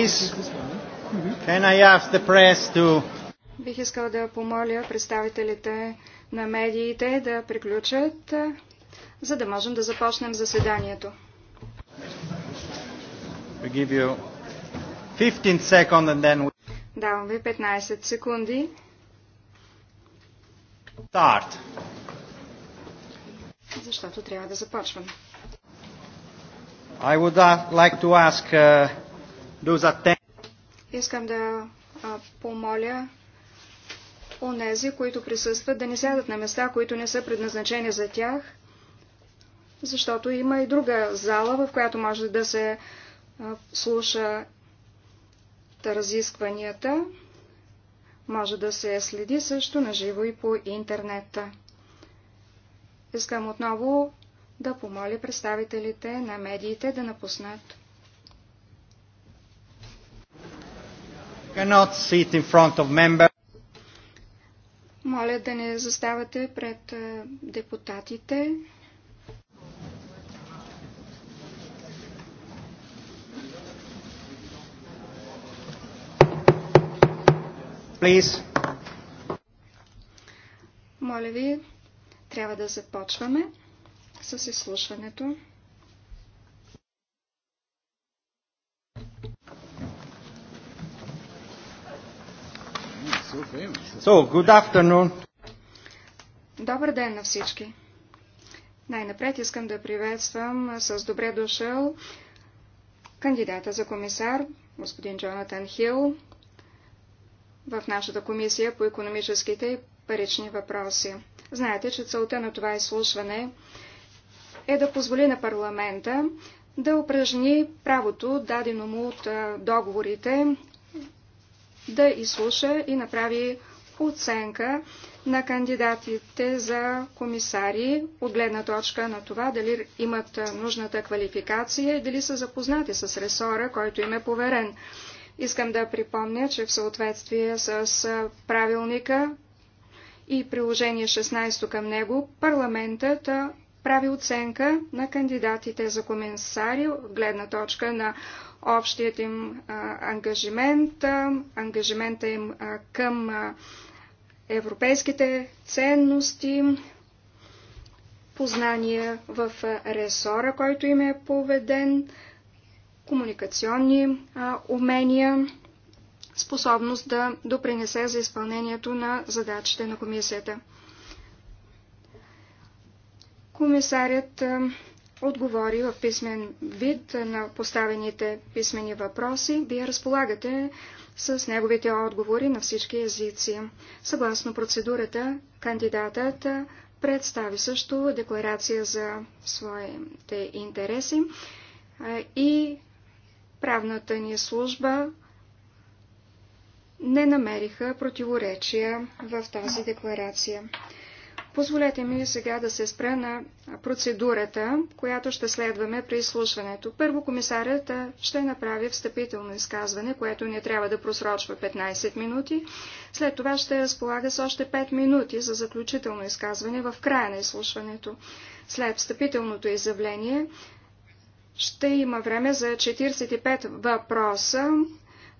please? Can I ask the press to... Бих искал да помоля представителите на медиите да приключат, за да можем да започнем заседанието. Then... Давам ви 15 секунди. Start. Защото трябва да започваме. I would uh, like to ask uh, Искам да помоля онези, които присъстват, да не сядат на места, които не са предназначени за тях, защото има и друга зала, в която може да се слуша разискванията. Може да се следи също на живо и по интернета. Искам отново да помоля представителите на медиите да напуснат Cannot sit in front of Моля да не заставате пред е, депутатите. Please. Моля ви, трябва да започваме с изслушването. So, good afternoon. Добър ден на всички. Най-напред искам да приветствам с добре дошъл кандидата за комисар, господин Джонатан Хил, в нашата комисия по економическите и парични въпроси. Знаете, че целта на това изслушване е да позволи на парламента да упражни правото, дадено му от договорите, да изслуша и направи оценка на кандидатите за комисари от гледна точка на това дали имат нужната квалификация и дали са запознати с ресора, който им е поверен. Искам да припомня, че в съответствие с правилника и приложение 16 към него, парламентът прави оценка на кандидатите за комисари от гледна точка на общият им ангажимент, ангажимента им към европейските ценности, познания в ресора, който им е поведен, комуникационни умения, способност да допринесе за изпълнението на задачите на комисията. Комисарят отговори в писмен вид на поставените писмени въпроси. Вие разполагате с неговите отговори на всички езици. Съгласно процедурата, кандидатът представи също декларация за своите интереси и правната ни служба не намериха противоречия в тази декларация. Позволете ми сега да се спра на процедурата, която ще следваме при изслушването. Първо комисарят ще направи встъпително изказване, което не трябва да просрочва 15 минути. След това ще разполага с още 5 минути за заключително изказване в края на изслушването. След встъпителното изявление ще има време за 45 въпроса,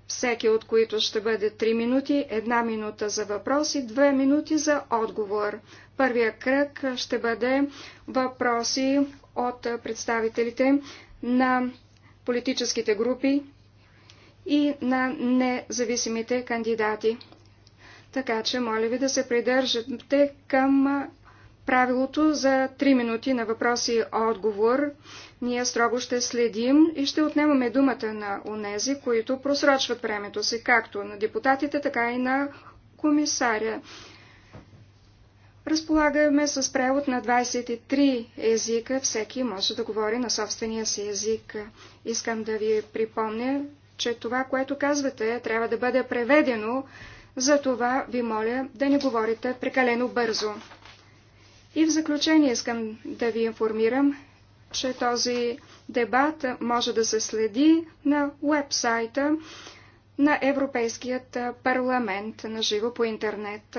всеки от които ще бъде 3 минути, 1 минута за въпрос и 2 минути за отговор. Първия кръг ще бъде въпроси от представителите на политическите групи и на независимите кандидати. Така че, моля ви да се придържате към правилото за 3 минути на въпроси и отговор. Ние строго ще следим и ще отнемаме думата на онези, които просрочват времето си, както на депутатите, така и на комисаря. Разполагаме с превод на 23 езика. Всеки може да говори на собствения си език. Искам да ви припомня, че това, което казвате, трябва да бъде преведено. За това ви моля да не говорите прекалено бързо. И в заключение искам да ви информирам, че този дебат може да се следи на уебсайта на Европейският парламент на живо по интернет.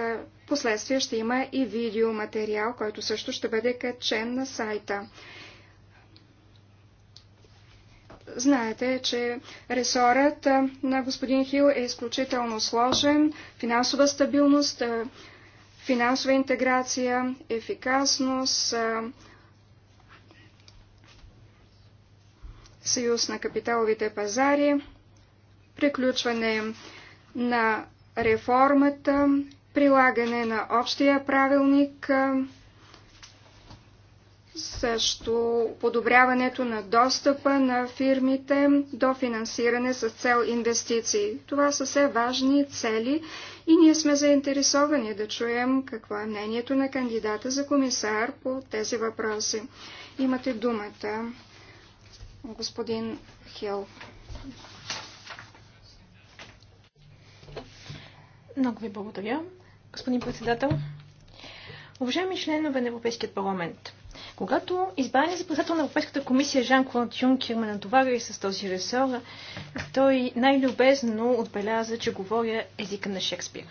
Последствие ще има и видеоматериал, който също ще бъде качен на сайта. Знаете, че ресорът на господин Хил е изключително сложен. Финансова стабилност, финансова интеграция, ефикасност, съюз на капиталовите пазари приключване на реформата, прилагане на общия правилник, също подобряването на достъпа на фирмите до финансиране с цел инвестиции. Това са все важни цели и ние сме заинтересовани да чуем какво е мнението на кандидата за комисар по тези въпроси. Имате думата, господин Хил. Много ви благодаря, господин председател. Уважаеми членове на Европейския парламент, когато избрани за председател на Европейската комисия Жан Клод Юнкер ме натовари с този ресор, той най-любезно отбеляза, че говоря езика на Шекспир.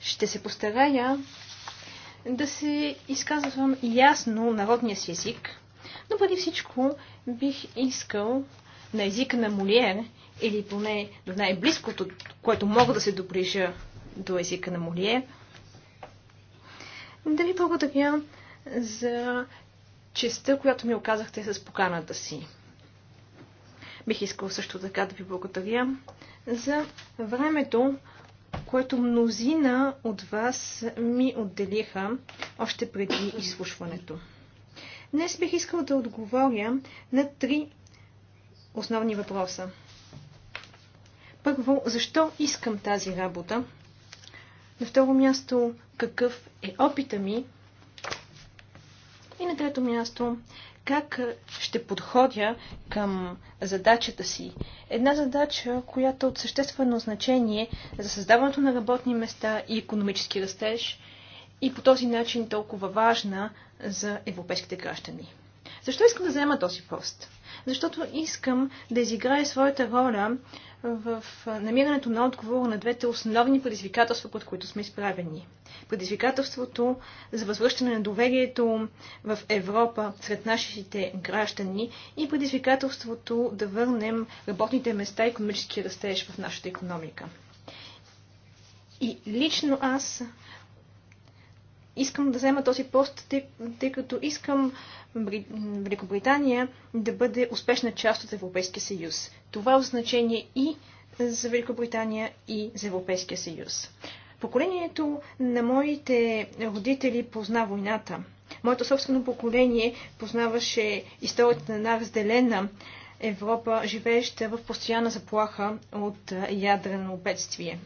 Ще се постарая да се изказвам ясно народния си език, но преди всичко бих искал на езика на Молиер или поне до най-близкото, което мога да се доближа до езика на Молие. Да ви благодаря за честа, която ми оказахте с поканата си. Бих искал също така да ви благодаря за времето, което мнозина от вас ми отделиха още преди изслушването. Днес бих искал да отговоря на три основни въпроса. Първо, защо искам тази работа? На второ място, какъв е опита ми? И на трето място, как ще подходя към задачата си. Една задача, която е от съществено значение за създаването на работни места и економически растеж и по този начин толкова важна за европейските граждани. Защо искам да взема този пост? Защото искам да изиграя своята роля в намирането на отговор на двете основни предизвикателства, под които сме изправени. Предизвикателството за възвръщане на доверието в Европа сред нашите граждани и предизвикателството да върнем работните места и економически растеж в нашата економика. И лично аз искам да взема този пост, тъй, тъй като искам Великобритания да бъде успешна част от Европейския съюз. Това е значение и за Великобритания, и за Европейския съюз. Поколението на моите родители позна войната. Моето собствено поколение познаваше историята на една разделена Европа, живееща в постоянна заплаха от ядрено бедствие.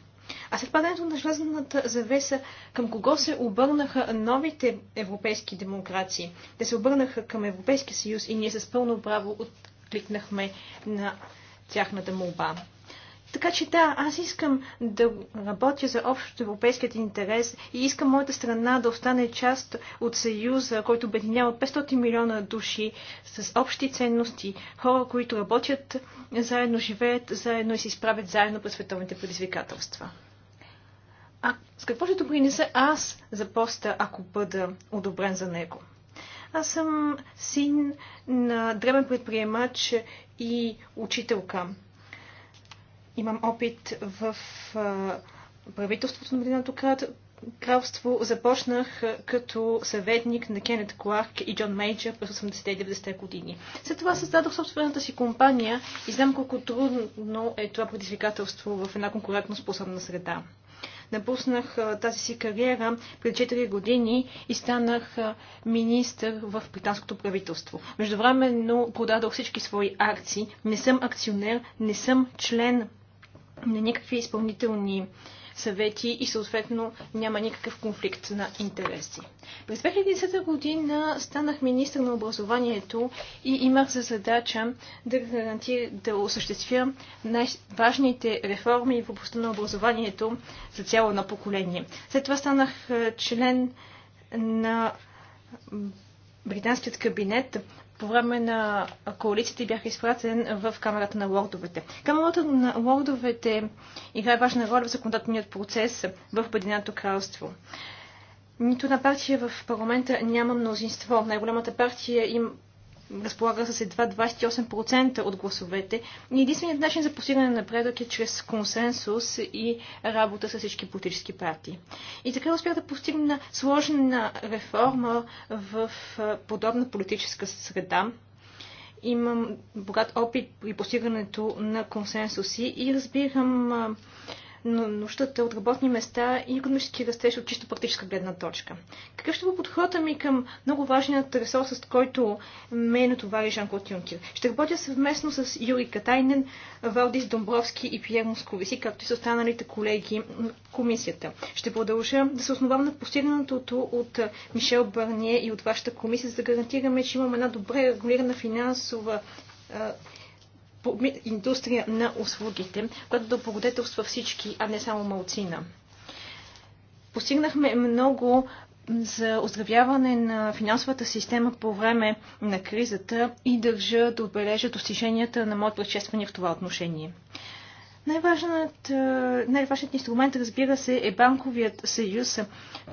А след падането на жлезната завеса, към кого се обърнаха новите европейски демокрации? Те се обърнаха към Европейския съюз и ние с пълно право откликнахме на тяхната молба. Така че да, аз искам да работя за общото европейският интерес и искам моята страна да остане част от съюза, който обединява 500 милиона души с общи ценности, хора, които работят заедно, живеят заедно и се изправят заедно пред световните предизвикателства. А с какво ще допринеса аз за поста, ако бъда одобрен за него? Аз съм син на древен предприемач и учителка. Имам опит в правителството на Обединеното кралство. Започнах като съветник на Кенет Кларк и Джон Мейджър през 80-90-те години. След това създадох собствената си компания и знам колко трудно е това предизвикателство в една конкурентно способна среда. Напуснах тази си кариера пред 4 години и станах министър в британското правителство. Междувременно продадох всички свои акции. Не съм акционер, не съм член на никакви изпълнителни съвети и съответно няма никакъв конфликт на интереси. През 2010 година станах министр на образованието и имах за задача да, гарантира да осъществя най-важните реформи в областта на образованието за цяло на поколение. След това станах е, член на британският кабинет, по време на коалицията и бях изпратен в Камерата на лордовете. Камерата на лордовете играе важна роля в законодателният процес в Обединеното кралство. Нито една партия в парламента няма мнозинство. Най-голямата партия им разполага с едва 28% от гласовете. И единственият начин за постигане на напредък е чрез консенсус и работа с всички политически партии. И така успя да постигна сложна реформа в подобна политическа среда. Имам богат опит при постигането на консенсуси и разбирам нуждата от работни места и економически растеж от чисто практическа гледна точка. Какъв ще бъде подходът ми към много важният ресурс, с който ме натовари Жан Клод Юнкер? Ще работя съвместно с Юрий Катайнен, Валдис Домбровски и Пьер Московиси, както и с останалите колеги комисията. Ще продължа да се основам на постигнатото от Мишел Барние и от вашата комисия, за да гарантираме, че имаме една добре регулирана финансова индустрия на услугите, която да благодетелства всички, а не само малцина. Постигнахме много за оздравяване на финансовата система по време на кризата и държа да отбележа достиженията на моят предшественик в това отношение. Най-важният, най-важният инструмент, разбира се, е банковият съюз,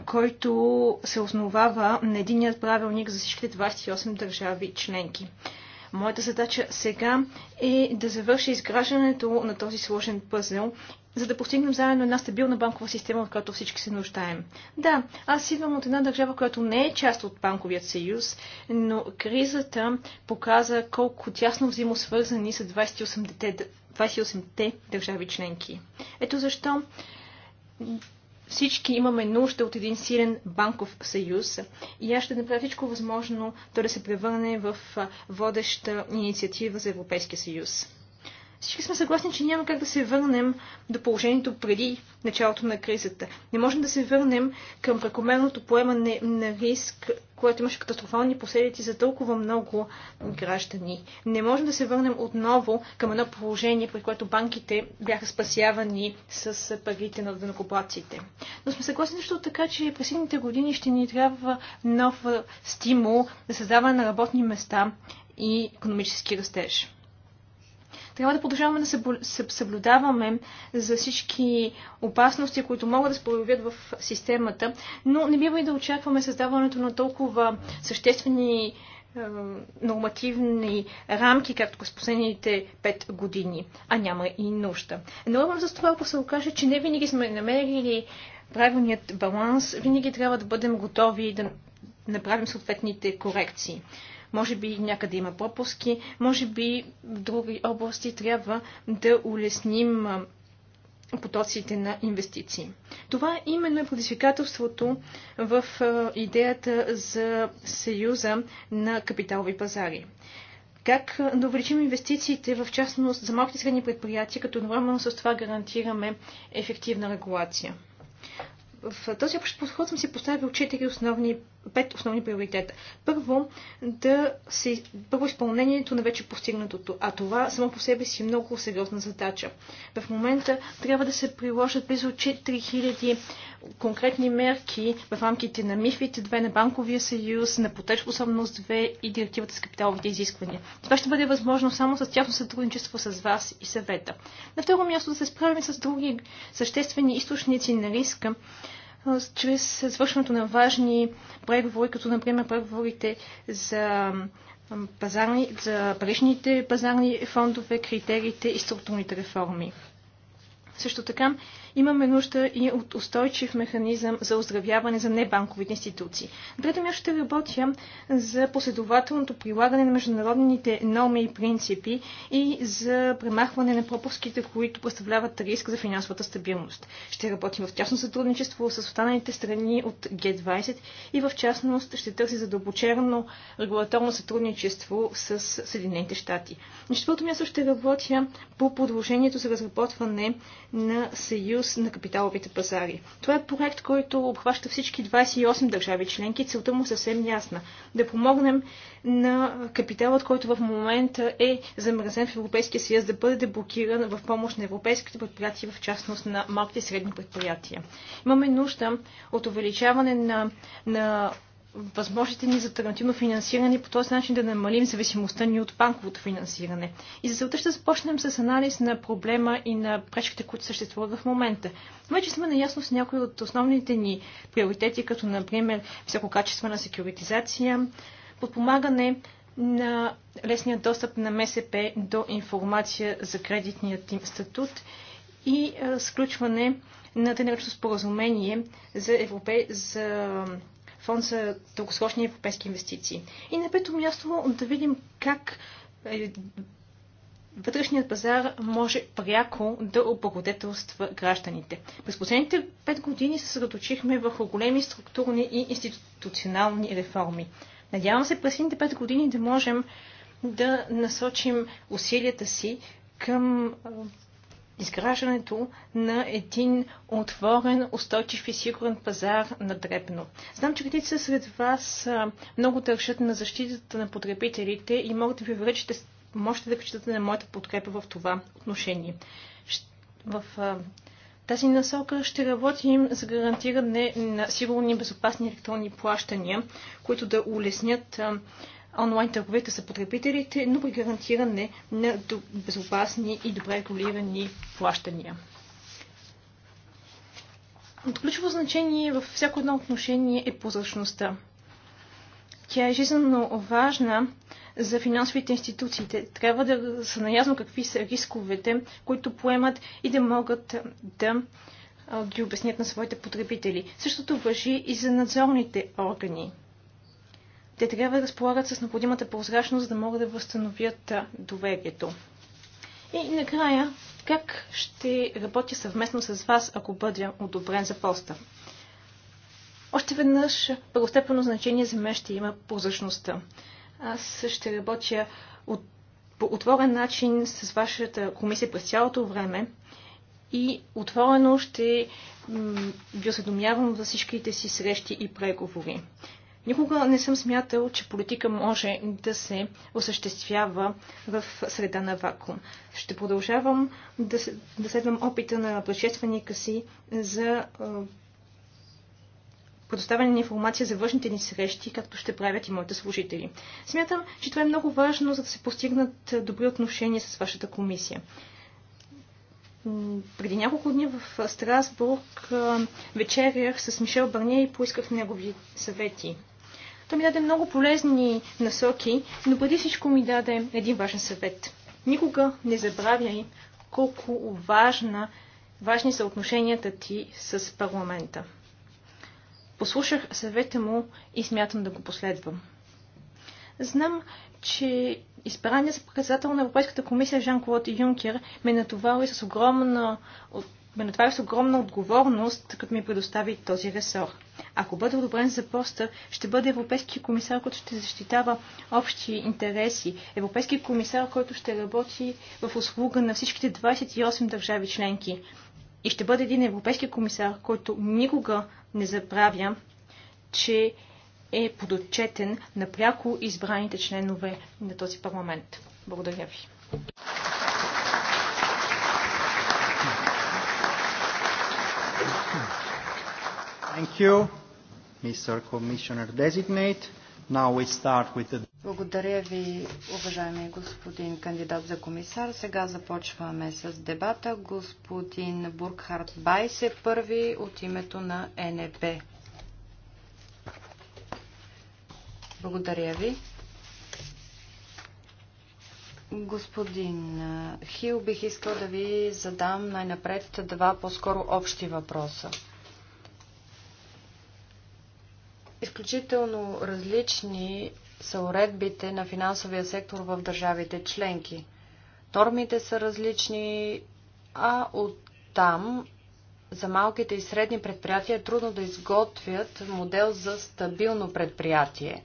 който се основава на единият правилник за всичките 28 държави членки. Моята задача сега е да завърши изграждането на този сложен пъзел, за да постигнем заедно една стабилна банкова система, в която всички се нуждаем. Да, аз идвам от една държава, която не е част от банковият съюз, но кризата показа колко тясно взаимосвързани са 28-те 28 държави членки. Ето защо всички имаме нужда от един силен банков съюз и аз ще направя всичко възможно то да се превърне в водеща инициатива за Европейския съюз. Всички сме съгласни, че няма как да се върнем до положението преди началото на кризата. Не можем да се върнем към прекомерното поемане на риск, което имаше катастрофални последици за толкова много граждани. Не можем да се върнем отново към едно положение, при което банките бяха спасявани с парите на дънокоплаците. Но сме съгласни също така, че през следните години ще ни трябва нов стимул за създаване на работни места и економически растеж. Трябва да продължаваме да съблюдаваме за всички опасности, които могат да се появят в системата, но не бива и да очакваме създаването на толкова съществени е, нормативни рамки, както през последните 5 години, а няма и нужда. имам за това, ако се окаже, че не винаги сме намерили правилният баланс, винаги трябва да бъдем готови да направим съответните корекции. Може би някъде има пропуски, може би в други области трябва да улесним потоците на инвестиции. Това именно е предизвикателството в идеята за съюза на капиталови пазари как да увеличим инвестициите, в частност за малки и средни предприятия, като едновременно с това гарантираме ефективна регулация. В този общ подход съм си поставил четири основни пет основни приоритета. Първо, да се, първо изпълнението на вече постигнатото, а това само по себе си е много сериозна задача. В момента трябва да се приложат близо 4000 конкретни мерки в рамките на МИФИТ 2, на Банковия съюз, на потечпособност 2 и директивата с капиталовите изисквания. Това ще бъде възможно само с тяхно сътрудничество с вас и съвета. На второ място да се справим с други съществени източници на риска, чрез свършването на важни преговори, като например преговорите за пазарни, за паричните пазарни фондове, критериите и структурните реформи. Също така имаме нужда и от устойчив механизъм за оздравяване за небанковите институции. Трето място ще работя за последователното прилагане на международните норми и принципи и за премахване на пропуските, които представляват риск за финансовата стабилност. Ще работим в тясно сътрудничество с останалите страни от G20 и в частност ще търси задълбочено регулаторно сътрудничество с Съединените щати. На четвърто място ще работя по подложението за разработване на съюз съюз на капиталовите пазари. Това е проект, който обхваща всички 28 държави членки. Целта му е съвсем ясна. Да помогнем на капиталът, който в момента е замразен в Европейския съюз, да бъде деблокиран в помощ на европейските предприятия, в частност на малките и средни предприятия. Имаме нужда от увеличаване на, на възможностите ни за альтернативно финансиране и по този начин да намалим зависимостта ни от банковото финансиране. И за целта ще започнем с анализ на проблема и на пречките, които съществуват в момента. Вече сме наясно с някои от основните ни приоритети, като например висококачествена секюритизация, подпомагане на лесния достъп на МСП до информация за кредитният им статут и сключване на тенерчно споразумение за, Европе... за фонд за дългосрочни европейски инвестиции. И на пето място да видим как е, вътрешният пазар може пряко да облагодетелства гражданите. През последните пет години се съсредоточихме върху големи структурни и институционални реформи. Надявам се през следните пет години да можем да насочим усилията си към изграждането на един отворен, устойчив и сигурен пазар на дребно. Знам, че редица сред вас много държат на защитата на потребителите и могат да ви уверя, че можете да разчитате на моята подкрепа в това отношение. В тази насока ще работим за гарантиране на сигурни и безопасни електронни плащания, които да улеснят онлайн търговете са потребителите, но при гарантиране на безопасни и добре регулирани плащания. От ключово значение във всяко едно отношение е прозрачността. Тя е жизненно важна за финансовите институции. Трябва да са наясно какви са рисковете, които поемат и да могат да ги обяснят на своите потребители. Същото въжи и за надзорните органи. Те трябва да разполагат с необходимата прозрачност, за да могат да възстановят доверието. И накрая, как ще работя съвместно с вас, ако бъда одобрен за поста? Още веднъж първостепенно значение за мен ще има прозрачността. Аз ще работя от, по отворен начин с вашата комисия през цялото време и отворено ще ви осведомявам за всичките си срещи и преговори. Никога не съм смятал, че политика може да се осъществява в среда на вакуум. Ще продължавам да, да следвам опита на предшественика си за предоставяне на информация за външните ни срещи, както ще правят и моите служители. Смятам, че това е много важно, за да се постигнат добри отношения с вашата комисия. Преди няколко дни в Страсбург вечерях с Мишел Барния и поисках негови съвети. Той ми даде много полезни насоки, но преди всичко ми даде един важен съвет. Никога не забравяй колко важна, важни са отношенията ти с парламента. Послушах съвета му и смятам да го последвам. Знам, че изпарания за председател на Европейската комисия Жан-Клод Юнкер ме е натовари с огромна ме е с огромна отговорност, като ми предостави този ресор. Ако бъде одобрен за поста, ще бъде европейски комисар, който ще защитава общи интереси. Европейски комисар, който ще работи в услуга на всичките 28 държави членки. И ще бъде един европейски комисар, който никога не забравя, че е подотчетен на пряко избраните членове на този парламент. Благодаря ви. Thank you, Mr. Commissioner Designate. Now we start with the... Благодаря ви, уважаеми господин кандидат за комисар. Сега започваме с дебата. Господин Бургхард Байс е първи от името на НЕП. Благодаря ви. Господин Хил, бих искал да ви задам най-напред два по-скоро общи въпроса. Изключително различни са уредбите на финансовия сектор в държавите членки. Нормите са различни, а от там за малките и средни предприятия е трудно да изготвят модел за стабилно предприятие.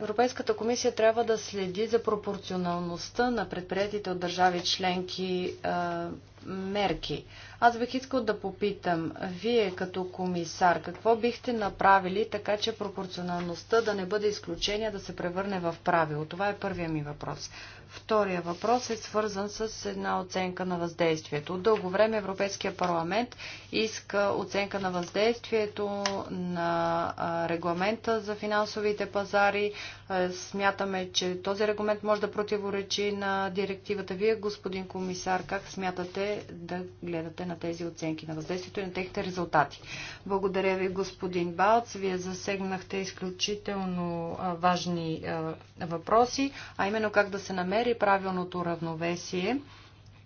Европейската комисия трябва да следи за пропорционалността на предприятите от държави членки мерки. Аз бих искал да попитам, вие като комисар, какво бихте направили така, че пропорционалността да не бъде изключение, да се превърне в правило? Това е първия ми въпрос. Втория въпрос е свързан с една оценка на въздействието. От дълго време Европейския парламент иска оценка на въздействието на регламента за финансовите пазари. Смятаме, че този регламент може да противоречи на директивата. Вие, господин комисар, как смятате да гледате на тези оценки на въздействието и на техните резултати. Благодаря ви, господин Балц. Вие засегнахте изключително важни въпроси, а именно как да се намери правилното равновесие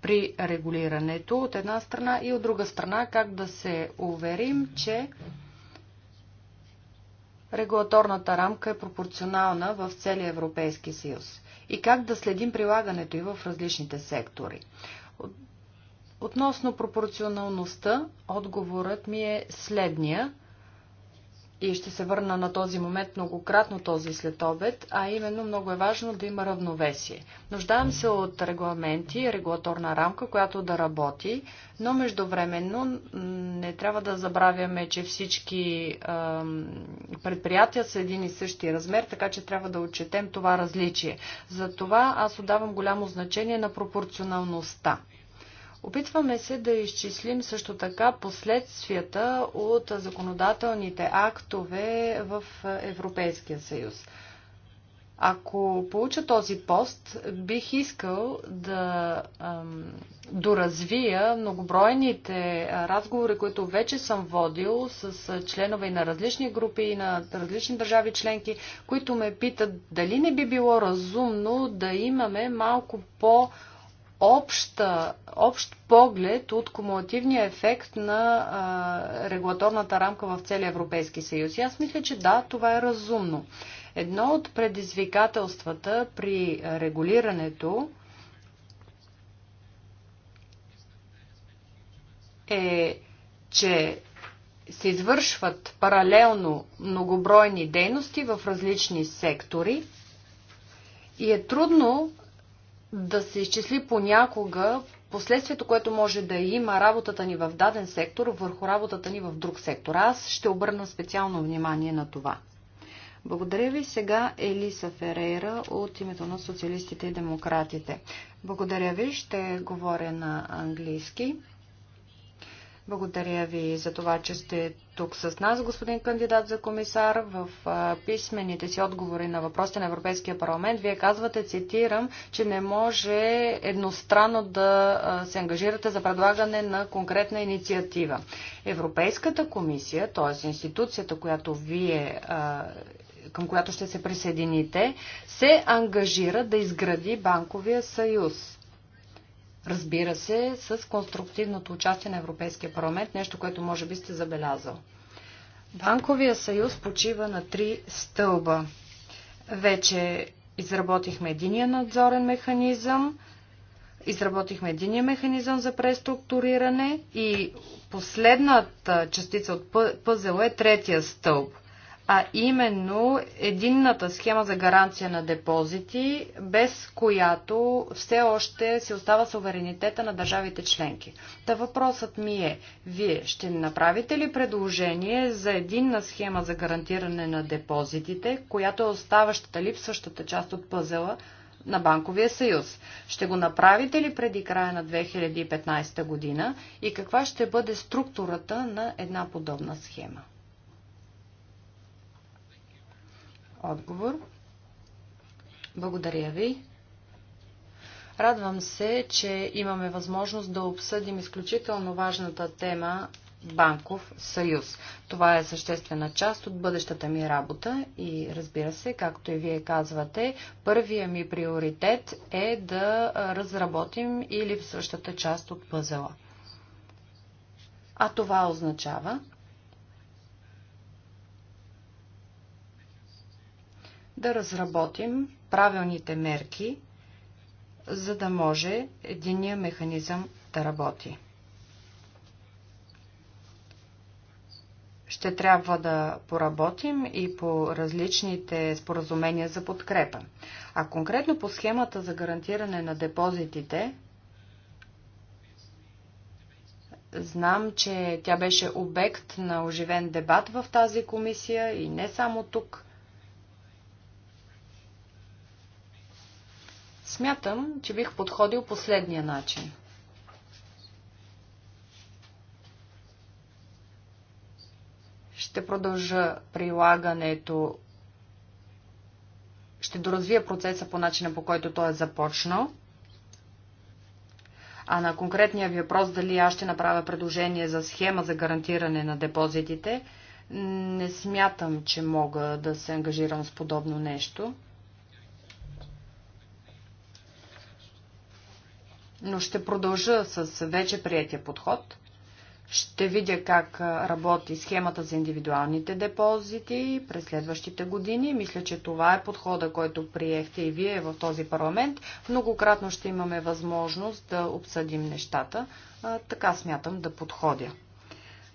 при регулирането от една страна и от друга страна как да се уверим, че регулаторната рамка е пропорционална в целия Европейски съюз и как да следим прилагането и в различните сектори. Относно пропорционалността, отговорът ми е следния и ще се върна на този момент многократно този след обед, а именно много е важно да има равновесие. Нуждаем се от регламенти, регулаторна рамка, която да работи, но междувременно не трябва да забравяме, че всички предприятия са един и същи размер, така че трябва да отчетем това различие. Затова аз отдавам голямо значение на пропорционалността. Опитваме се да изчислим също така последствията от законодателните актове в Европейския съюз. Ако получа този пост, бих искал да ам, доразвия многобройните разговори, които вече съм водил с членове на различни групи и на различни държави членки, които ме питат дали не би било разумно да имаме малко по- обща, общ поглед от кумулативния ефект на а, регулаторната рамка в целия Европейски съюз. И аз мисля, че да, това е разумно. Едно от предизвикателствата при регулирането е, че се извършват паралелно многобройни дейности в различни сектори и е трудно да се изчисли понякога последствието, което може да има работата ни в даден сектор върху работата ни в друг сектор. Аз ще обърна специално внимание на това. Благодаря ви сега Елиса Ферейра от името на социалистите и демократите. Благодаря ви, ще говоря на английски. Благодаря ви за това, че сте тук с нас, господин кандидат за комисар. В писмените си отговори на въпросите на Европейския парламент, вие казвате, цитирам, че не може едностранно да се ангажирате за предлагане на конкретна инициатива. Европейската комисия, т.е. институцията, която вие към която ще се присъедините, се ангажира да изгради банковия съюз. Разбира се, с конструктивното участие на Европейския парламент, нещо, което може би сте забелязал. Банковия съюз почива на три стълба. Вече изработихме единия надзорен механизъм, изработихме единия механизъм за преструктуриране и последната частица от пъзела е третия стълб – а именно единната схема за гаранция на депозити, без която все още се остава суверенитета на държавите членки. Та въпросът ми е, вие ще направите ли предложение за единна схема за гарантиране на депозитите, която е оставащата липсващата част от пъзела на Банковия съюз. Ще го направите ли преди края на 2015 година и каква ще бъде структурата на една подобна схема? Отговор. Благодаря ви. Радвам се, че имаме възможност да обсъдим изключително важната тема Банков съюз. Това е съществена част от бъдещата ми работа и разбира се, както и вие казвате, първия ми приоритет е да разработим или в същата част от пъзела. А това означава, да разработим правилните мерки, за да може единия механизъм да работи. Ще трябва да поработим и по различните споразумения за подкрепа. А конкретно по схемата за гарантиране на депозитите, Знам, че тя беше обект на оживен дебат в тази комисия и не само тук. Смятам, че бих подходил последния начин. Ще продължа прилагането, ще доразвия процеса по начина по който той е започнал. А на конкретния ви въпрос дали аз ще направя предложение за схема за гарантиране на депозитите, не смятам, че мога да се ангажирам с подобно нещо. но ще продължа с вече приятия подход. Ще видя как работи схемата за индивидуалните депозити през следващите години. Мисля, че това е подхода, който приехте и вие в този парламент. Многократно ще имаме възможност да обсъдим нещата. Така смятам да подходя.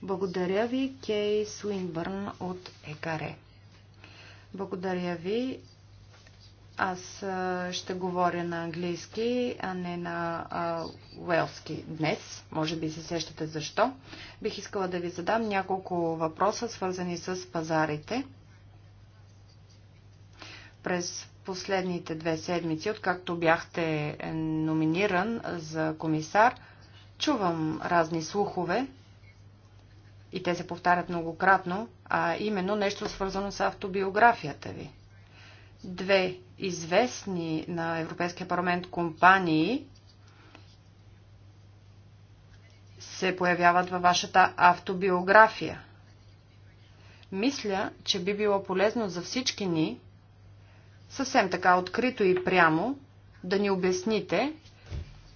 Благодаря ви, Кей Суинбърн от ЕКАРЕ. Благодаря ви. Аз ще говоря на английски, а не на а, уелски днес. Може би се сещате защо. Бих искала да ви задам няколко въпроса, свързани с пазарите. През последните две седмици, откакто бяхте номиниран за комисар, чувам разни слухове и те се повтарят многократно, а именно нещо свързано с автобиографията ви – две известни на Европейския парламент компании се появяват във вашата автобиография. Мисля, че би било полезно за всички ни, съвсем така открито и прямо, да ни обясните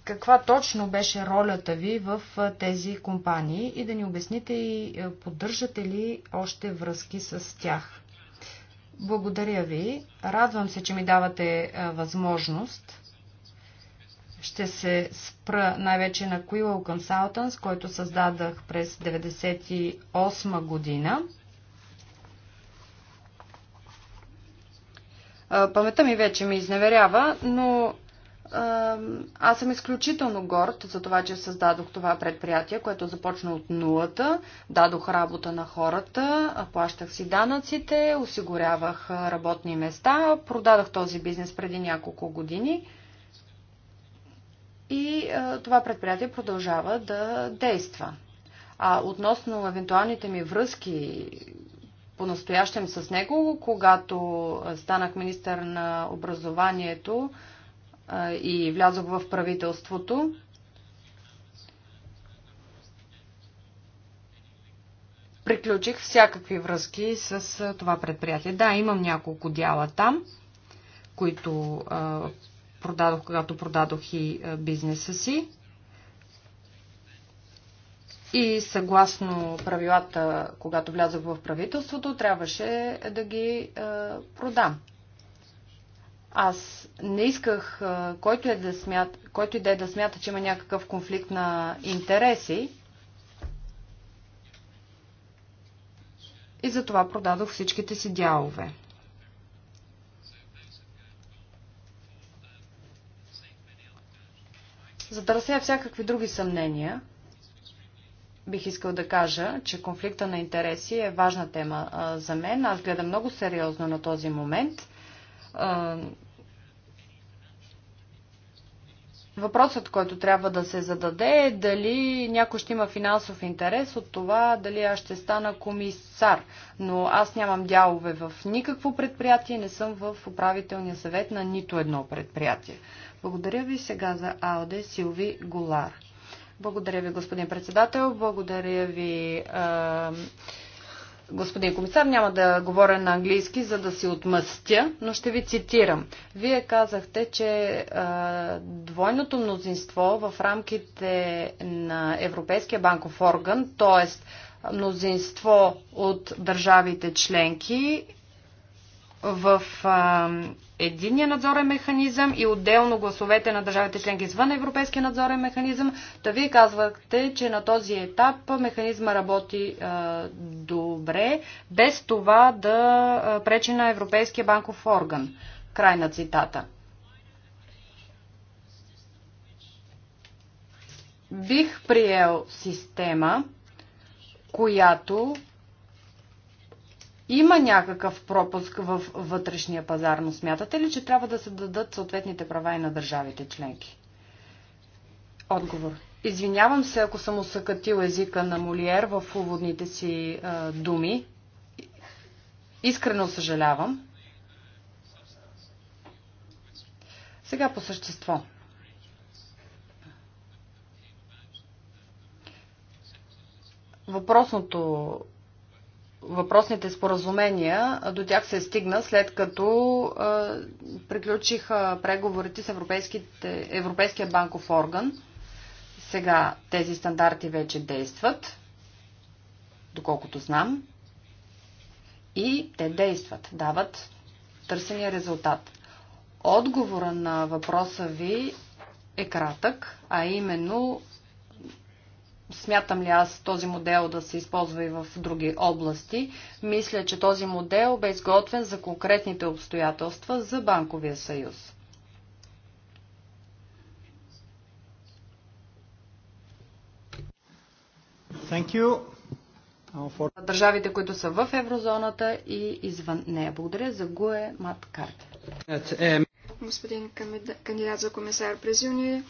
каква точно беше ролята ви в тези компании и да ни обясните и поддържате ли още връзки с тях. Благодаря ви. Радвам се, че ми давате възможност. Ще се спра най-вече на Quillow Consultants, който създадах през 1998 година. Паметта ми вече ми изневерява, но аз съм изключително горд за това, че създадох това предприятие, което започна от нулата. Дадох работа на хората, плащах си данъците, осигурявах работни места, продадах този бизнес преди няколко години. И а, това предприятие продължава да действа. А относно евентуалните ми връзки по-настоящем с него, когато станах министър на образованието, и влязох в правителството. Приключих всякакви връзки с това предприятие. Да, имам няколко дяла там, които продадох, когато продадох и бизнеса си. И съгласно правилата, когато влязох в правителството, трябваше да ги продам. Аз не исках който, е да смят, който и да е да смята, че има някакъв конфликт на интереси. И затова продадох всичките си дялове. За да разсея всякакви други съмнения, бих искал да кажа, че конфликта на интереси е важна тема а, за мен. Аз гледам много сериозно на този момент. А, Въпросът, който трябва да се зададе е дали някой ще има финансов интерес от това, дали аз ще стана комисар. Но аз нямам дялове в никакво предприятие, не съм в управителния съвет на нито едно предприятие. Благодаря ви сега за Ауде Силви Голар. Благодаря ви, господин председател. Благодаря ви. Е Господин комисар, няма да говоря на английски, за да си отмъстя, но ще ви цитирам. Вие казахте, че а, двойното мнозинство в рамките на Европейския банков орган, т.е. мнозинство от държавите членки в а, единния надзорен механизъм и отделно гласовете на държавите членки извън европейския надзорен механизъм. Та вие казвате, че на този етап механизма работи а, добре, без това да пречи на Европейския банков орган. Край на цитата. Бих приел система, която има някакъв пропуск в вътрешния пазар, но смятате ли, че трябва да се дадат съответните права и на държавите членки? Отговор. Извинявам се, ако съм усъкатил езика на Молиер в уводните си а, думи. Искрено съжалявам. Сега по същество. Въпросното въпросните споразумения, до тях се стигна след като приключиха преговорите с Европейския банков орган. Сега тези стандарти вече действат, доколкото знам. И те действат, дават търсения резултат. Отговора на въпроса ви е кратък, а именно смятам ли аз този модел да се използва и в други области. Мисля, че този модел бе изготвен за конкретните обстоятелства за Банковия съюз. Thank you. For... Държавите, които са в еврозоната и извън нея. Благодаря за Гуе Маткарт. Е, е, Господин кандидат за комисар през юни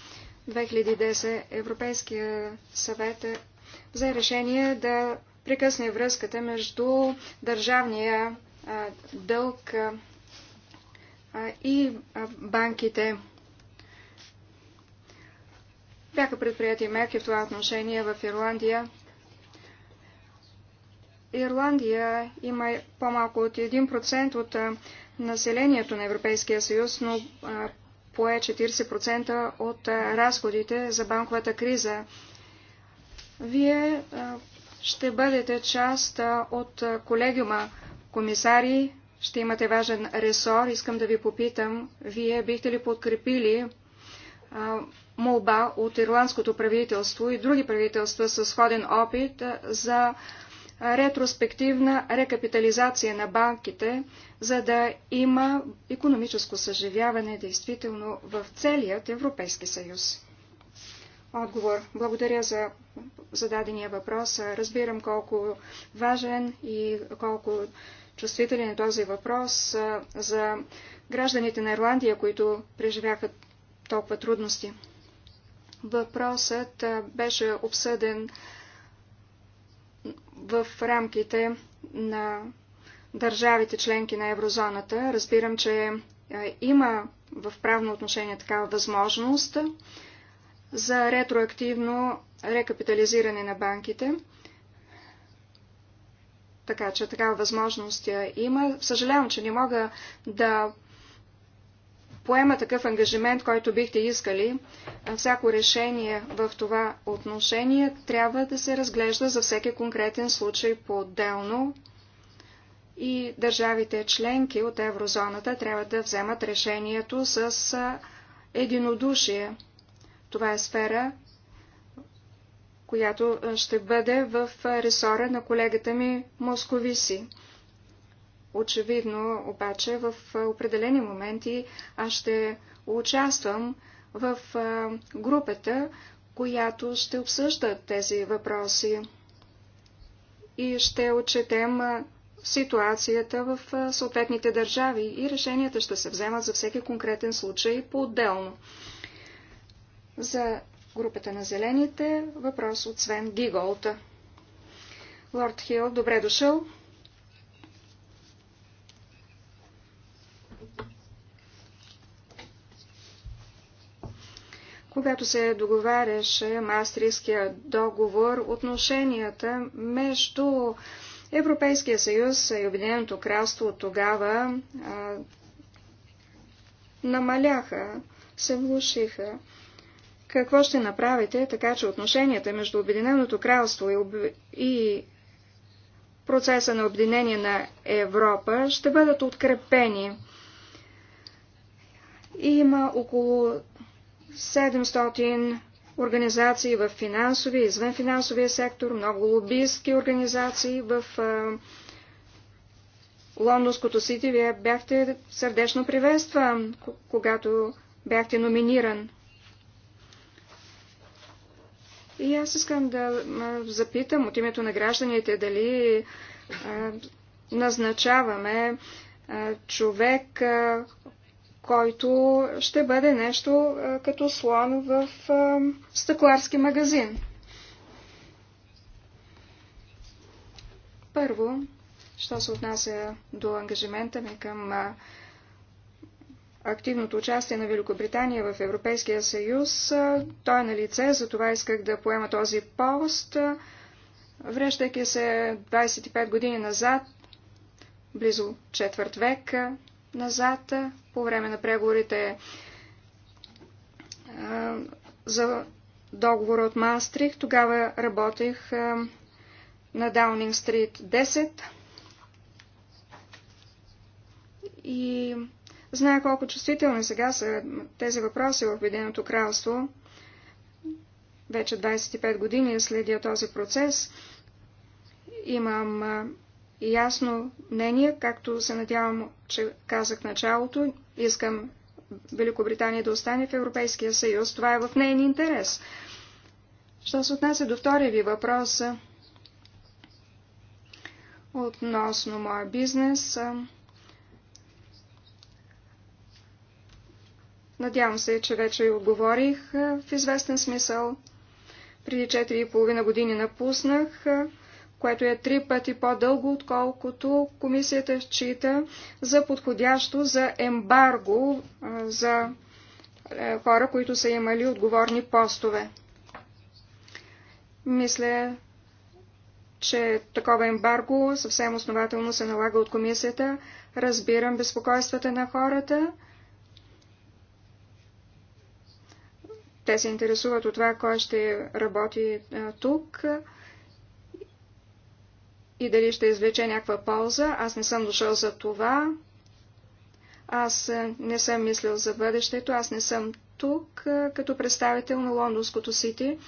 2010 Европейския съвет взе решение да прекъсне връзката между държавния дълг и банките. Бяха предприяти мерки в това отношение в Ирландия. Ирландия има по-малко от 1% от населението на Европейския съюз, но пое 40% от разходите за банковата криза. Вие ще бъдете част от колегиума комисари, ще имате важен ресор. Искам да ви попитам, вие бихте ли подкрепили молба от ирландското правителство и други правителства с сходен опит за ретроспективна рекапитализация на банките, за да има економическо съживяване действително в целият Европейски съюз. Отговор. Благодаря за зададения въпрос. Разбирам колко важен и колко чувствителен е този въпрос за гражданите на Ирландия, които преживяха толкова трудности. Въпросът беше обсъден в рамките на държавите членки на еврозоната. Разбирам, че е, има в правно отношение такава възможност за ретроактивно рекапитализиране на банките. Така че такава възможност е, има. Съжалявам, че не мога да поема такъв ангажимент, който бихте искали, всяко решение в това отношение трябва да се разглежда за всеки конкретен случай по-отделно и държавите членки от еврозоната трябва да вземат решението с единодушие. Това е сфера, която ще бъде в ресора на колегата ми Московиси. Очевидно, обаче, в определени моменти аз ще участвам в групата, която ще обсъжда тези въпроси и ще отчетем ситуацията в съответните държави и решенията ще се вземат за всеки конкретен случай по-отделно. За групата на зелените въпрос от Свен Гиголта. Лорд Хил, добре дошъл. Когато се договаряше Мастриския договор, отношенията между Европейския съюз и Обединеното кралство от тогава а, намаляха, се влушиха. Какво ще направите, така че отношенията между Обединеното кралство и, об... и процеса на обединение на Европа ще бъдат открепени? Има около 700 организации в финансовия, извън финансовия сектор, много лобистки организации в Лондонското сити. Вие бяхте сърдечно приветстван, когато бяхте номиниран. И аз искам да запитам от името на гражданите дали назначаваме човек, който ще бъде нещо като слон в стъкларски магазин. Първо, що се отнася до ангажимента ми към активното участие на Великобритания в Европейския съюз, той е на лице, затова исках да поема този пост. Връщайки се 25 години назад, близо четвърт век назад, по време на преговорите е, за договора от Маастрих. Тогава работех е, на Даунинг Стрит 10 и зная колко чувствителни сега са тези въпроси в Обединеното кралство. Вече 25 години следя този процес. Имам е, ясно мнение, както се надявам, че казах началото. Искам Великобритания да остане в Европейския съюз. Това е в нейния интерес. Що се отнася до втория ви въпрос относно моя бизнес, надявам се, че вече и отговорих в известен смисъл. Преди 4,5 години напуснах което е три пъти по-дълго, отколкото комисията счита за подходящо за ембарго за хора, които са имали отговорни постове. Мисля, че такова ембарго съвсем основателно се налага от комисията. Разбирам безпокойствата на хората. Те се интересуват от това, кой ще работи тук и дали ще извлече някаква полза. Аз не съм дошъл за това. Аз не съм мислил за бъдещето. Аз не съм тук като представител на Лондонското Сити.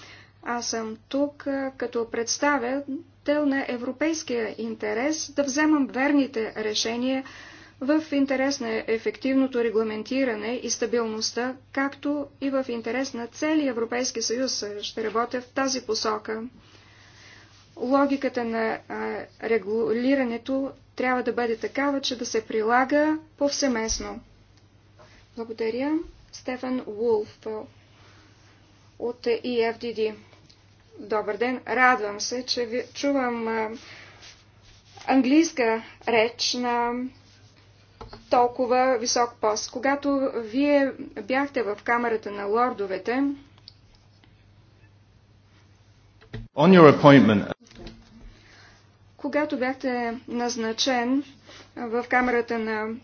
Аз съм тук като представител на европейския интерес да вземам верните решения в интерес на ефективното регламентиране и стабилността, както и в интерес на целия Европейски съюз. Ще работя в тази посока логиката на регулирането трябва да бъде такава, че да се прилага повсеместно. Благодаря. Стефан Вулф от EFDD. Добър ден. Радвам се, че ви чувам английска реч на толкова висок пост. Когато вие бяхте в камерата на лордовете, когато бяхте назначен в камерата на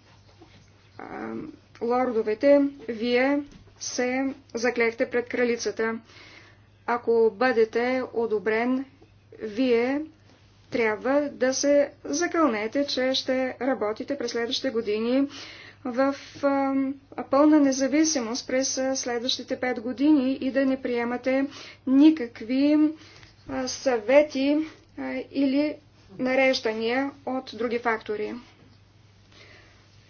а, лордовете, вие се заклехте пред кралицата. Ако бъдете одобрен, вие трябва да се закълнете, че ще работите през следващите години в а, пълна независимост през следващите пет години и да не приемате никакви съвети или нареждания от други фактори.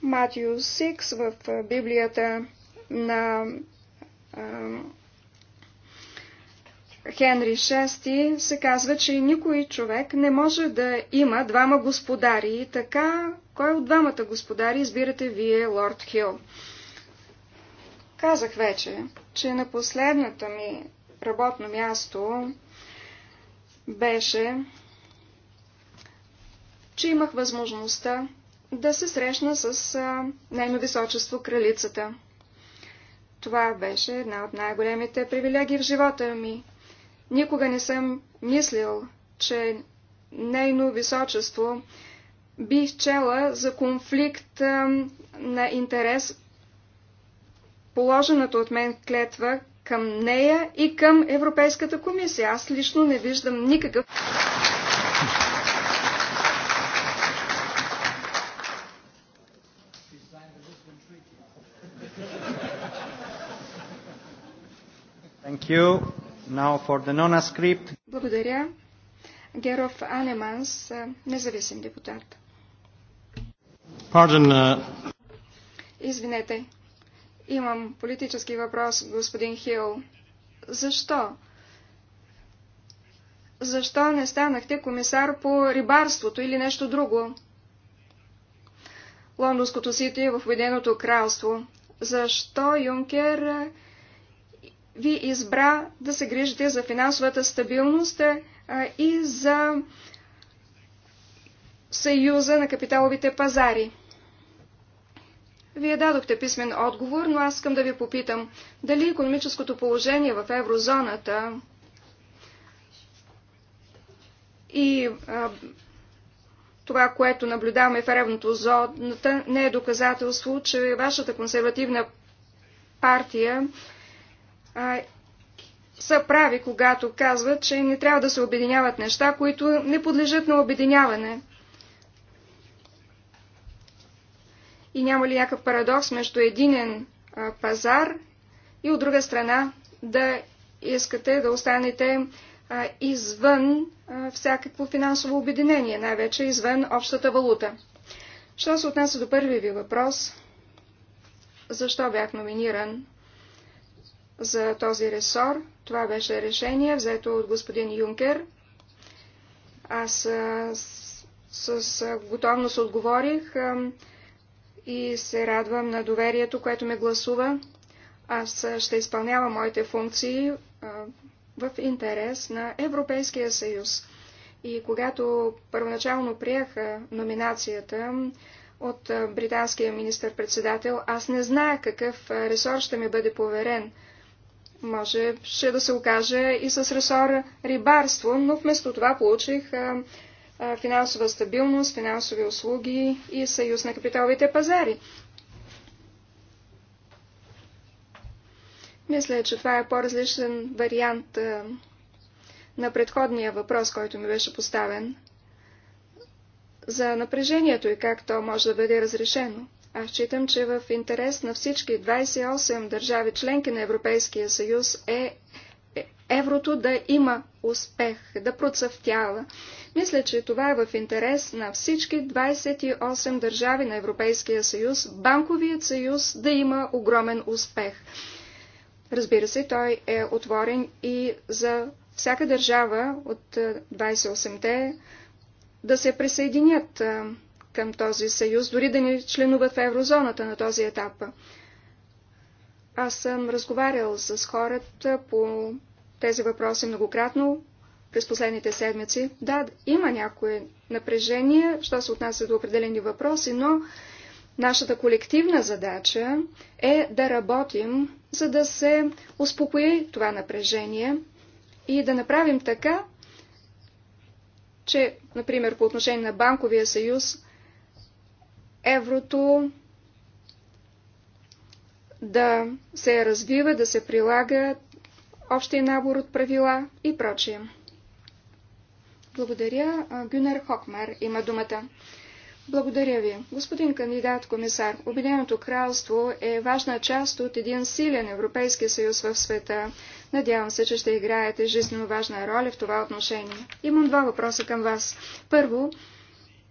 Матио 6 в Библията на Хенри Шести се казва, че никой човек не може да има двама господари. И така, кой от двамата господари избирате вие, Лорд Хил? Казах вече, че на последното ми работно място беше, че имах възможността да се срещна с нейно височество кралицата. Това беше една от най-големите привилегии в живота ми. Никога не съм мислил, че нейно височество бих чела за конфликт на интерес положената от мен клетва към нея и към Европейската комисия. Аз лично не виждам никакъв. Благодаря. Геров Анеманс, независим депутат. Pardon, uh... Извинете. Имам политически въпрос, господин Хил. Защо? Защо не станахте комисар по рибарството или нещо друго? Лондонското сити е в Обединеното кралство. Защо Юнкер е, ви избра да се грижите за финансовата стабилност е, и за съюза на капиталовите пазари? Вие дадохте писмен отговор, но аз искам да ви попитам, дали економическото положение в еврозоната и а, това, което наблюдаваме в ревното зоната, не е доказателство, че вашата консервативна партия а, са прави, когато казват, че не трябва да се обединяват неща, които не подлежат на обединяване. И няма ли някакъв парадокс между единен пазар и от друга страна да искате да останете извън всякакво финансово обединение, най-вече извън общата валута. Що се отнася до първи ви въпрос, защо бях номиниран за този ресор, това беше решение, взето от господин Юнкер. Аз с, с готовност отговорих и се радвам на доверието, което ме гласува. Аз ще изпълнявам моите функции в интерес на Европейския съюз. И когато първоначално приеха номинацията от британския министър-председател, аз не зная какъв ресор ще ми бъде поверен. Може ще да се окаже и с ресор рибарство, но вместо това получих финансова стабилност, финансови услуги и съюз на капиталовите пазари. Мисля, че това е по-различен вариант на предходния въпрос, който ми беше поставен за напрежението и как то може да бъде разрешено. Аз считам, че в интерес на всички 28 държави членки на Европейския съюз е еврото да има успех, да процъфтява. Мисля, че това е в интерес на всички 28 държави на Европейския съюз, банковият съюз да има огромен успех. Разбира се, той е отворен и за всяка държава от 28-те е, да се присъединят е, към този съюз, дори да не членуват в еврозоната на този етап. Аз съм разговарял с хората по тези въпроси многократно през последните седмици. Да, има някои напрежения, що се отнася до определени въпроси, но нашата колективна задача е да работим, за да се успокои това напрежение и да направим така, че, например, по отношение на банковия съюз, еврото да се развива, да се прилага, общия набор от правила и прочие. Благодаря. Гюнер Хокмер има думата. Благодаря ви. Господин кандидат комисар, Обединеното кралство е важна част от един силен Европейски съюз в света. Надявам се, че ще играете жизненно важна роля в това отношение. Имам два въпроса към вас. Първо,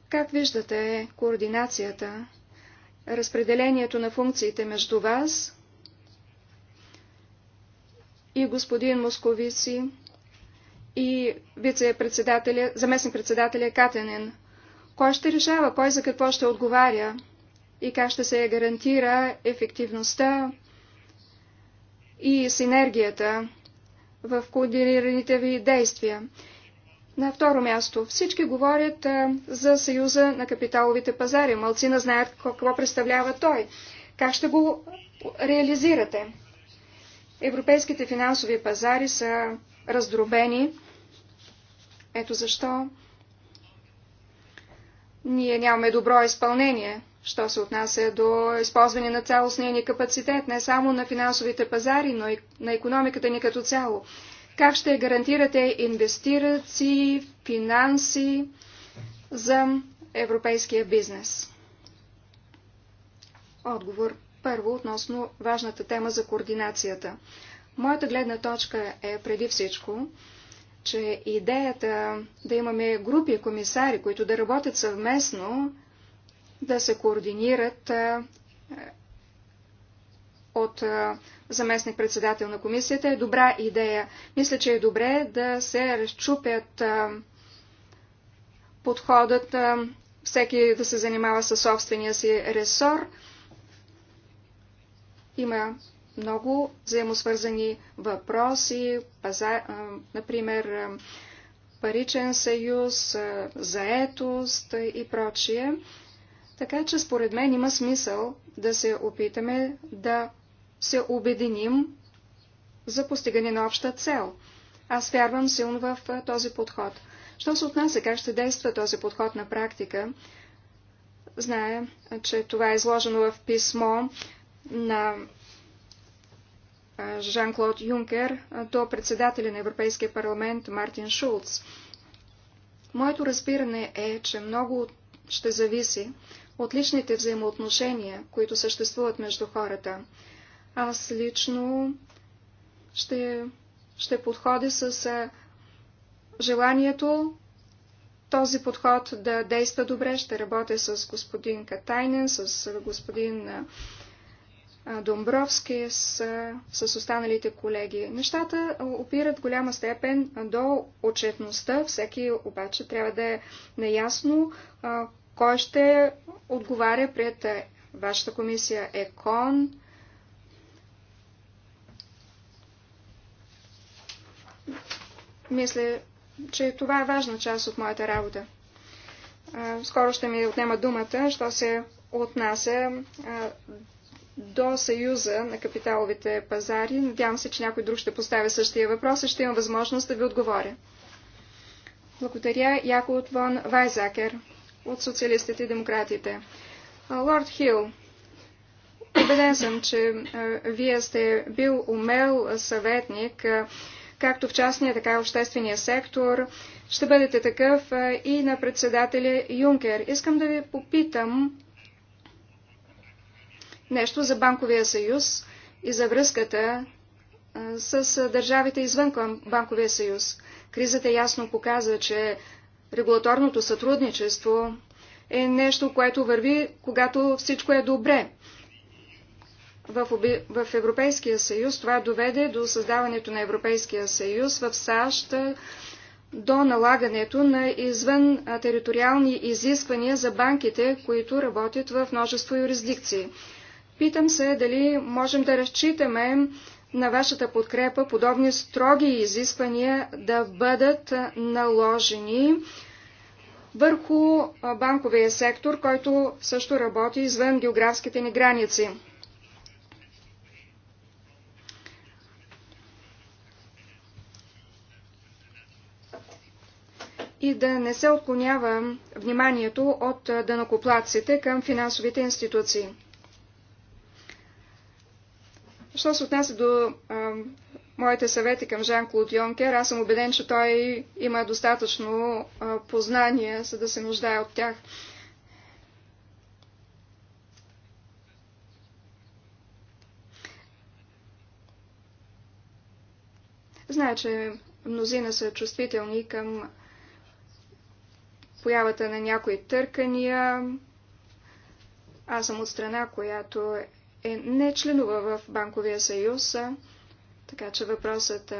как виждате координацията, разпределението на функциите между вас, и господин Московици и вице-председателя, заместник-председателя Катенен. Кой ще решава, кой за какво ще отговаря и как ще се гарантира ефективността и синергията в координираните ви действия. На второ място, всички говорят а, за Съюза на капиталовите пазари. Малцина знаят какво представлява той. Как ще го реализирате? Европейските финансови пазари са раздробени. Ето защо ние нямаме добро изпълнение, що се отнася до използване на цялостния ни капацитет, не само на финансовите пазари, но и на економиката ни като цяло. Как ще гарантирате инвестираци, финанси за европейския бизнес? Отговор – първо, относно важната тема за координацията. Моята гледна точка е преди всичко, че идеята да имаме групи комисари, които да работят съвместно, да се координират от заместник-председател на комисията е добра идея. Мисля, че е добре да се разчупят подходът, всеки да се занимава със собствения си ресор, има много взаимосвързани въпроси, паза, например паричен съюз, заетост и прочие. Така че според мен има смисъл да се опитаме да се обединим за постигане на обща цел. Аз вярвам силно в този подход. Що се отнася как ще действа този подход на практика, знае, че това е изложено в писмо на Жан-Клод Юнкер до председателя на Европейския парламент Мартин Шулц. Моето разбиране е, че много ще зависи от личните взаимоотношения, които съществуват между хората. Аз лично ще, ще подходя с желанието този подход да действа добре. Ще работя с господин Катайнен, с господин Домбровския с, с останалите колеги. Нещата опират голяма степен до отчетността. Всеки обаче трябва да е наясно кой ще отговаря пред вашата комисия ЕКОН. Мисля, че това е важна част от моята работа. Скоро ще ми отнема думата, що се отнася до Съюза на капиталовите пазари. Надявам се, че някой друг ще поставя същия въпрос и ще има възможност да ви отговоря. Благодаря Яко от Вон Вайзакер от Социалистите и Демократите. Лорд Хил, убеден съм, че е, вие сте бил умел съветник, е, както в частния, така и в обществения сектор. Ще бъдете такъв е, и на председателя Юнкер. Искам да ви попитам нещо за банковия съюз и за връзката с държавите извън банковия съюз. Кризата ясно показа, че регулаторното сътрудничество е нещо, което върви, когато всичко е добре. В, Европейския съюз това доведе до създаването на Европейския съюз в САЩ до налагането на извън териториални изисквания за банките, които работят в множество юрисдикции. Питам се дали можем да разчитаме на вашата подкрепа подобни строги изисквания да бъдат наложени върху банковия сектор, който също работи извън географските ни граници. и да не се отклонява вниманието от данакоплаците към финансовите институции. Що се отнася до а, моите съвети към Жан-Клод Йонкер, аз съм убеден, че той има достатъчно а, познание, за да се нуждае от тях. Знае, че мнозина са чувствителни към появата на някои търкания. Аз съм от страна, която е, не членува в Банковия съюз, така че въпросът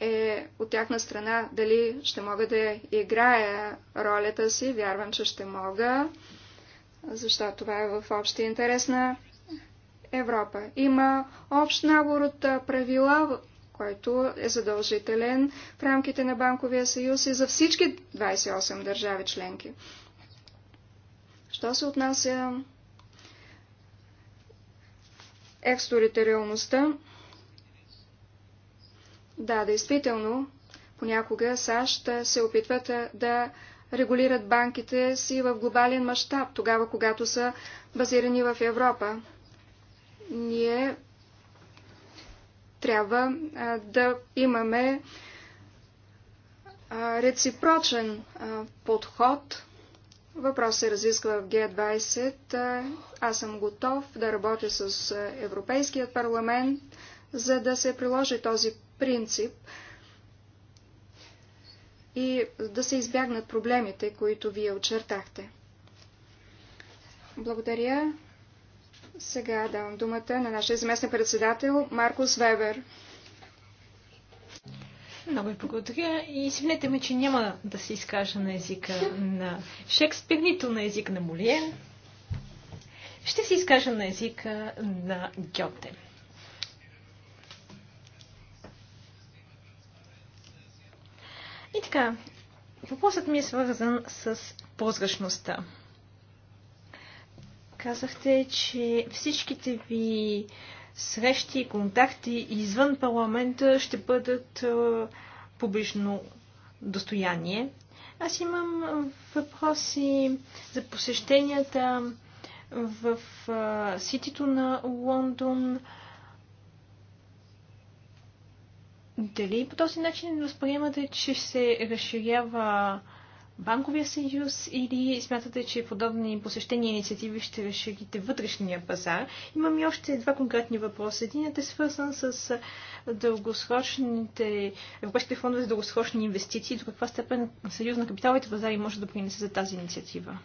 е от тяхна страна дали ще мога да играя ролята си. Вярвам, че ще мога, защото това е в общия интерес на Европа. Има общ набор от правила, който е задължителен в рамките на Банковия съюз и за всички 28 държави членки. Що се отнася екстериториалността. Да, действително, понякога САЩ се опитват да регулират банките си в глобален мащаб, тогава когато са базирани в Европа. Ние трябва да имаме реципрочен подход Въпрос се разисква в Г20. Аз съм готов да работя с Европейският парламент, за да се приложи този принцип и да се избягнат проблемите, които вие очертахте. Благодаря. Сега давам думата на нашия заместник председател Маркус Вебер. Много ви благодаря и извинете ме, че няма да се изкажа на езика на Шекспир, нито на език на Молиен. Ще се изкажа на езика на Гьоте. И така, въпросът ми е свързан с прозрачността. Казахте, че всичките ви срещи и контакти извън парламента ще бъдат публично достояние. Аз имам въпроси за посещенията в ситито на Лондон. Дали по този начин възприемате, че се разширява банковия съюз или смятате, че подобни посещения и инициативи ще разширите вътрешния пазар? Имам и още два конкретни въпроса. Единът е свързан с дългосрочните европейските фондове за дългосрочни инвестиции. До каква степен съюз на капиталовите пазари може да принесе за тази инициатива?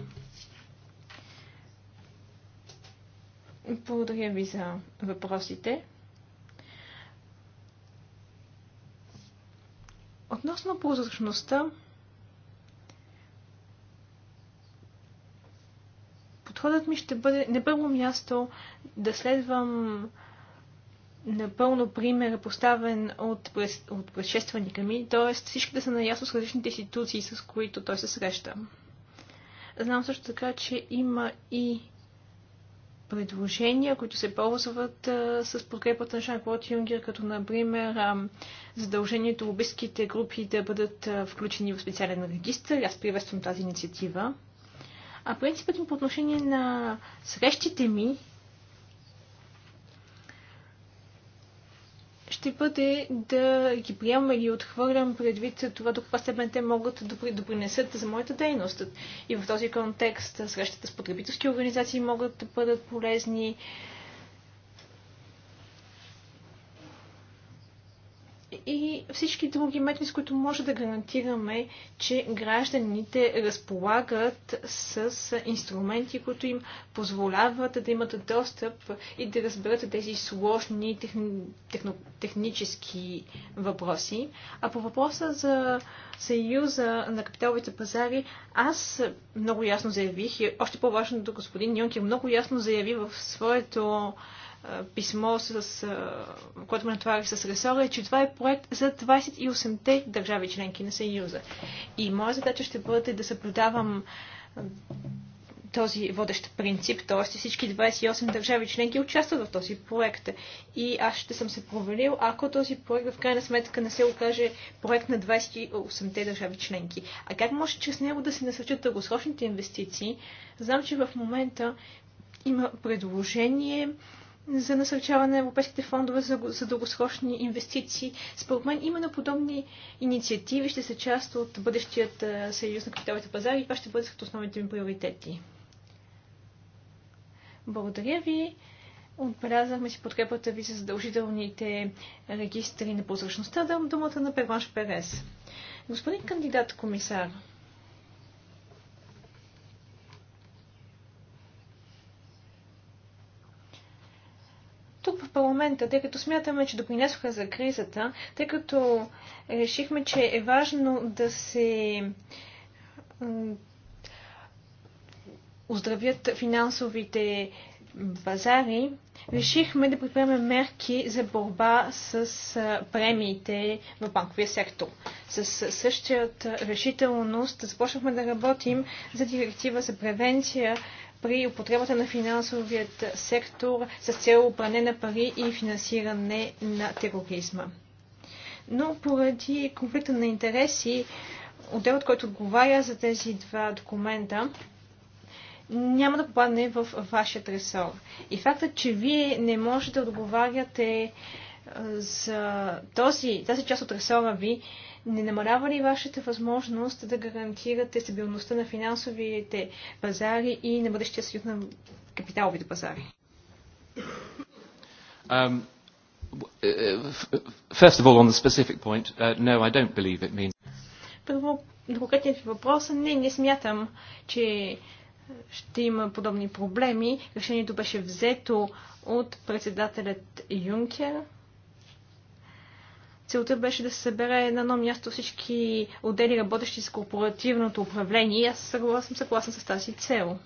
Благодаря ви за въпросите. Относно прозрачността, подходът ми ще бъде на първо място да следвам напълно пример поставен от, през, от предшественика ми, т.е. всички да са наясно с различните институции, с които той се среща. Знам също така, че има и предложения, които се ползват а, с подкрепата на Жан-Клод Юнгер, като например а, задължението лобистските групи да бъдат а, включени в специален регистр. Аз приветствам тази инициатива. А принципът ми по отношение на срещите ми ще бъде да ги приемам или отхвърлям предвид това до каква степен те могат да допринесат за моята дейност. И в този контекст срещата с потребителски организации могат да бъдат полезни, и всички други методи, с които може да гарантираме, че гражданите разполагат с инструменти, които им позволяват да имат достъп и да разберат тези сложни техни... техно... технически въпроси. А по въпроса за съюза на капиталовите пазари, аз много ясно заявих, и още по-важно до господин Юнкер много ясно заяви в своето писмо, с, което ме натоварих с ресора, е, че това е проект за 28-те държави членки на Съюза. И моя задача ще бъде да съблюдавам този водещ принцип, т.е. всички 28 държави членки участват в този проект. И аз ще съм се провалил, ако този проект в крайна сметка не се окаже проект на 28-те държави членки. А как може чрез него да се насърчат дългосрочните инвестиции? Знам, че в момента има предложение за насърчаване на европейските фондове за, за дългосрочни инвестиции. Според мен именно подобни инициативи ще са част от бъдещият е, съюз на капиталните пазари и това ще бъде като основните ми приоритети. Благодаря ви. Отбелязахме си подкрепата ви за задължителните регистри на прозрачността. Дам думата на Перванш Перес. Господин кандидат комисар, момента, тъй като смятаме, че допринесоха за кризата, тъй като решихме, че е важно да се оздравят финансовите базари, решихме да предприемем мерки за борба с премиите в банковия сектор. С същият решителност започнахме да работим за директива за превенция при употребата на финансовият сектор с цел пране на пари и финансиране на тероризма. Но поради конфликта на интереси, отделът, който отговаря за тези два документа, няма да попадне в вашия ресор. И фактът, че вие не можете да отговаряте за този, тази част от ресора ви, не намалява ли вашата възможност да гарантирате стабилността на финансовите пазари и на бъдещия съюз на капиталовите пазари? Um, е, е, first of all, on the specific point, uh, no, I don't believe it means... Първо, на конкретният ви въпрос, не, не смятам, че ще има подобни проблеми. Решението беше взето от председателят Юнкер – целта беше да се събере на едно място всички отдели, работещи с корпоративното управление и аз съм съгласна с тази цел.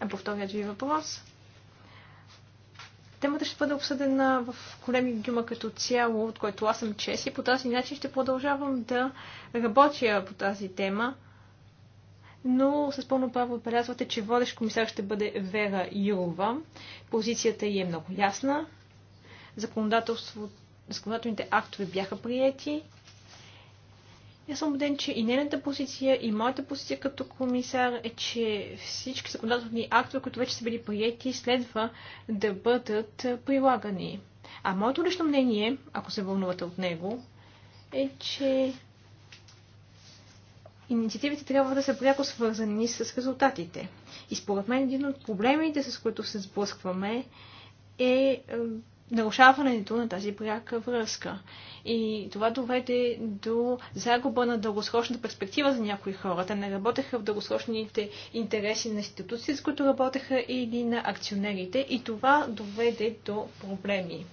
А по вторият ви въпрос. Темата ще бъде обсъдена в гюма като цяло, от който аз съм чест и по този начин ще продължавам да работя по тази тема но с пълно право отбелязвате, че водещ комисар ще бъде Вера Юрова. Позицията й е много ясна. Законодателство, законодателните актове бяха приети. Аз съм убеден, че и нейната позиция, и моята позиция като комисар е, че всички законодателни актове, които вече са били приети, следва да бъдат прилагани. А моето лично мнение, ако се вълнувате от него, е, че инициативите трябва да са пряко свързани с резултатите. И според мен един от проблемите, с които се сблъскваме, е, е нарушаването на тази пряка връзка. И това доведе до загуба на дългосрочната перспектива за някои хора. Те не работеха в дългосрочните интереси на институции, с които работеха или на акционерите. И това доведе до проблеми.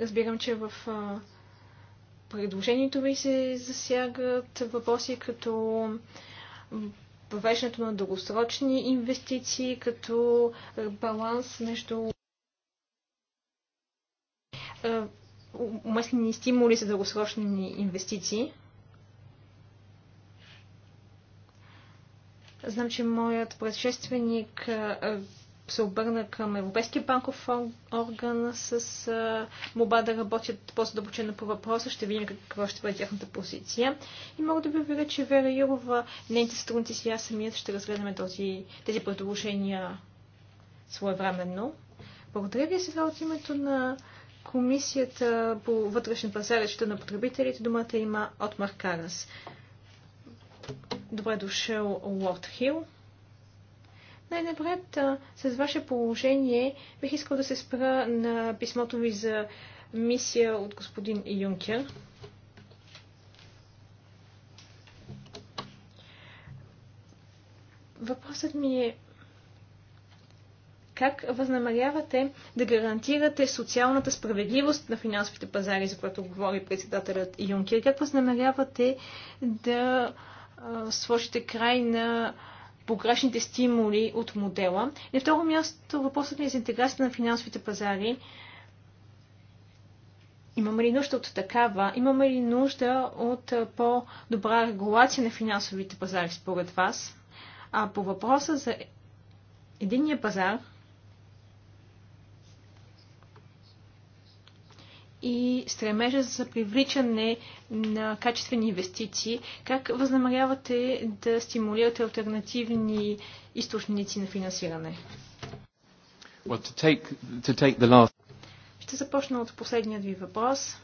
Разбирам, че в предложението ви се засягат въпроси като въвеждането на дългосрочни инвестиции, като баланс между уместни стимули за дългосрочни инвестиции. Знам, че моят предшественик се обърна към Европейския банков орган с а, моба да работят по-задълбочено по въпроса. Ще видим каква ще бъде тяхната позиция. И мога да ви уверя, че Вера Юрова, нейните сътрудници и аз самият ще разгледаме този, тези предложения своевременно. Благодаря ви сега от името на Комисията по вътрешен пазар на потребителите. Думата има от Маркарас. Добре дошъл, Уорд Хил. Най-напред, с ваше положение, бих искал да се спра на писмото ви за мисия от господин Юнкер. Въпросът ми е как възнамерявате да гарантирате социалната справедливост на финансовите пазари, за което говори председателят Юнкер? Как възнамерявате да сложите край на погрешните стимули от модела. И на второ място въпросът ни е за интеграцията на финансовите пазари. Имаме ли нужда от такава? Имаме ли нужда от по-добра регулация на финансовите пазари според вас? А по въпроса за единния пазар, и стремежа за привличане на качествени инвестиции. Как възнамерявате да стимулирате альтернативни източници на финансиране? Well, to take, to take the last... Ще започна от последният ви въпрос.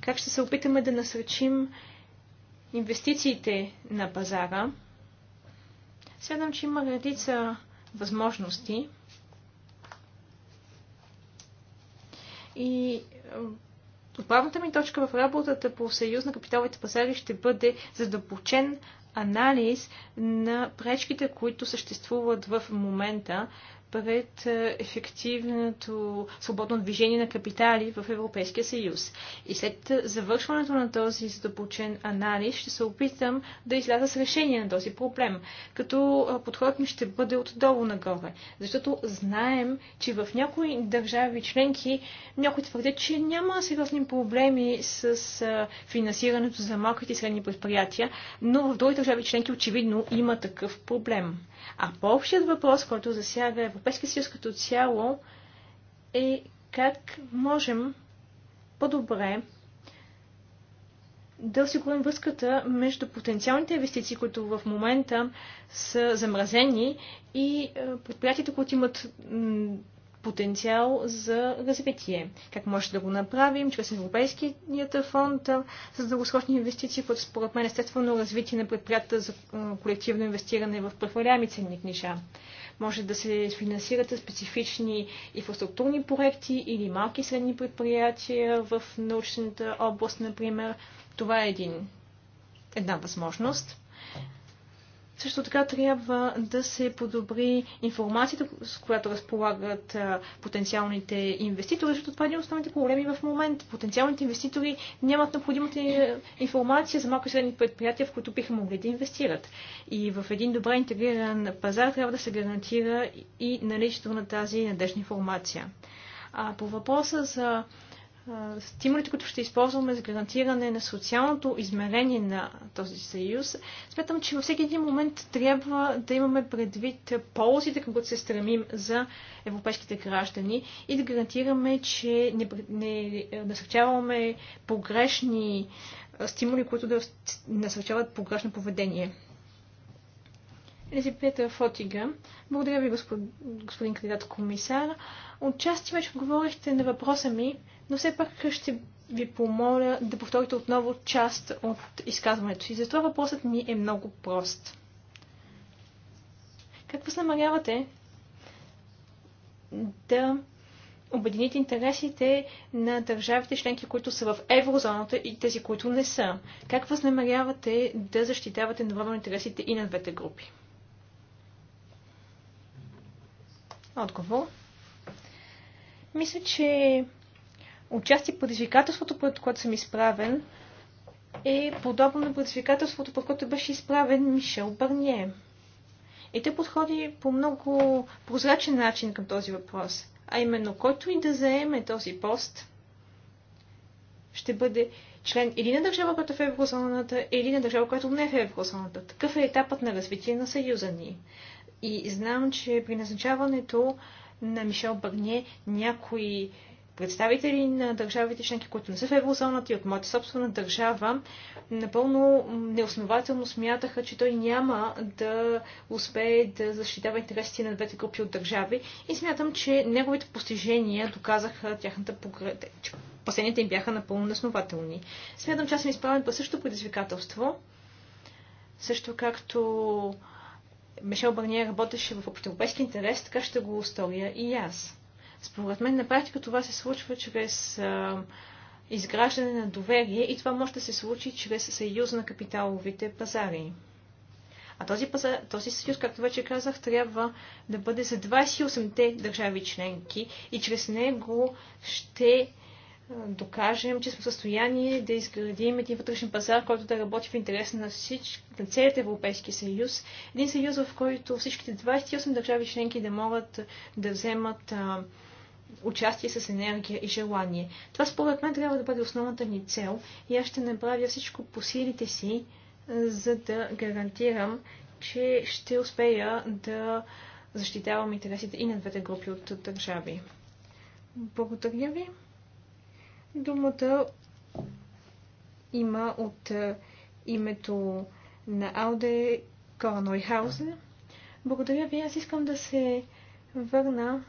Как ще се опитаме да насръчим инвестициите на пазара? Следвам, че има редица възможности. и отправната е, ми точка в работата по Съюз на капиталовите пазари ще бъде задълбочен анализ на пречките, които съществуват в момента пред е, ефективното свободно движение на капитали в Европейския съюз. И след завършването на този задълбочен анализ ще се опитам да изляза с решение на този проблем, като е, подходът ми ще бъде отдолу нагоре. Защото знаем, че в някои държави членки някои твърдят, че няма сериозни проблеми с е, финансирането за малките и средни предприятия, но в други държави членки очевидно има такъв проблем. А по-общият въпрос, който засяга Европейския съюз като цяло, е как можем по-добре да осигурим връзката между потенциалните инвестиции, които в момента са замразени и е, предприятията, които имат потенциал за развитие. Как може да го направим? Чрез Европейският фонд за дългосрочни инвестиции, което според мен естествено е развитие на предприятията за колективно инвестиране в прехвърляеми ценни книжа. Може да се финансират специфични инфраструктурни проекти или малки и средни предприятия в научната област, например. Това е един, една възможност. Също така трябва да се подобри информацията, с която разполагат потенциалните инвеститори, защото това е един от основните проблеми в момента. Потенциалните инвеститори нямат необходимата е, информация за малко и средни предприятия, в които биха могли да инвестират. И в един добре интегриран пазар трябва да се гарантира и наличието на тази надежна информация. А по въпроса за стимулите, които ще използваме за гарантиране на социалното измерение на този съюз, смятам, че във всеки един момент трябва да имаме предвид ползите, към които се стремим за европейските граждани и да гарантираме, че не, не насърчаваме погрешни стимули, които да насърчават погрешно поведение. Петър Фотига. Благодаря ви, господин кандидат комисар. Отчасти вече отговорихте на въпроса ми, но все пак ще ви помоля да повторите отново част от изказването си. Затова въпросът ми е много прост. Как възнамерявате да обедините интересите на държавите членки, които са в еврозоната и тези, които не са? Как възнамерявате да защитавате едновременно интересите и на двете групи? Отговор. Мисля, че отчасти предизвикателството, пред което съм изправен, е подобно на предизвикателството, пред което беше изправен Мишел Барние. И те подходи по много прозрачен начин към този въпрос. А именно, който и да заеме този пост, ще бъде член или на държава, която е в еврозоната, или на държава, която не е в еврозоната. Такъв е етапът на развитие на съюза ни. И знам, че при назначаването на Мишел Барние някои представители на държавите членки, които не са в еврозоната и от моята собствена държава, напълно неоснователно смятаха, че той няма да успее да защитава интересите на двете групи от държави и смятам, че неговите постижения доказаха тяхната погреба. Последните им бяха напълно неоснователни. Смятам, че аз съм изправен по същото предизвикателство, също както Мишел Барния работеше в европейски интерес, така ще го сторя и аз. Според мен на практика това се случва чрез а, изграждане на доверие и това може да се случи чрез съюз на капиталовите пазари. А този, пазар, този съюз, както вече казах, трябва да бъде за 28-те държави членки и чрез него ще докажем, че сме в състояние да изградим един вътрешен пазар, който да работи в интерес на, всич... на целият Европейски съюз. Един съюз, в който всичките 28 държави членки да могат да вземат а, участие с енергия и желание. Това според мен трябва да бъде основната ни цел и аз ще направя всичко по силите си, за да гарантирам, че ще успея да защитавам интересите и на двете групи от държави. Благодаря ви. Думата има от е, името на Ауде Коранойхаузен. Благодаря ви. Аз искам да се върна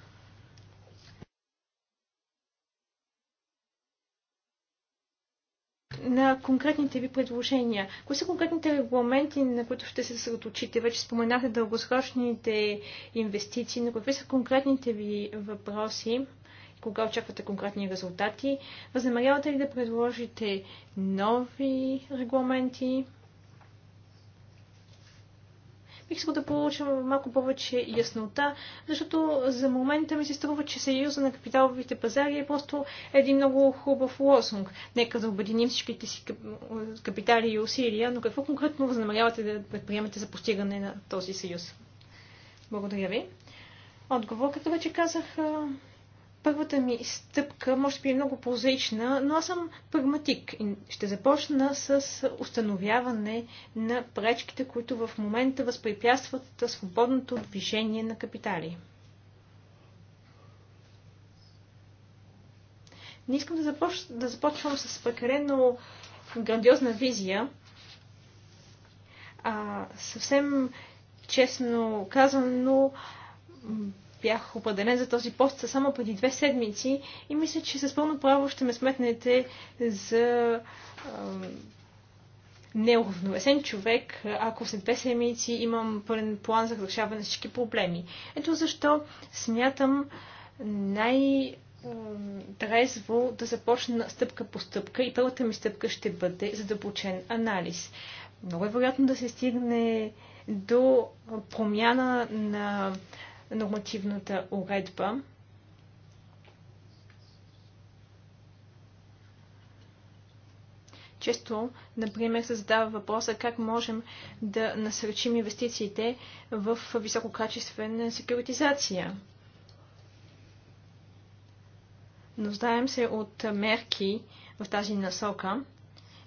на конкретните ви предложения. Кои са конкретните регламенти, на които ще се съсредоточите? Вече споменахте дългосрочните инвестиции, но какви са конкретните ви въпроси? кога очаквате конкретни резултати? Възнамерявате ли да предложите нови регламенти? бих искал да получа малко повече яснота, защото за момента ми се струва, че Съюза на капиталовите пазари е просто един много хубав лозунг. Нека да обединим всичките си капитали и усилия, но какво конкретно възнамерявате да предприемете за постигане на този съюз? Благодаря ви. Отговор, като вече казах, Първата ми стъпка може би е много ползична, но аз съм прагматик и ще започна с установяване на пречките, които в момента възпрепятстват свободното движение на капитали. Не искам да, започ... да започвам с прекалено грандиозна визия. А, съвсем честно казано, бях определен за този пост са само преди две седмици и мисля, че с пълно право ще ме сметнете за неуравновесен човек, ако след две седмици имам пълен план за разрешаване на всички проблеми. Ето защо смятам най- трезво да започна стъпка по стъпка и първата ми стъпка ще бъде задълбочен анализ. Много е вероятно да се стигне до промяна на нормативната уредба. Често, например, се задава въпроса как можем да насърчим инвестициите в висококачествена секюритизация. Нуждаем се от мерки в тази насока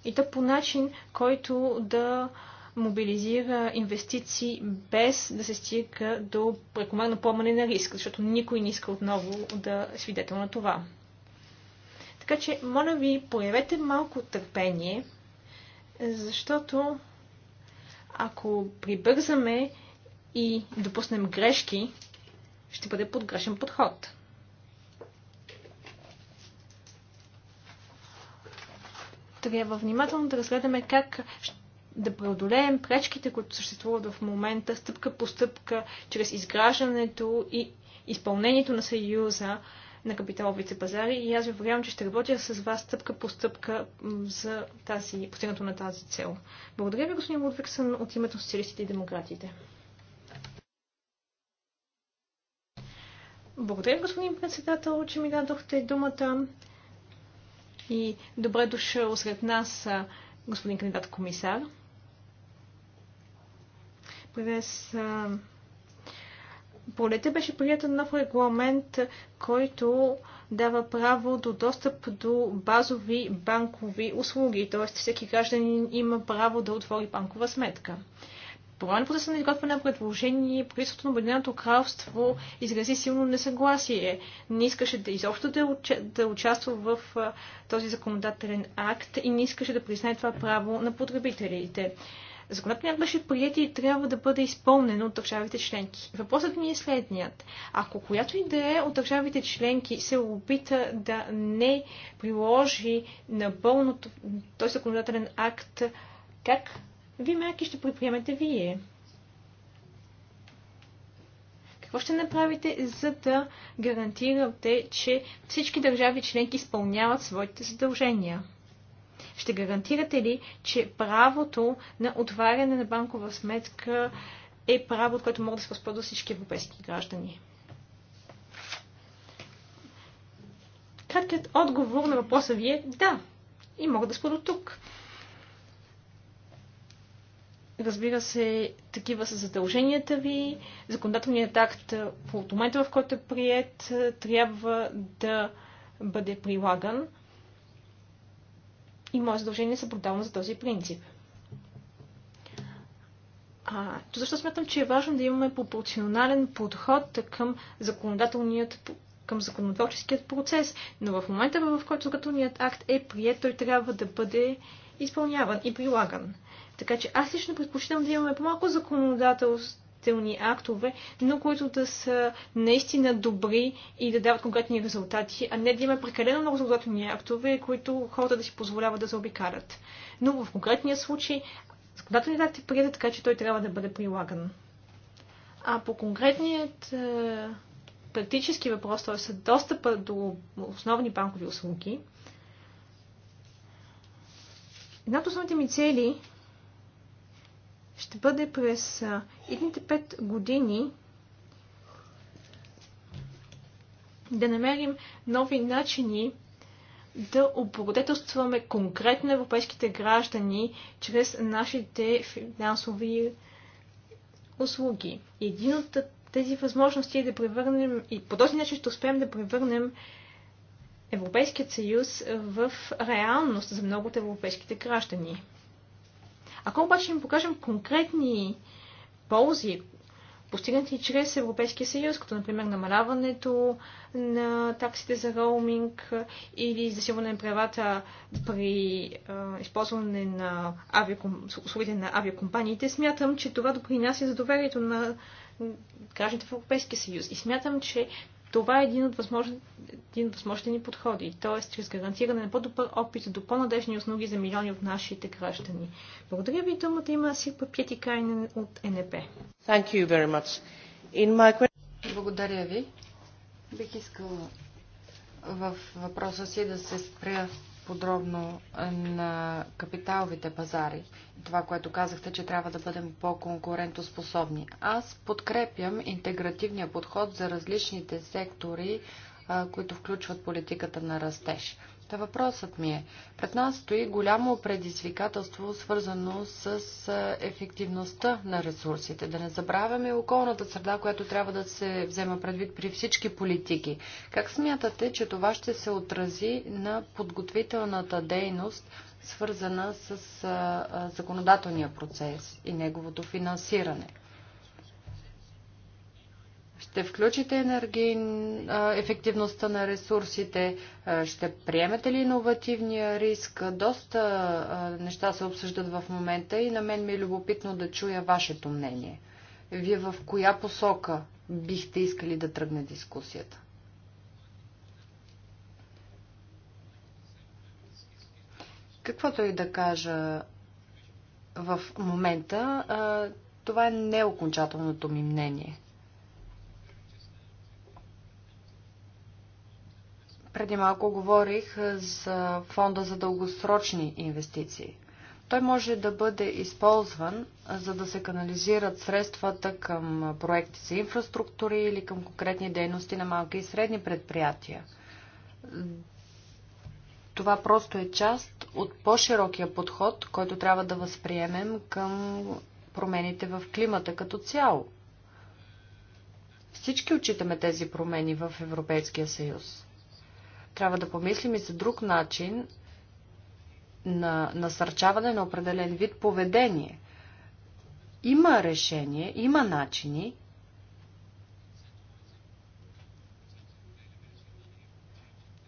и да по начин, който да а, мобилизира инвестиции без да се стига до прекомерно поемане на риск, защото никой не иска отново да е свидетел на това. Така че, моля ви, проявете малко търпение, защото ако прибързаме и допуснем грешки, ще бъде грешен подход. Трябва внимателно да разгледаме как да преодолеем пречките, които съществуват в момента, стъпка по стъпка, чрез изграждането и изпълнението на Съюза на капиталовите пазари. И аз ви уверявам, че ще работя с вас стъпка по стъпка за тази, постигнато на тази цел. Благодаря ви, господин Лудвиксън, от името на социалистите и демократите. Благодаря, господин председател, че ми дадохте думата. И добре дошъл сред нас господин кандидат комисар през полета беше приятен нов регламент, който дава право до достъп до базови банкови услуги, т.е. всеки гражданин има право да отвори банкова сметка. По време на процеса на изготвяне на предложение, правителството на Обединеното кралство изрази силно несъгласие. Не искаше да изобщо да, уча, да участва в а, този законодателен акт и не искаше да признае това право на потребителите. Законът акт беше прият и трябва да бъде изпълнен от държавите членки. Въпросът ми е следният. Ако която и да е от държавите членки се опита да не приложи напълно този законодателен акт, как ви мерки ще предприемете вие? Какво ще направите, за да гарантирате, че всички държави членки изпълняват своите задължения? Ще гарантирате ли, че правото на отваряне на банкова сметка е право, от което могат да се възползват всички европейски граждани? Краткият отговор на въпроса ви е да. И мога да спра до тук. Разбира се, такива са задълженията ви. Законодателният акт по момента, в който е прият, трябва да бъде прилаган и мое задължение е съблюдавам за този принцип. А, то защо смятам, че е важно да имаме пропорционален подход към законодателният към законотворческият процес, но в момента, в който законодателният акт е прият, той трябва да бъде изпълняван и прилаган. Така че аз лично предпочитам да имаме по-малко законодателство законодателни актове, но които да са наистина добри и да дават конкретни резултати, а не да има прекалено много законодателни актове, които хората да си позволяват да заобикалят. Но в конкретния случай законодателният акт е прият така, че той трябва да бъде прилаган. А по конкретният е, практически въпрос, т.е. достъпа до основни банкови услуги, една от основните ми цели ще бъде през едните пет години да намерим нови начини да облагодетелстваме конкретно европейските граждани чрез нашите финансови услуги. Един от тези възможности е да превърнем и по този начин ще успеем да превърнем Европейският съюз в реалност за много от европейските граждани. Ако обаче им покажем конкретни ползи, постигнати чрез Европейския съюз, като например намаляването на таксите за роуминг или засилване на правата при е, използване на авиаком... услугите на авиакомпаниите, смятам, че това допринася за доверието на гражданите в Европейския съюз. И смятам, че това е един от, възможни, един от възможните ни подходи, т.е. чрез гарантиране на по-добър опит до по-надежни услуги за милиони от нашите граждани. Благодаря ви, думата има Сирпа Кайнен от НП. Thank you very much. In my... Благодаря ви. Бих искала в въпроса си да се спря подробно на капиталовите пазари. Това, което казахте, че трябва да бъдем по-конкурентоспособни. Аз подкрепям интегративния подход за различните сектори, които включват политиката на растеж. Та въпросът ми е, пред нас стои голямо предизвикателство, свързано с ефективността на ресурсите. Да не забравяме околната среда, която трябва да се взема предвид при всички политики. Как смятате, че това ще се отрази на подготвителната дейност, свързана с законодателния процес и неговото финансиране? ще включите енергии, ефективността на ресурсите, ще приемете ли иновативния риск. Доста неща се обсъждат в момента и на мен ми е любопитно да чуя вашето мнение. Вие в коя посока бихте искали да тръгне дискусията? Каквото и да кажа в момента, това е неокончателното ми мнение – Преди малко говорих за фонда за дългосрочни инвестиции. Той може да бъде използван, за да се канализират средствата към проекти за инфраструктури или към конкретни дейности на малки и средни предприятия. Това просто е част от по-широкия подход, който трябва да възприемем към промените в климата като цяло. Всички отчитаме тези промени в Европейския съюз. Трябва да помислим и за друг начин на насърчаване на определен вид поведение. Има решение, има начини,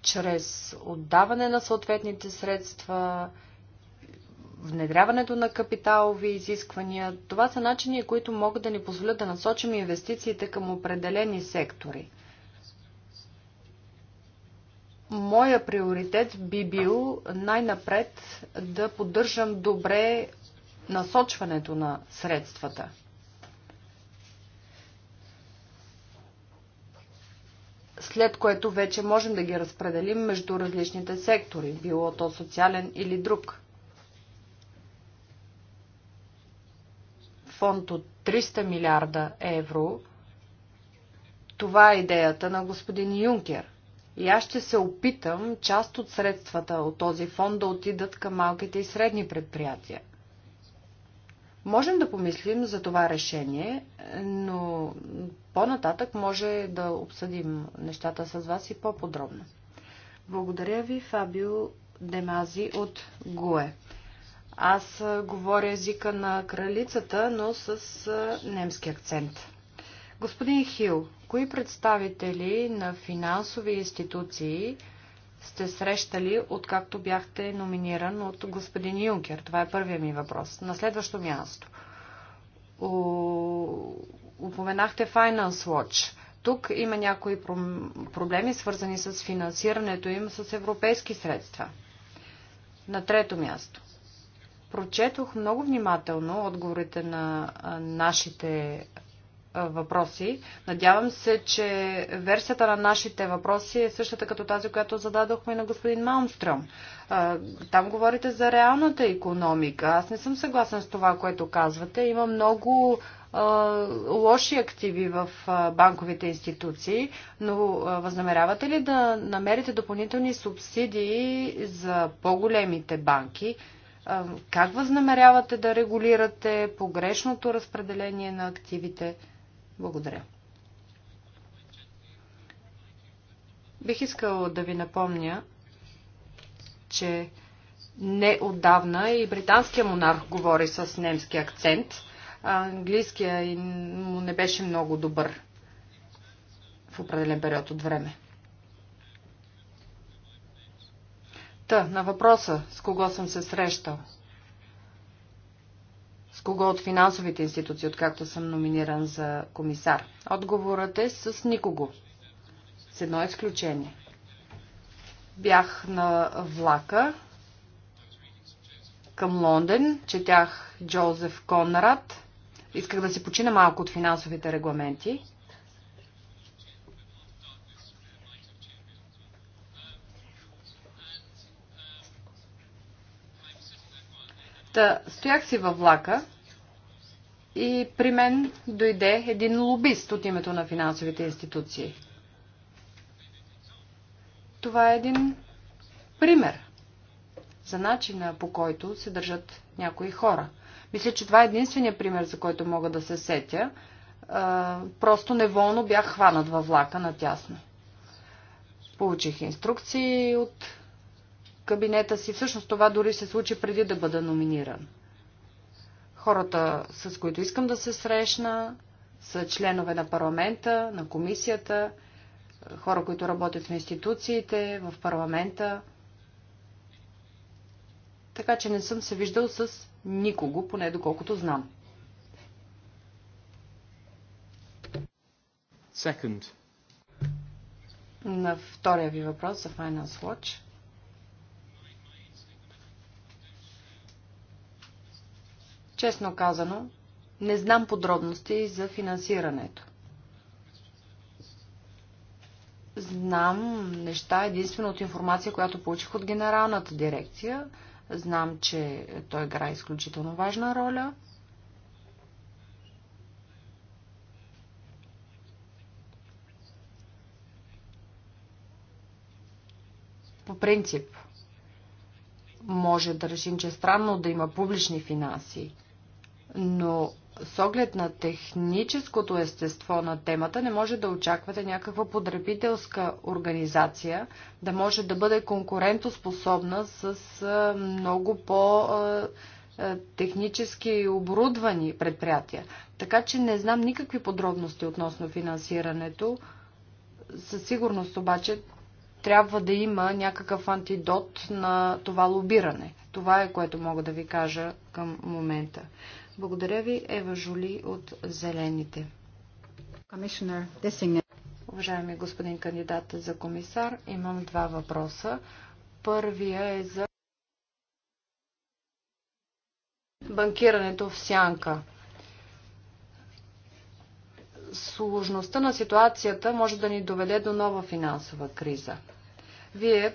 чрез отдаване на съответните средства, внедряването на капиталови изисквания. Това са начини, които могат да ни позволят да насочим инвестициите към определени сектори моя приоритет би бил най-напред да поддържам добре насочването на средствата. След което вече можем да ги разпределим между различните сектори, било то социален или друг. Фонд от 300 милиарда евро. Това е идеята на господин Юнкер. И аз ще се опитам част от средствата от този фонд да отидат към малките и средни предприятия. Можем да помислим за това решение, но по-нататък може да обсъдим нещата с вас и по-подробно. Благодаря ви, Фабио Демази от ГУЕ. Аз говоря езика на кралицата, но с немски акцент. Господин Хил, кои представители на финансови институции сте срещали, откакто бяхте номиниран от господин Юнкер? Това е първият ми въпрос. На следващо място. Упоменахте Finance Watch. Тук има някои проблеми, свързани с финансирането им с европейски средства. На трето място. Прочетох много внимателно отговорите на нашите въпроси. Надявам се, че версията на нашите въпроси е същата като тази, която зададохме на господин Маунстрем. Там говорите за реалната економика. Аз не съм съгласен с това, което казвате. Има много лоши активи в банковите институции, но възнамерявате ли да намерите допълнителни субсидии за по-големите банки? Как възнамерявате да регулирате погрешното разпределение на активите? Благодаря. Бих искал да ви напомня, че не отдавна и британския монарх говори с немски акцент, а английския му не беше много добър в определен период от време. Та, на въпроса с кого съм се срещал – кого от финансовите институции, откакто съм номиниран за комисар? Отговорът е с никого. С едно изключение. Бях на влака към Лондон, четях Джозеф Конрад. Исках да си почина малко от финансовите регламенти. Та, стоях си във влака и при мен дойде един лобист от името на финансовите институции. Това е един пример за начина по който се държат някои хора. Мисля, че това е единствения пример, за който мога да се сетя. А, просто неволно бях хванат във влака на тясно. Получих инструкции от кабинета си. Всъщност това дори се случи преди да бъда номиниран. Хората, с които искам да се срещна, са членове на парламента, на комисията, хора, които работят в институциите, в парламента. Така че не съм се виждал с никого, поне доколкото знам. Second. На втория ви въпрос за Finance Watch. Честно казано, не знам подробности за финансирането. Знам неща единствено от информация, която получих от генералната дирекция. Знам, че той играе изключително важна роля. По принцип, може да решим, че е странно да има публични финанси но с оглед на техническото естество на темата не може да очаквате някаква потребителска организация да може да бъде конкурентоспособна с много по- технически оборудвани предприятия. Така че не знам никакви подробности относно финансирането. Със сигурност обаче трябва да има някакъв антидот на това лобиране. Това е което мога да ви кажа към момента. Благодаря ви, Ева Жули от Зелените. Уважаеми господин кандидат за комисар, имам два въпроса. Първия е за банкирането в сянка. Сложността на ситуацията може да ни доведе до нова финансова криза. Вие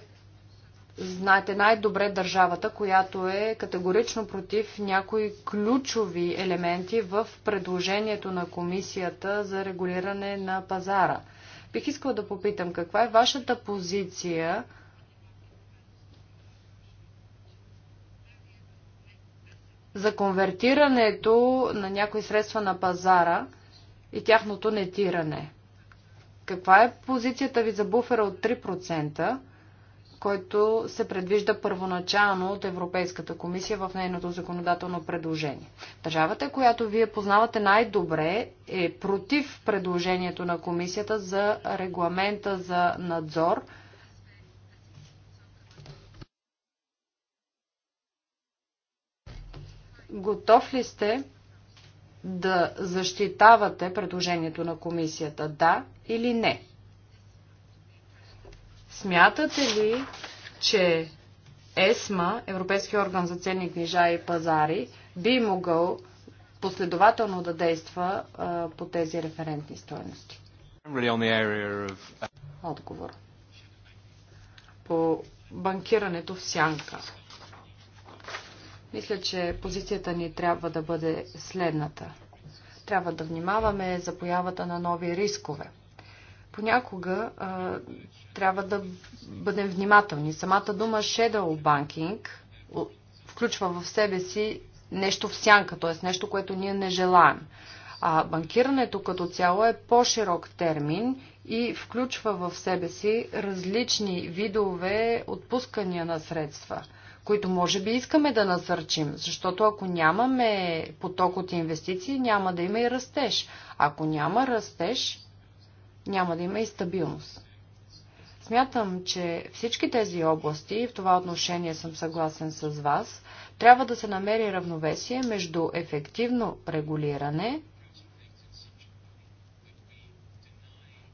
знаете най-добре държавата, която е категорично против някои ключови елементи в предложението на комисията за регулиране на пазара. Бих искала да попитам каква е вашата позиция за конвертирането на някои средства на пазара и тяхното нетиране. Каква е позицията ви за буфера от 3%? който се предвижда първоначално от Европейската комисия в нейното законодателно предложение. Държавата, която вие познавате най-добре, е против предложението на комисията за регламента за надзор. Готов ли сте да защитавате предложението на комисията, да или не? Смятате ли, че ЕСМА, Европейски орган за ценни книжа и пазари, би могъл последователно да действа а, по тези референтни стоености? Uh, Отговор. По банкирането в сянка. Мисля, че позицията ни трябва да бъде следната. Трябва да внимаваме за появата на нови рискове понякога а, трябва да бъдем внимателни. Самата дума shadow banking включва в себе си нещо в сянка, т.е. нещо, което ние не желаем. А банкирането като цяло е по-широк термин и включва в себе си различни видове отпускания на средства, които може би искаме да насърчим, защото ако нямаме поток от инвестиции, няма да има и растеж. Ако няма растеж, няма да има и стабилност. Смятам, че всички тези области, и в това отношение съм съгласен с вас, трябва да се намери равновесие между ефективно регулиране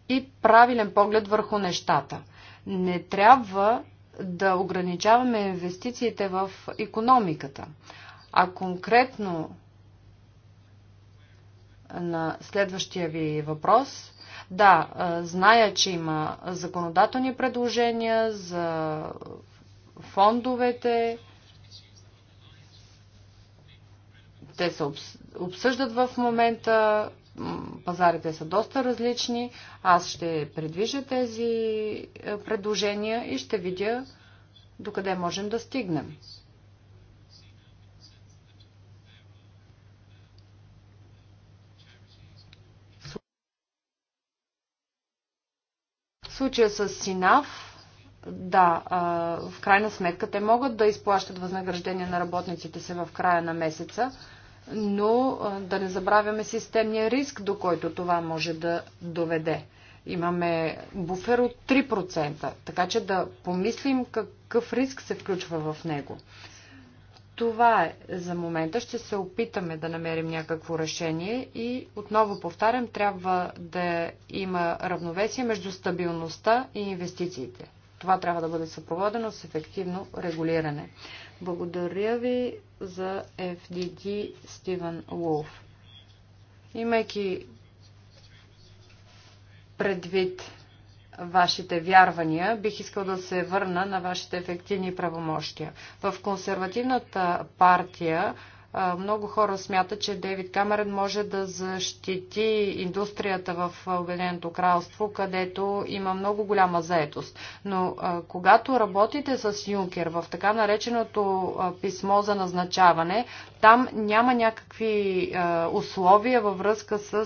и правилен поглед върху нещата. Не трябва да ограничаваме инвестициите в економиката, а конкретно на следващия ви въпрос – да, зная, че има законодателни предложения за фондовете. Те се обсъждат в момента. Пазарите са доста различни. Аз ще предвижа тези предложения и ще видя докъде можем да стигнем. случая с СИНАВ, да, в крайна сметка те могат да изплащат възнаграждение на работниците си в края на месеца, но да не забравяме системния риск, до който това може да доведе. Имаме буфер от 3%, така че да помислим какъв риск се включва в него. Това е за момента. Ще се опитаме да намерим някакво решение и отново повтарям, трябва да има равновесие между стабилността и инвестициите. Това трябва да бъде съпроводено с ефективно регулиране. Благодаря ви за FDD Стивен Уолф. Имайки предвид вашите вярвания, бих искал да се върна на вашите ефективни правомощия. В консервативната партия много хора смятат, че Дейвид Камерен може да защити индустрията в Обединеното кралство, където има много голяма заетост. Но когато работите с Юнкер в така нареченото писмо за назначаване, там няма някакви условия във връзка с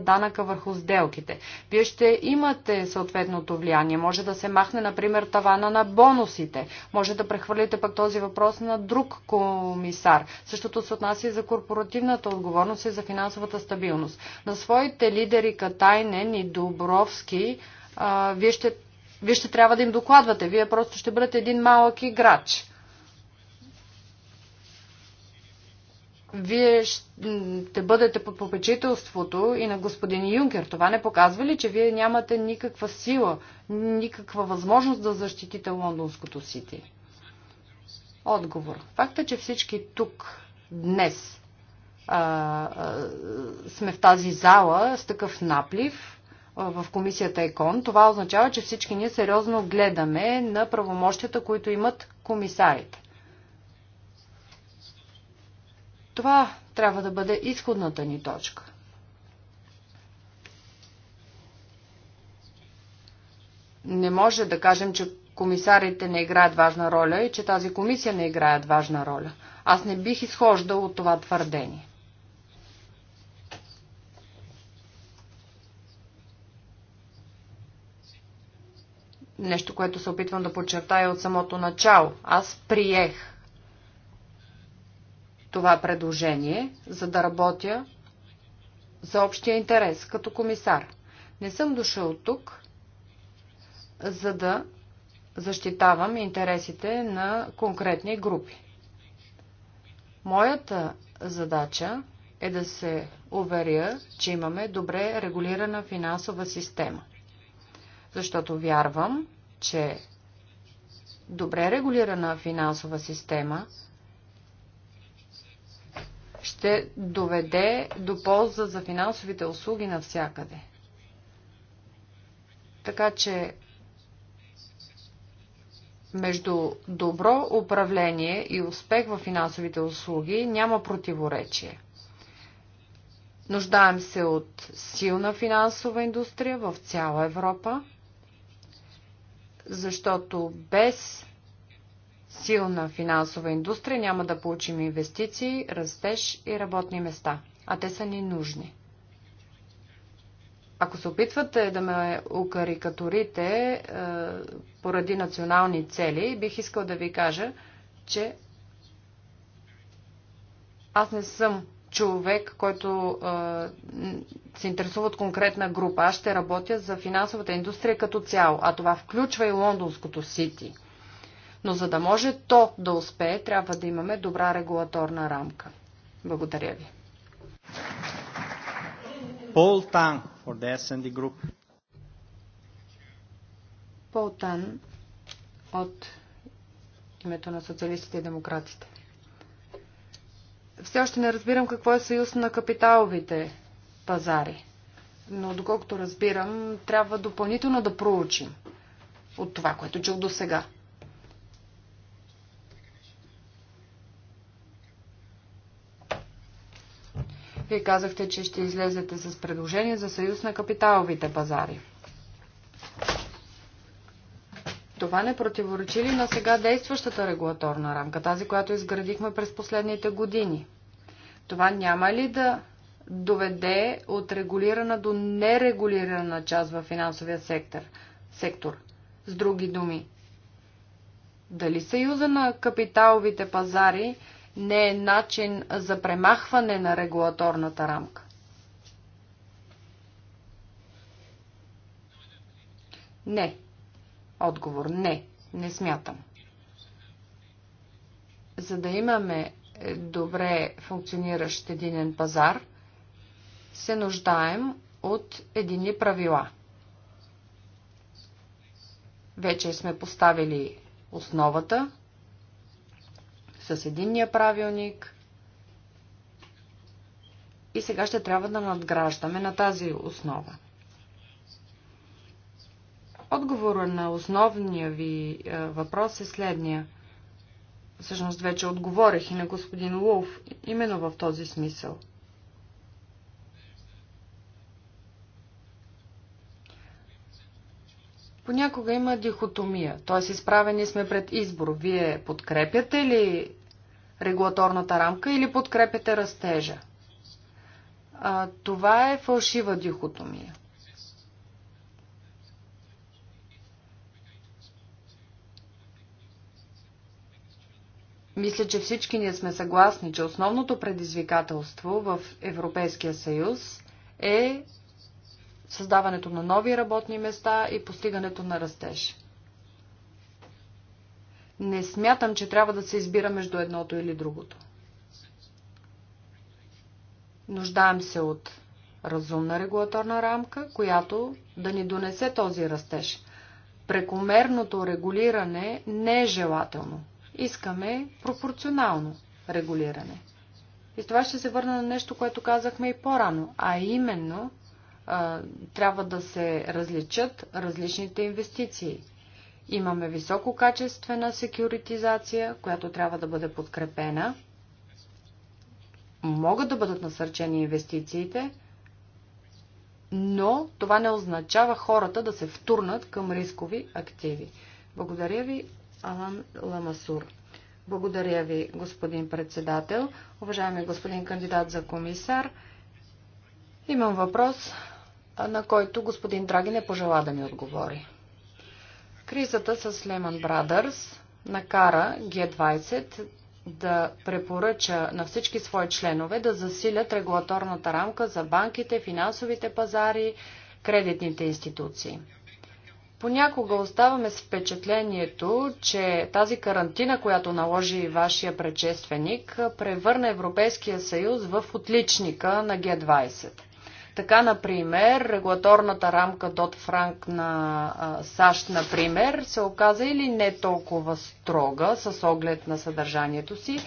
данъка върху сделките. Вие ще имате съответното влияние. Може да се махне, например, тавана на бонусите. Може да прехвърлите пък този въпрос на друг комисар. Същото се отнася и за корпоративната отговорност и за финансовата стабилност. На своите лидери Катайнен и Добровски а, вие, ще, вие ще трябва да им докладвате. Вие просто ще бъдете един малък играч. вие ще бъдете под попечителството и на господин Юнкер. Това не показва ли, че вие нямате никаква сила, никаква възможност да защитите лондонското сити? Отговор. Факта, че всички тук днес а, а, сме в тази зала с такъв наплив а, в комисията ЕКОН, това означава, че всички ние сериозно гледаме на правомощията, които имат комисарите. Това трябва да бъде изходната ни точка. Не може да кажем, че комисарите не играят важна роля и че тази комисия не играят важна роля. Аз не бих изхождал от това твърдение. Нещо, което се опитвам да подчертая от самото начало. Аз приех това предложение, за да работя за общия интерес като комисар. Не съм дошъл тук, за да защитавам интересите на конкретни групи. Моята задача е да се уверя, че имаме добре регулирана финансова система. Защото вярвам, че добре регулирана финансова система ще доведе до полза за финансовите услуги навсякъде. Така че между добро управление и успех в финансовите услуги няма противоречие. Нуждаем се от силна финансова индустрия в цяла Европа, защото без силна финансова индустрия няма да получим инвестиции, растеж и работни места, а те са ни нужни. Ако се опитвате да ме укарикатурите е, поради национални цели, бих искал да ви кажа, че аз не съм човек, който е, се интересува от конкретна група. Аз ще работя за финансовата индустрия като цяло, а това включва и лондонското Сити. Но за да може то да успее, трябва да имаме добра регулаторна рамка. Благодаря ви. Пол Тан for the S&D Group. Пол Тан от името на социалистите и демократите. Все още не разбирам какво е съюз на капиталовите пазари. Но доколкото разбирам, трябва допълнително да проучим от това, което чух до сега. Вие казахте, че ще излезете с предложение за съюз на капиталовите пазари. Това не противоречи ли на сега действащата регулаторна рамка, тази, която изградихме през последните години? Това няма ли да доведе от регулирана до нерегулирана част в финансовия сектор? сектор? С други думи, дали Съюза на капиталовите пазари не е начин за премахване на регулаторната рамка. Не. Отговор не. Не смятам. За да имаме добре функциониращ единен пазар, се нуждаем от едини правила. Вече сме поставили основата, с единния правилник. И сега ще трябва да надграждаме на тази основа. Отговорът на основния ви е, въпрос е следния. Всъщност вече отговорих и на господин Лув, именно в този смисъл – понякога има дихотомия, т.е. изправени сме пред избор. Вие подкрепяте ли регулаторната рамка или подкрепяте растежа? А, това е фалшива дихотомия. Мисля, че всички ние сме съгласни, че основното предизвикателство в Европейския съюз е създаването на нови работни места и постигането на растеж. Не смятам, че трябва да се избира между едното или другото. Нуждаем се от разумна регулаторна рамка, която да ни донесе този растеж. Прекомерното регулиране не е желателно. Искаме пропорционално регулиране. И с това ще се върна на нещо, което казахме и по-рано, а именно – трябва да се различат различните инвестиции. Имаме висококачествена секюритизация, която трябва да бъде подкрепена. Могат да бъдат насърчени инвестициите, но това не означава хората да се втурнат към рискови активи. Благодаря ви, Алан Ламасур. Благодаря ви, господин председател. Уважаеми господин кандидат за комисар, имам въпрос на който господин Драги не пожела да ми отговори. Кризата с Lehman Brothers накара G20 да препоръча на всички свои членове да засилят регулаторната рамка за банките, финансовите пазари, кредитните институции. Понякога оставаме с впечатлението, че тази карантина, която наложи вашия предшественик, превърна Европейския съюз в отличника на Г-20. Така, например, регулаторната рамка Дот Франк на САЩ, например, се оказа или не толкова строга с оглед на съдържанието си,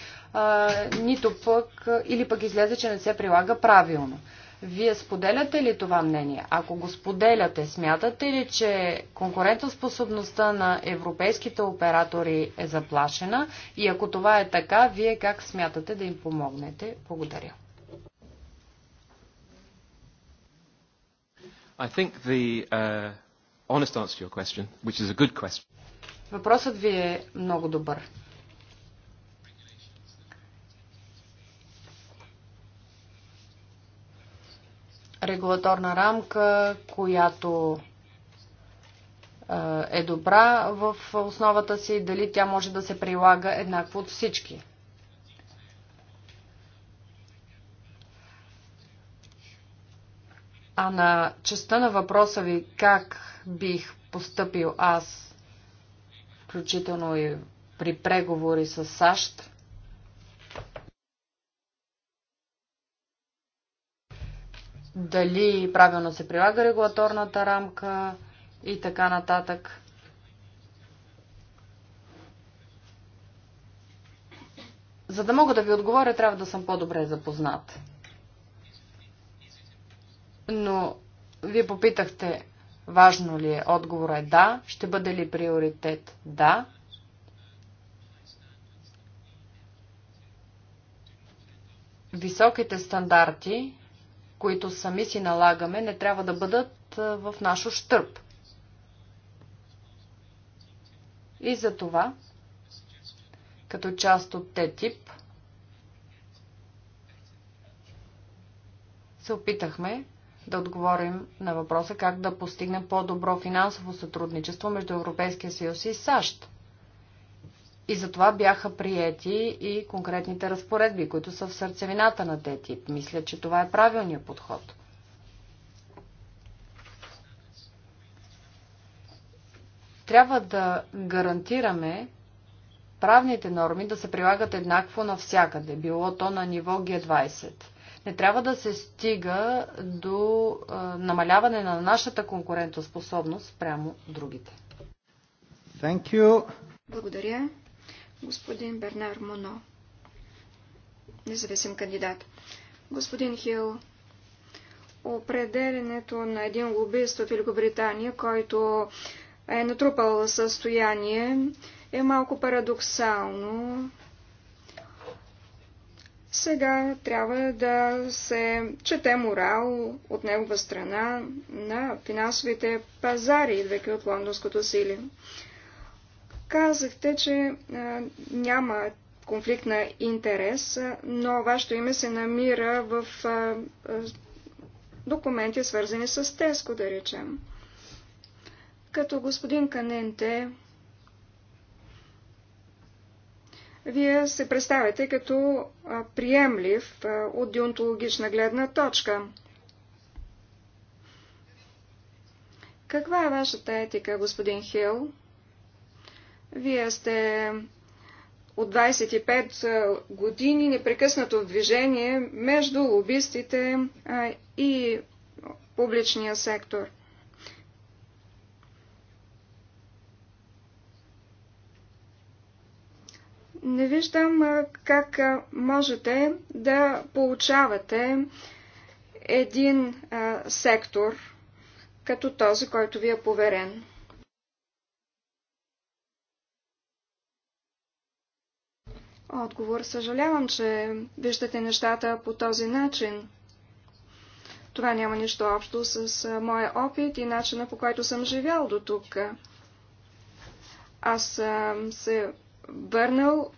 нито пък, или пък излезе, че не се прилага правилно. Вие споделяте ли това мнение? Ако го споделяте, смятате ли, че конкурентоспособността на европейските оператори е заплашена? И ако това е така, вие как смятате да им помогнете? Благодаря. I think the uh, honest answer to your question, which is a good question. Въпросът ви е много добър. регулаторна рамка, която е добра в основата си, дали тя може да се прилага еднакво от всички. А на частта на въпроса ви как бих постъпил аз, включително и при преговори с САЩ, дали правилно се прилага регулаторната рамка и така нататък. За да мога да ви отговоря, трябва да съм по-добре запознат. Но вие попитахте, важно ли е? Отговор е да. Ще бъде ли приоритет? Да. Високите стандарти, които сами си налагаме, не трябва да бъдат в нашо штърп. И за това, като част от ТЕТИП, се опитахме да отговорим на въпроса как да постигнем по-добро финансово сътрудничество между Европейския съюз и САЩ. И за това бяха приети и конкретните разпоредби, които са в сърцевината на ТТИП. Мисля, че това е правилният подход. Трябва да гарантираме правните норми да се прилагат еднакво навсякъде, било то на ниво Г20. Не трябва да се стига до намаляване на нашата конкурентоспособност прямо другите. Thank you. Благодаря. Господин Бернар Моно, независим кандидат. Господин Хил, определенето на един лобист от Великобритания, който е натрупал състояние, е малко парадоксално. Сега трябва да се чете морал от негова страна на финансовите пазари, идвайки от лондонското сили. Казахте, че а, няма конфликт на интерес, но вашето име се намира в а, а, документи, свързани с Теско, да речем. Като господин Каненте, вие се представяте като приемлив от дионтологична гледна точка. Каква е вашата етика, господин Хил? Вие сте от 25 години непрекъснато в движение между лобистите и публичния сектор. Не виждам как можете да получавате един сектор като този, който ви е поверен. Отговор. Съжалявам, че виждате нещата по този начин. Това няма нищо общо с моя опит и начина по който съм живял до тук. Аз се върнал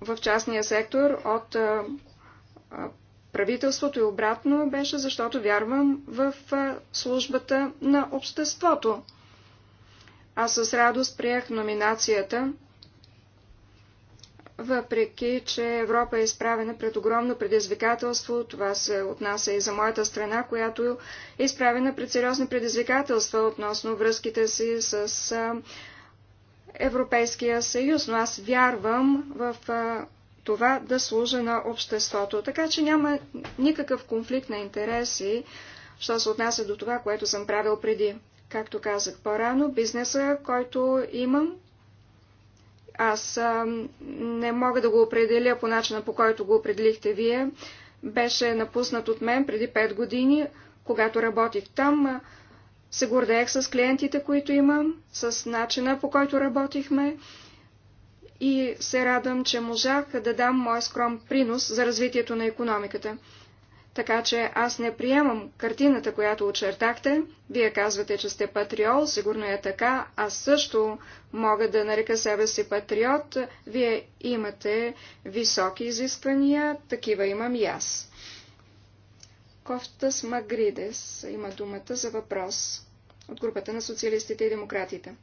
в частния сектор от правителството и обратно беше, защото вярвам в службата на обществото. Аз с радост приех номинацията, въпреки че Европа е изправена пред огромно предизвикателство, това се отнася и за моята страна, която е изправена пред сериозни предизвикателства относно връзките си с Европейския съюз, но аз вярвам в това да служа на обществото. Така че няма никакъв конфликт на интереси, що се отнася до това, което съм правил преди. Както казах по-рано, бизнеса, който имам, аз а, не мога да го определя по начина, по който го определихте вие. Беше напуснат от мен преди 5 години, когато работих там се гордеех с клиентите, които имам, с начина по който работихме и се радвам, че можах да дам моя скром принос за развитието на економиката. Така че аз не приемам картината, която очертахте. Вие казвате, че сте патриол, сигурно е така. Аз също мога да нарека себе си патриот. Вие имате високи изисквания, такива имам и аз. Кофтас Магридес има думата за въпрос от групата на социалистите и демократите.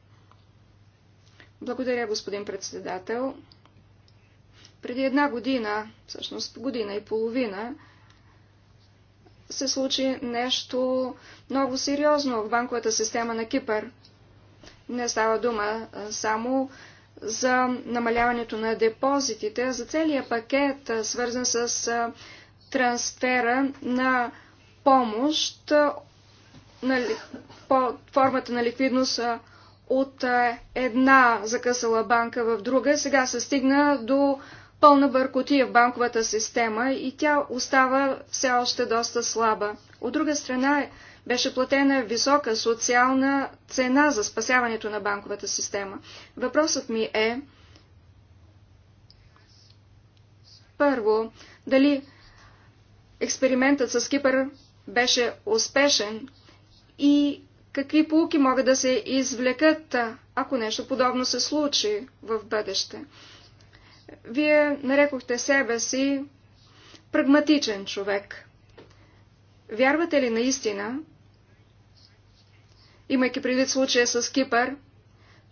Благодаря, господин председател. Преди една година, всъщност година и половина, се случи нещо много сериозно в банковата система на Кипър. Не става дума само за намаляването на депозитите, а за целия пакет, свързан с трансфера на помощ на, по формата на ликвидност от една закъсала банка в друга. Сега се стигна до пълна бъркотия в банковата система и тя остава все още доста слаба. От друга страна беше платена висока социална цена за спасяването на банковата система. Въпросът ми е, първо, дали експериментът с Кипър беше успешен и какви полуки могат да се извлекат, ако нещо подобно се случи в бъдеще. Вие нарекохте себе си прагматичен човек. Вярвате ли наистина, имайки предвид случая с Кипър,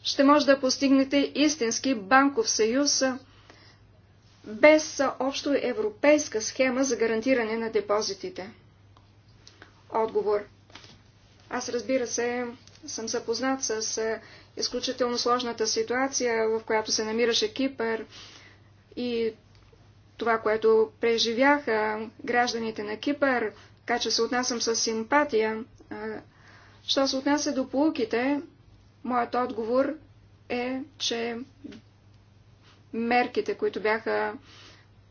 ще може да постигнете истински банков съюз, без общо европейска схема за гарантиране на депозитите? Отговор. Аз разбира се съм запознат с е, изключително сложната ситуация, в която се намираше Кипър и това, което преживяха гражданите на Кипър, така че се отнасям с симпатия. Е, що се отнася до полуките, моят отговор е, че мерките, които бяха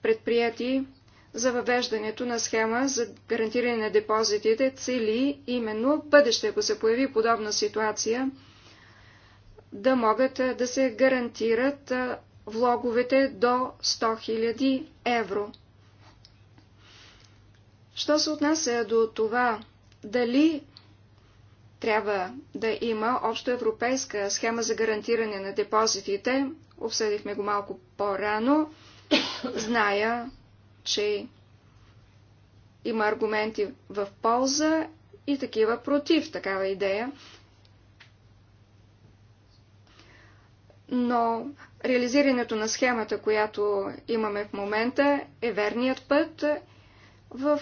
предприяти за въвеждането на схема за гарантиране на депозитите цели именно бъдеще, ако се появи подобна ситуация, да могат да се гарантират влоговете до 100 000 евро. Що се отнася до това, дали трябва да има общоевропейска схема за гарантиране на депозитите, Обсъдихме го малко по-рано. Зная, че има аргументи в полза и такива против такава идея. Но реализирането на схемата, която имаме в момента, е верният път. В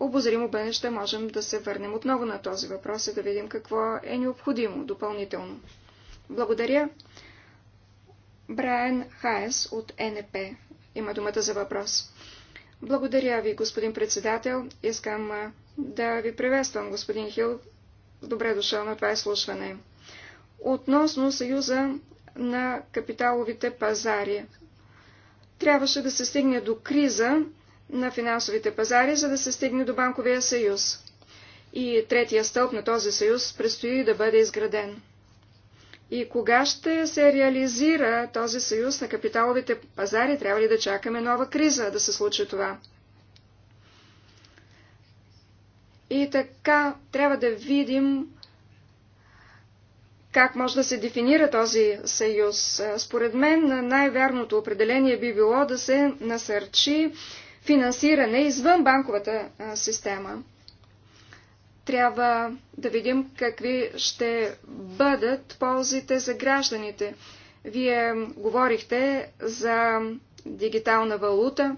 обозримо бъдеще можем да се върнем отново на този въпрос и да видим какво е необходимо допълнително. Благодаря. Брайан Хайес от НП има думата за въпрос. Благодаря ви, господин председател. Искам да ви приветствам, господин Хил. Добре дошъл на това изслушване. Относно Съюза на капиталовите пазари. Трябваше да се стигне до криза на финансовите пазари, за да се стигне до банковия съюз. И третия стълб на този съюз предстои да бъде изграден. И кога ще се реализира този съюз на капиталовите пазари? Трябва ли да чакаме нова криза да се случи това? И така трябва да видим как може да се дефинира този съюз. Според мен най-вярното определение би било да се насърчи финансиране извън банковата система трябва да видим какви ще бъдат ползите за гражданите. Вие говорихте за дигитална валута.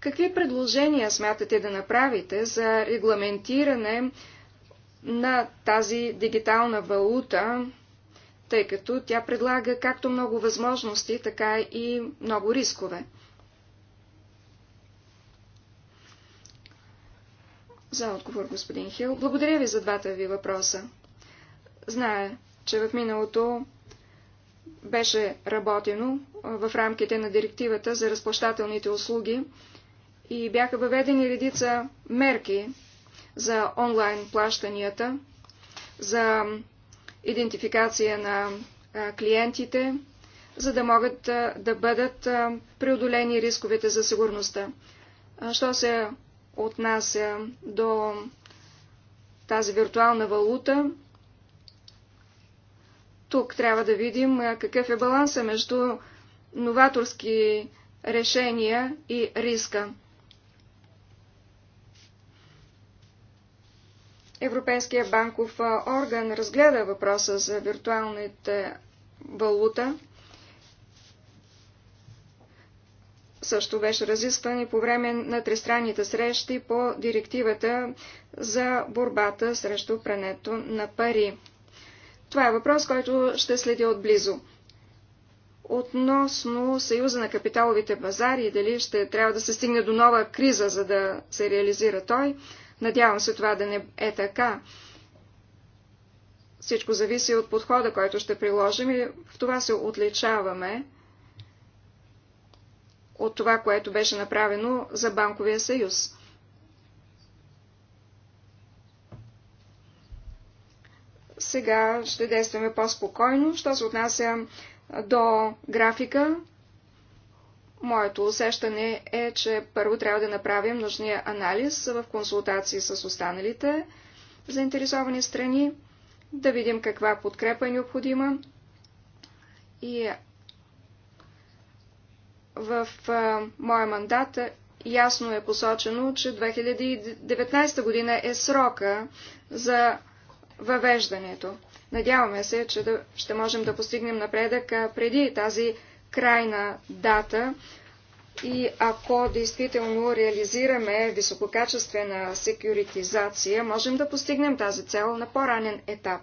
Какви предложения смятате да направите за регламентиране на тази дигитална валута, тъй като тя предлага както много възможности, така и много рискове? За отговор, господин Хил. Благодаря ви за двата ви въпроса. Знае, че в миналото беше работено в рамките на директивата за разплащателните услуги и бяха въведени редица мерки за онлайн плащанията, за идентификация на клиентите, за да могат да бъдат преодолени рисковете за сигурността. Що се отнася до тази виртуална валута, тук трябва да видим какъв е баланса между новаторски решения и риска. Европейския банков орган разгледа въпроса за виртуалните валута. също беше разискван и по време на тристранните срещи по директивата за борбата срещу прането на пари. Това е въпрос, който ще следя отблизо. Относно Съюза на капиталовите базари, и дали ще трябва да се стигне до нова криза, за да се реализира той, надявам се това да не е така. Всичко зависи от подхода, който ще приложим и в това се отличаваме от това, което беше направено за Банковия съюз. Сега ще действаме по-спокойно. Що се отнася до графика, моето усещане е, че първо трябва да направим нужния анализ в консултации с останалите заинтересовани страни, да видим каква подкрепа е необходима и в а, моя мандат ясно е посочено, че 2019 година е срока за въвеждането. Надяваме се, че да, ще можем да постигнем напредък преди тази крайна дата и ако действително реализираме висококачествена секюритизация, можем да постигнем тази цел на по-ранен етап.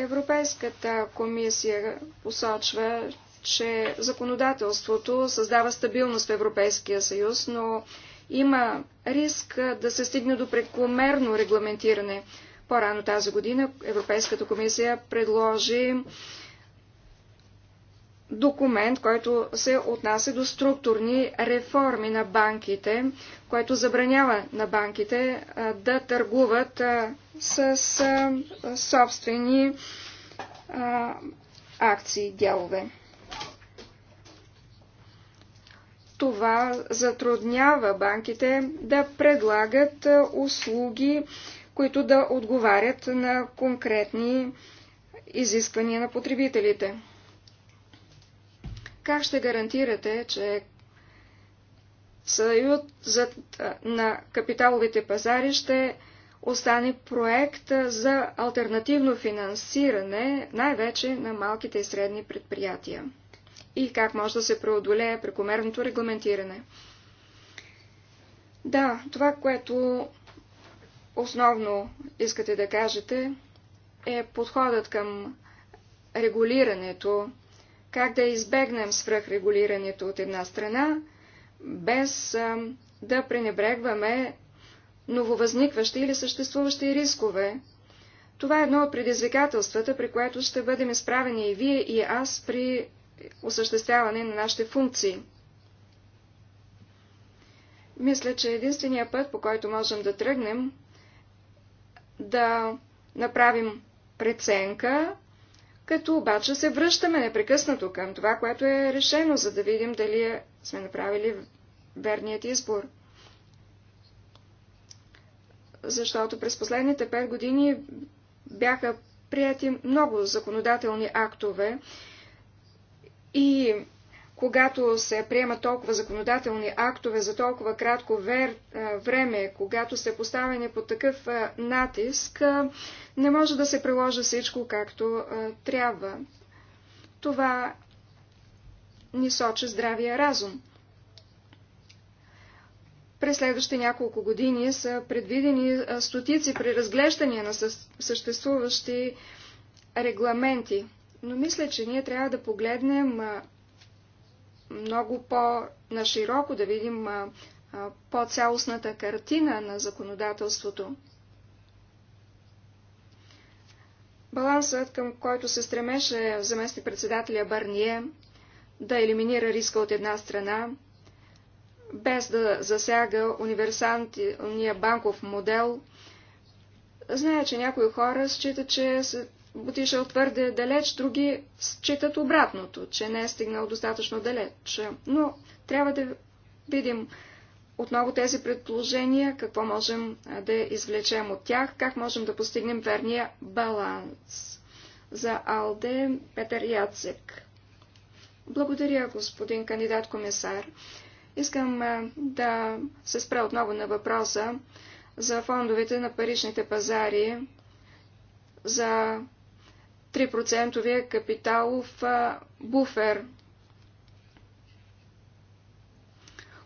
Европейската комисия посочва, че законодателството създава стабилност в Европейския съюз, но има риск да се стигне до прекомерно регламентиране. По-рано тази година Европейската комисия предложи документ, който се отнася до структурни реформи на банките, което забранява на банките да търгуват с собствени акции, дялове. Това затруднява банките да предлагат услуги, които да отговарят на конкретни изисквания на потребителите. Как ще гарантирате, че Съюзът на капиталовите пазари ще остане проект за альтернативно финансиране, най-вече на малките и средни предприятия? И как може да се преодолее прекомерното регламентиране? Да, това, което основно искате да кажете, е подходът към регулирането как да избегнем свръхрегулирането от една страна, без а, да пренебрегваме нововъзникващи или съществуващи рискове. Това е едно от предизвикателствата, при което ще бъдем изправени и вие, и аз при осъществяване на нашите функции. Мисля, че единствения път, по който можем да тръгнем, да направим преценка като обаче се връщаме непрекъснато към това, което е решено, за да видим дали е- сме направили верният избор. Защото през последните пет години бяха прияти много законодателни актове и когато се приемат толкова законодателни актове за толкова кратко вер, време, когато сте поставени под такъв натиск, не може да се приложи всичко както трябва. Това ни сочи здравия разум. През следващите няколко години са предвидени стотици при разглеждания на съществуващи регламенти. Но мисля, че ние трябва да погледнем много по-нашироко, да видим по-цялостната картина на законодателството. Балансът, към който се стремеше заместник председателя Барние да елиминира риска от една страна, без да засяга универсалния банков модел, Зная, че някои хора считат, че отишъл твърде далеч, други считат обратното, че не е стигнал достатъчно далеч. Но трябва да видим отново тези предположения, какво можем да извлечем от тях, как можем да постигнем верния баланс. За Алде Петър Яцек. Благодаря, господин кандидат-комисар. Искам да се спра отново на въпроса за фондовете на паричните пазари, за 3% капиталов буфер.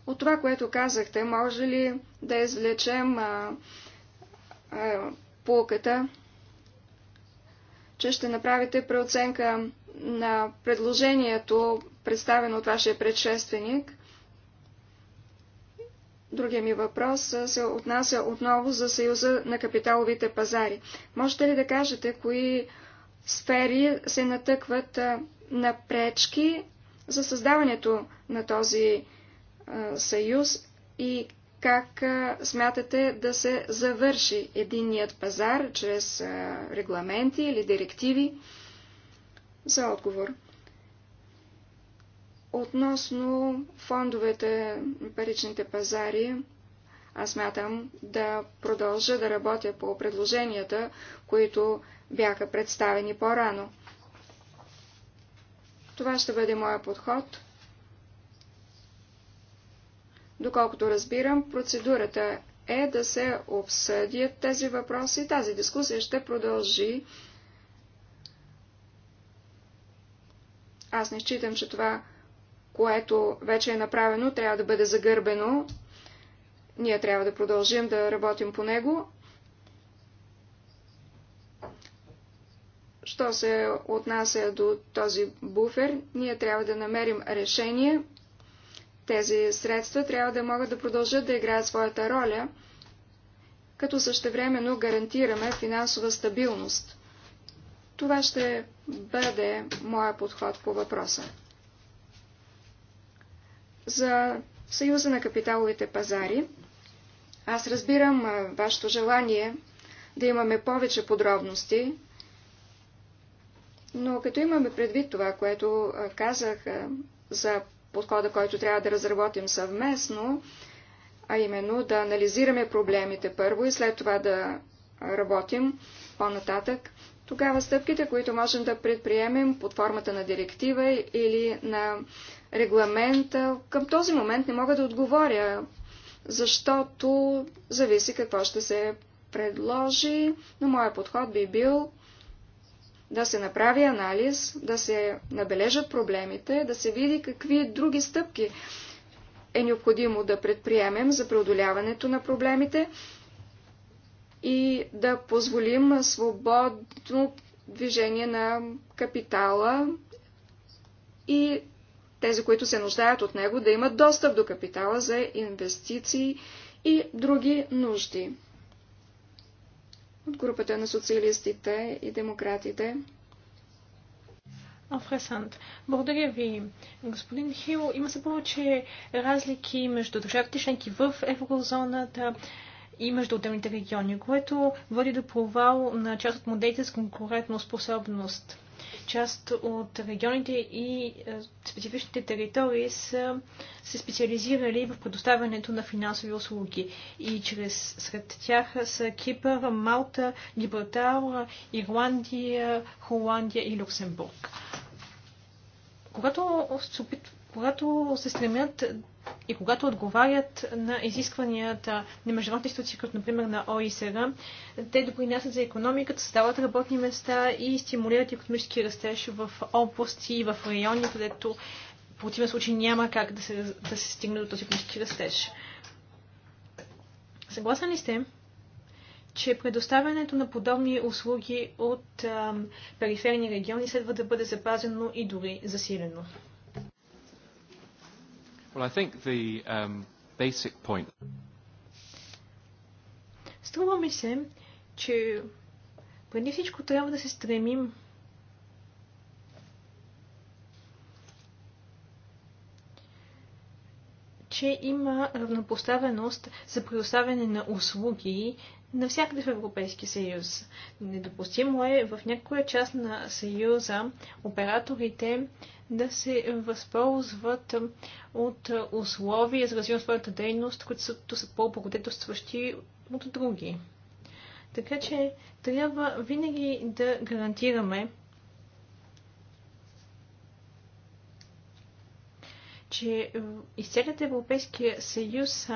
От това, което казахте, може ли да извлечем а, а, полката, че ще направите преоценка на предложението, представено от вашия предшественик? Другия ми въпрос се отнася отново за Съюза на капиталовите пазари. Можете ли да кажете кои сфери се натъкват на пречки за създаването на този съюз и как смятате да се завърши единният пазар чрез регламенти или директиви за отговор. Относно фондовете, паричните пазари, аз мятам да продължа да работя по предложенията, които бяха представени по-рано. Това ще бъде моя подход. Доколкото разбирам, процедурата е да се обсъдят тези въпроси. Тази дискусия ще продължи. Аз не считам, че това, което вече е направено, трябва да бъде загърбено. Ние трябва да продължим да работим по него, Що се отнася до този буфер, ние трябва да намерим решение. Тези средства трябва да могат да продължат да играят своята роля, като същевременно гарантираме финансова стабилност. Това ще бъде моя подход по въпроса. За Съюза на капиталовите пазари, аз разбирам вашето желание да имаме повече подробности но като имаме предвид това, което казах за подхода, който трябва да разработим съвместно, а именно да анализираме проблемите първо и след това да работим по-нататък, тогава стъпките, които можем да предприемем под формата на директива или на регламент, към този момент не мога да отговоря, защото зависи какво ще се предложи, но моят подход би бил да се направи анализ, да се набележат проблемите, да се види какви други стъпки е необходимо да предприемем за преодоляването на проблемите и да позволим свободно движение на капитала и тези, които се нуждаят от него, да имат достъп до капитала за инвестиции и други нужди от групата на социалистите и демократите. Афресант. Благодаря ви, господин Хил. Има се повече разлики между държавите членки в еврозоната и между отделните региони, което води до провал на част от моделите с конкурентно способност. Част от регионите и е, специфичните територии са се специализирали в предоставянето на финансови услуги. И чрез сред тях са Кипър, Малта, Гибралтар, Ирландия, Холандия и Люксембург. Когато се когато се стремят и когато отговарят на изискванията на международни институции, като например на ОИСР, те допринасят за економиката, създават работни места и стимулират економически растеж в области и в райони, където в противен случай няма как да се, да се стигне до този економически растеж. Съгласни ли сте? че предоставянето на подобни услуги от периферни региони следва да бъде запазено и дори засилено. Well, I think the um, basic point. Струва ми се, че преди всичко трябва да се стремим че има равнопоставеност за предоставяне на услуги навсякъде в Европейския съюз. Недопустимо е в някоя част на съюза операторите да се възползват от условия за развиване своята дейност, които са, са по-благодетелстващи от други. Така че трябва винаги да гарантираме, че из целият Европейския съюз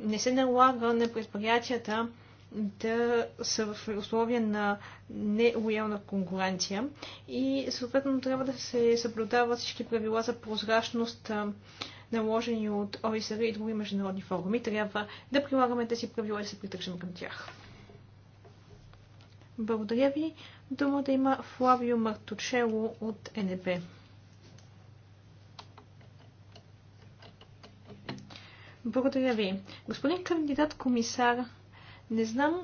не се налага на предприятията да са в условия на нелоялна конкуренция и съответно трябва да се съблюдават всички правила за прозрачност, наложени от ОИСР и други международни форуми. Трябва да прилагаме тези правила и да се придържаме към тях. Благодаря ви. Думата да има Флавио Мартучело от НП. Благодаря ви. Господин кандидат комисар, не знам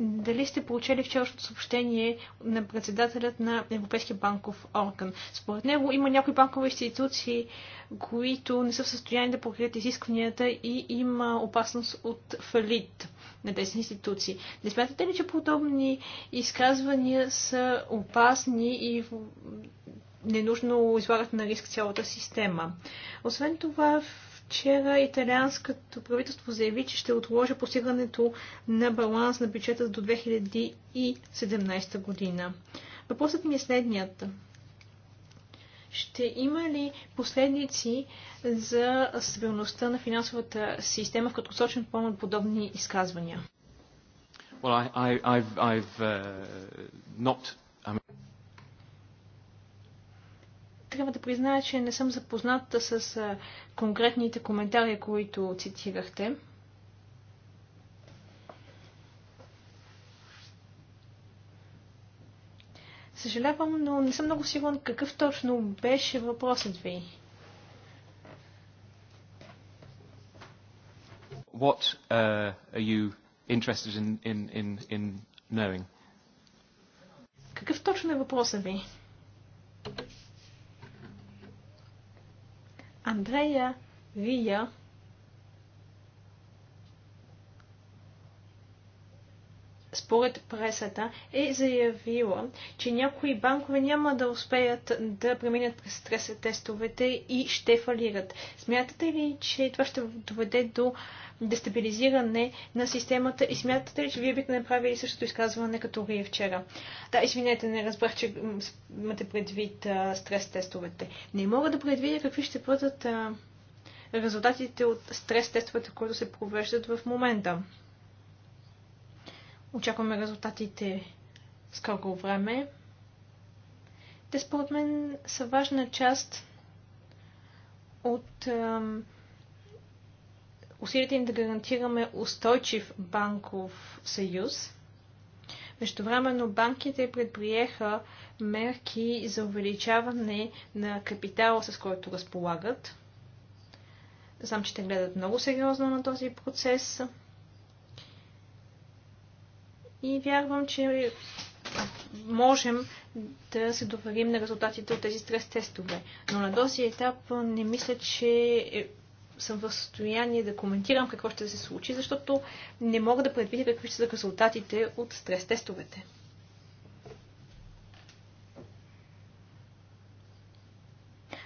дали сте получили вчерашното съобщение на председателят на Европейския банков орган. Според него има някои банкови институции, които не са в състояние да покрият изискванията и има опасност от фалит на тези институции. Не смятате ли, че подобни изказвания са опасни и ненужно излагат на риск цялата система? Освен това, Вчера италианското правителство заяви, че ще отложи постигането на баланс на бюджета до 2017 година. Въпросът ми е следният. Ще има ли последници за стабилността на финансовата система в краткосрочен план от подобни изказвания? Well, I, I, I've, I've, uh, not трябва да призная, че не съм запозната с конкретните коментари, които цитирахте. Съжалявам, но не съм много сигурен какъв точно беше въпросът ви. What uh, are you interested in, in, in, in knowing? Какъв точно е въпросът ви? Андрея Вия според пресата, е заявила, че някои банкове няма да успеят да преминат през стрес тестовете и ще фалират. Смятате ли, че това ще доведе до дестабилизиране на системата и смятате ли, че вие бихте направили същото изказване като Рия вчера? Да, извинете, не разбрах, че имате предвид а, стрес-тестовете. Не мога да предвидя какви ще бъдат а, резултатите от стрес-тестовете, които се провеждат в момента. Очакваме резултатите скоро време. Те според мен са важна част от а, усилите им да гарантираме устойчив банков съюз. Междувременно банките предприеха мерки за увеличаване на капитала, с който разполагат. Знам, че те гледат много сериозно на този процес. И вярвам, че можем да се доверим на резултатите от тези стрес тестове. Но на този етап не мисля, че е съм в състояние да коментирам какво ще се случи, защото не мога да предвидя какви ще са резултатите от стрес-тестовете.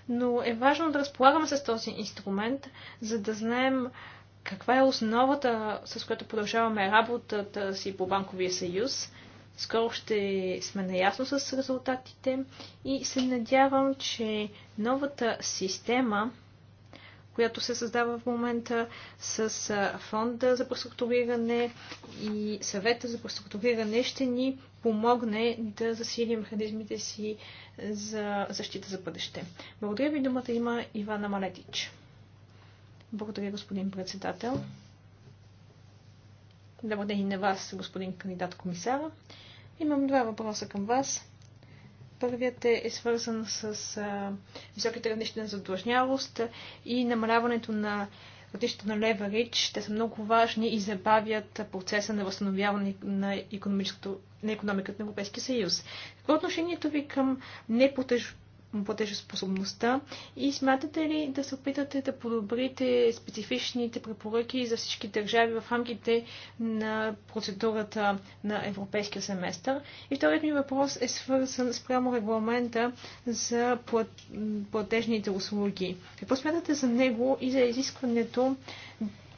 Но е важно да разполагаме с този инструмент, за да знаем каква е основата, с която продължаваме работата си по Банковия съюз. Скоро ще сме наясно с резултатите и се надявам, че новата система която се създава в момента с фонда за проструктуриране и съвета за проструктуриране ще ни помогне да засилим механизмите си за защита за бъдеще. Благодаря ви, думата има Ивана Малетич. Благодаря, господин председател. Добър ден и на вас, господин кандидат комисара. Имам два въпроса към вас. Първият е, е свързан с а, високите равнища на задлъжнявост и намаляването на равнищата на леверидж. Те са много важни и забавят процеса на възстановяване на, на економиката на Европейския съюз. Какво е отношението ви към непотеж платежоспособността и смятате ли да се опитате да подобрите специфичните препоръки за всички държави в рамките на процедурата на европейския семестър? И вторият ми въпрос е свързан с прямо регламента за платежните услуги. Какво смятате за него и за изискването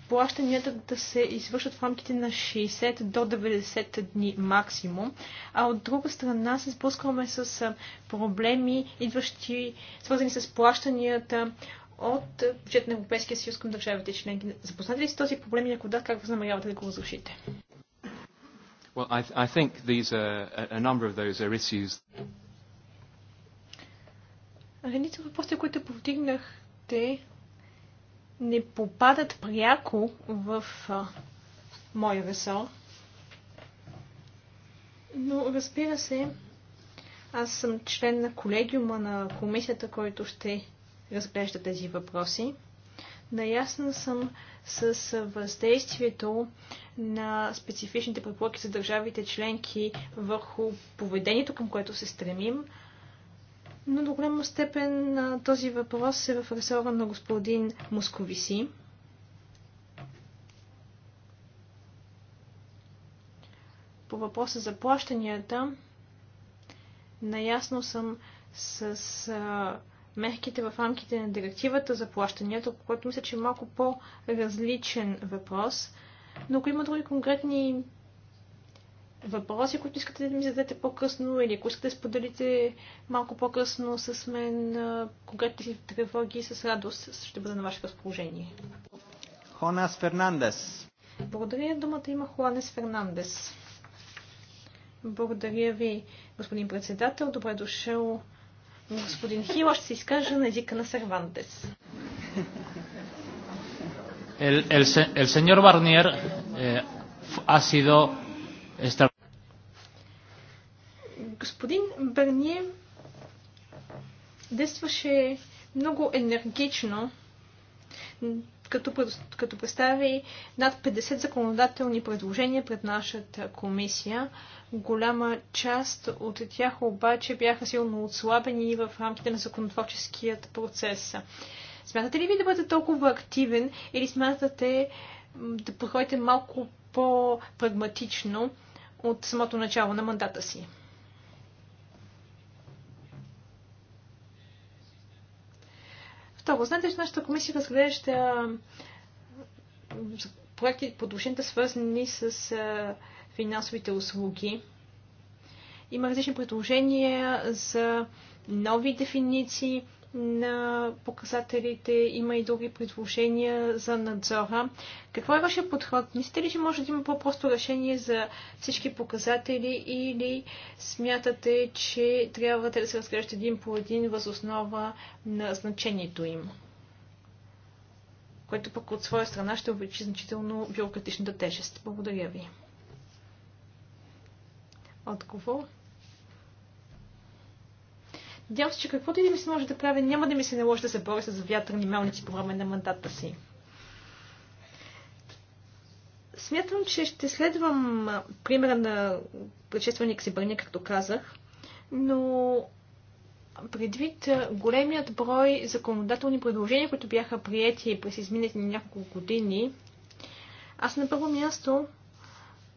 плащанията да се извършат в рамките на 60 до 90 дни максимум, а от друга страна се сблъскваме с проблеми, идващи, свързани с плащанията от бюджет на Европейския съюз към държавите членки. Запознати ли с този проблем и ако да, как възнамерявате да го разрушите? Well, I, I think these are, a number of those are issues. Редица въпроси, които повдигнахте, не попадат пряко в а, мой ресор. Но разбира се, аз съм член на колегиума на комисията, който ще разглежда тези въпроси. Наясна съм с въздействието на специфичните препоръки за държавите членки върху поведението, към което се стремим, но до голяма степен този въпрос е в ресора на господин Московиси. По въпроса за плащанията, наясно съм с а, мерките в рамките на директивата за плащанията, което мисля, че е малко по-различен въпрос. Но ако има други конкретни въпроси, които искате да ми зададете по-късно или ако искате да споделите малко по-късно с мен когато си тревоги, с радост ще бъда на ваше разположение. Хонас Фернандес. Благодаря. Думата има Хуанес Фернандес. Благодаря ви, господин председател. Добре дошъл, господин Хил. Ще се изкажа на езика на Сервантес. El, el, el señor Barnier eh, ha sido Господин Берние действаше много енергично, като, като представи над 50 законодателни предложения пред нашата комисия. Голяма част от тях обаче бяха силно отслабени в рамките на законотворческият процес. Смятате ли ви да бъдете толкова активен или смятате да подходите малко по-прагматично от самото начало на мандата си. Второ, знаете, че нашата комисия разглежда проекти по отношенията, свързани с финансовите услуги. Има различни предложения за нови дефиниции, на показателите, има и други предложения за надзора. Какво е вашия подход? Мислите ли, че може да има по-просто решение за всички показатели или смятате, че трябва те да се разглеждат един по един въз основа на значението им? Което пък от своя страна ще увеличи значително бюрократичната тежест. Благодаря ви. Отговор. Надявам се, че каквото и да ми се може да правя, няма да ми се наложи да се боря с вятърни мелници по време на мандата си. Смятам, че ще следвам примера на предшественик си Бърни, както казах, но предвид големият брой законодателни предложения, които бяха приети през изминалите няколко години, аз на първо място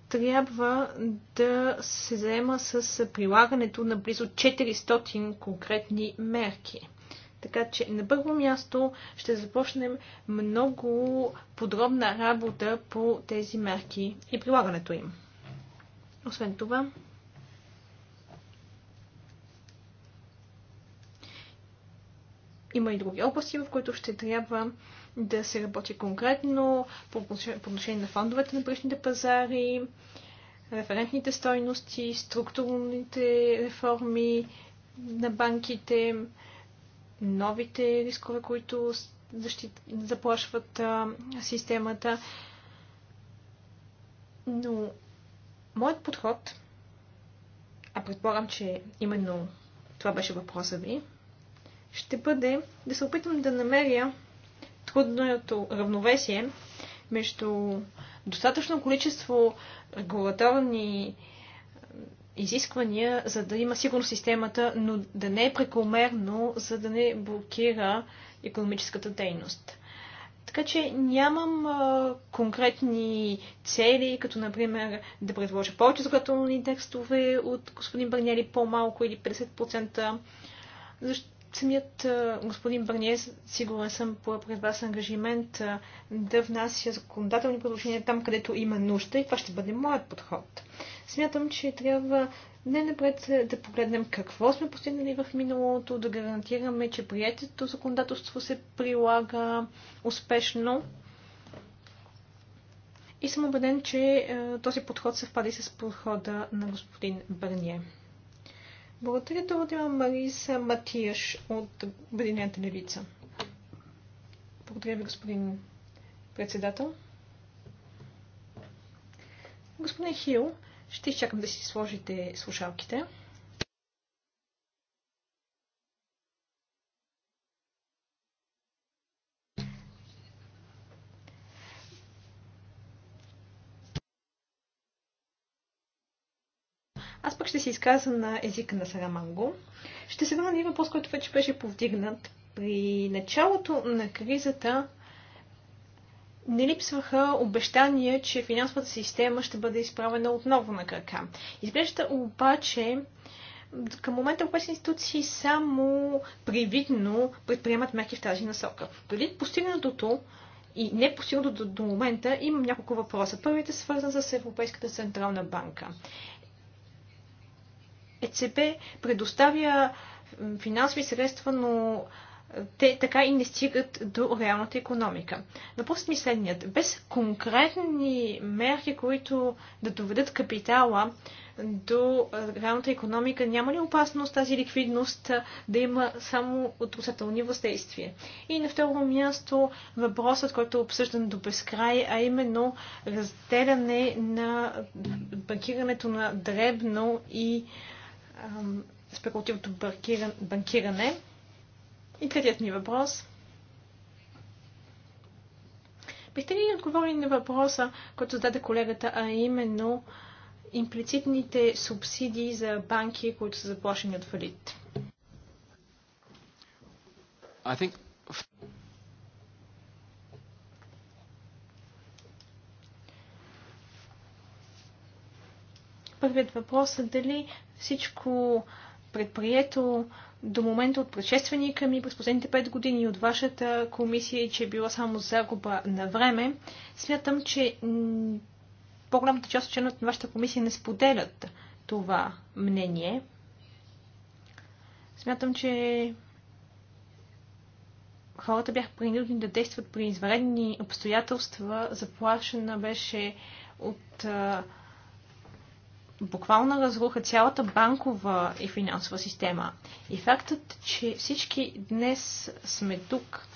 трябва да се заема с прилагането на близо 400 конкретни мерки. Така че на първо място ще започнем много подробна работа по тези мерки и прилагането им. Освен това, има и други области, в които ще трябва да се работи конкретно по отношение на фондовете на бъдещите пазари, референтните стойности, структурните реформи на банките, новите рискове, които защит... заплашват а, системата. Но моят подход, а предполагам, че именно това беше въпроса ви, ще бъде да се опитам да намеря трудното равновесие между достатъчно количество регулаторни изисквания, за да има сигурност системата, но да не е прекомерно, за да не блокира економическата дейност. Така че нямам а, конкретни цели, като например да предложа повече законодателни текстове от господин Бърняли по-малко или 50%, защото Самият господин Бърние, сигурен съм, по пред вас ангажимент да внася законодателни предложения там, където има нужда и това ще бъде моят подход. Смятам, че трябва не напред да погледнем какво сме постигнали в миналото, да гарантираме, че приятелното законодателство се прилага успешно. И съм убеден, че този подход съвпади с подхода на господин Бърние. Благодаря, думата има Мариса Матияш от Обединената левица. Благодаря ви, господин председател. Господин Хил, ще изчакам да си сложите слушалките. ще се изказа на езика на Сараманго. Ще се върна на въпрос, който вече беше повдигнат. При началото на кризата не липсваха обещания, че финансовата система ще бъде изправена отново на крака. Изглежда обаче, към момента обаче институции само привидно предприемат мерки в тази насока. Преди постигнатото и не постигнато до, до момента имам няколко въпроса. Първият е свързан с Европейската централна банка. ЕЦБ предоставя финансови средства, но те така и не стигат до реалната економика. Напуст ми е следният. Без конкретни мерки, които да доведат капитала до реалната економика, няма ли опасност тази ликвидност да има само отрицателни въздействия? И на второ място въпросът, който е обсъждан до безкрай, а именно разделяне на банкирането на дребно и а, спекулативното банкиране. И третият ми въпрос. Бихте ли отговорили на въпроса, който зададе колегата, а именно имплицитните субсидии за банки, които са заплашени от фалит? I think... Първият въпрос е дали всичко предприето до момента от предшественика ми през последните 5 години от вашата комисия и че е била само загуба на време, смятам, че по-голямата част от членовете на вашата комисия не споделят това мнение. Смятам, че хората бяха принудени да действат при извредни обстоятелства. Заплашена беше от а, буквално разруха цялата банкова и финансова система. И фактът, че всички днес сме тук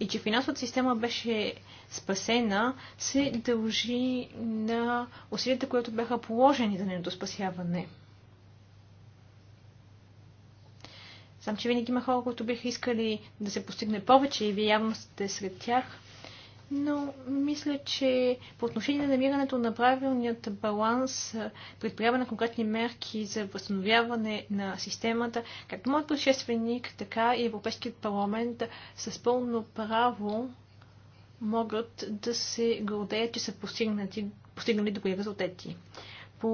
и че финансовата система беше спасена, се дължи на усилията, които бяха положени за нейното спасяване. Сам, че винаги има хора, които биха искали да се постигне повече и вие явно сте сред тях но мисля, че по отношение на намирането на правилният баланс, предприемане на конкретни мерки за възстановяване на системата, както моят предшественик, така и Европейският парламент с пълно право могат да се гордеят, че са постигнати, постигнали добри резултати. По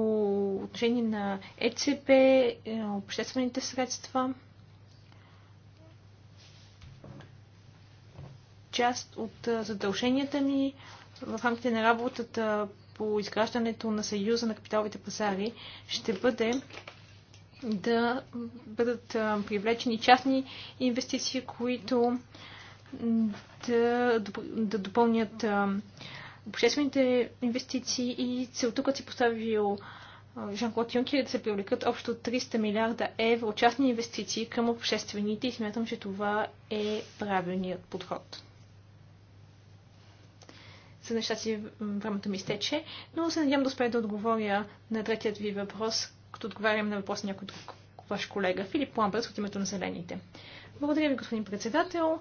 отношение на ЕЦП, е, обществените средства, част от задълженията ни в рамките на работата по изграждането на Съюза на капиталовите пазари ще бъде да бъдат привлечени частни инвестиции, които да, да допълнят обществените инвестиции и целта, като си поставил Жан-Клод Юнкер, е да се привлекат общо 300 милиарда евро частни инвестиции към обществените и смятам, че това е правилният подход. За си времето ми изтече, но се надявам да успея да отговоря на третият ви въпрос, като отговарям на въпрос на някой друг ваш колега Филип Ламбърс от името на Зелените. Благодаря ви, господин председател.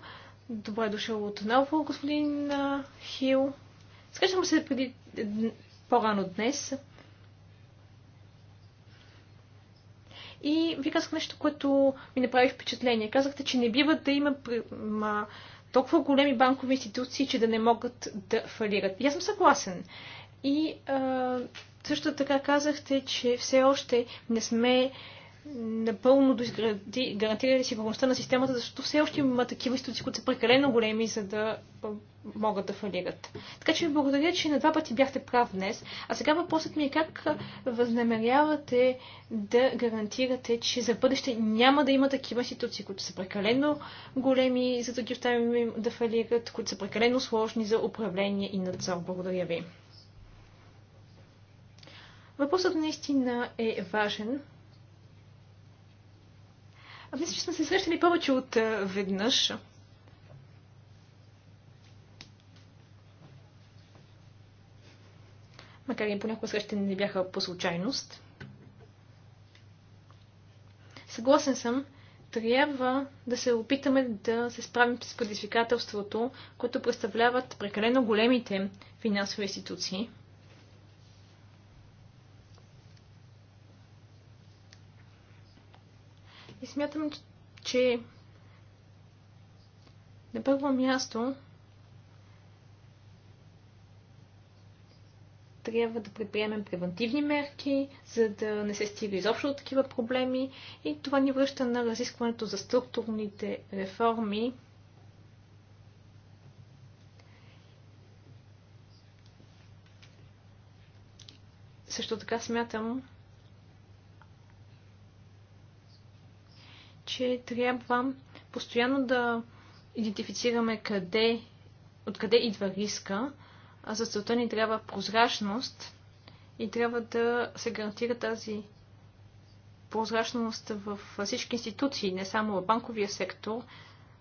Добре е дошъл отново, господин Хил. Скажем се преди по-рано днес. И ви казах нещо, което ми направи впечатление. Казахте, че не бива да има толкова големи банкови институции, че да не могат да фалират. И аз съм съгласен. И а, също така казахте, че все още не сме напълно дозгради, гарантирали сигурността на системата, защото все още има такива институции, които са прекалено големи, за да могат да фалират. Така че ви благодаря, че на два пъти бяхте прав днес. А сега въпросът ми е как възнамерявате да гарантирате, че за бъдеще няма да има такива институции, които са прекалено големи, за да ги оставим да фалират, които са прекалено сложни за управление и надзор. Благодаря ви. Въпросът наистина е важен, а мисля, че сме се срещали повече от веднъж. Макар и понякога срещите не бяха по случайност. Съгласен съм, трябва да се опитаме да се справим с предизвикателството, което представляват прекалено големите финансови институции – Смятам, че на първо място трябва да предприемем превентивни мерки, за да не се стига изобщо от такива проблеми. И това ни връща на разискването за структурните реформи. Също така смятам, че трябва постоянно да идентифицираме къде, откъде идва риска, а за целта ни трябва прозрачност и трябва да се гарантира тази прозрачност в всички институции, не само в банковия сектор,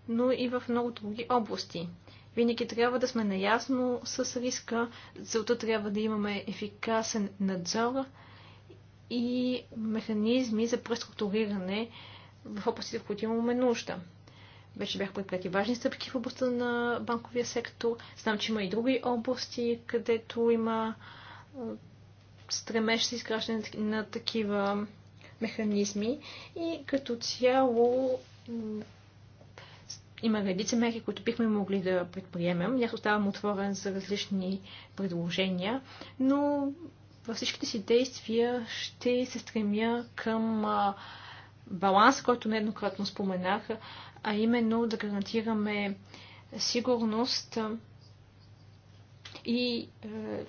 но и в много други области. Винаги трябва да сме наясно с риска, целта трябва да имаме ефикасен надзор и механизми за преструктуриране в областите, в които имаме нужда. Вече бях предприяти важни стъпки в областта на банковия сектор. Знам, че има и други области, където има стремеж за изграждане на такива механизми и като цяло има редица мерки, които бихме могли да предприемем. Аз оставам отворен за различни предложения, но във всичките си действия ще се стремя към баланс, който нееднократно споменах, а именно да гарантираме сигурност и е,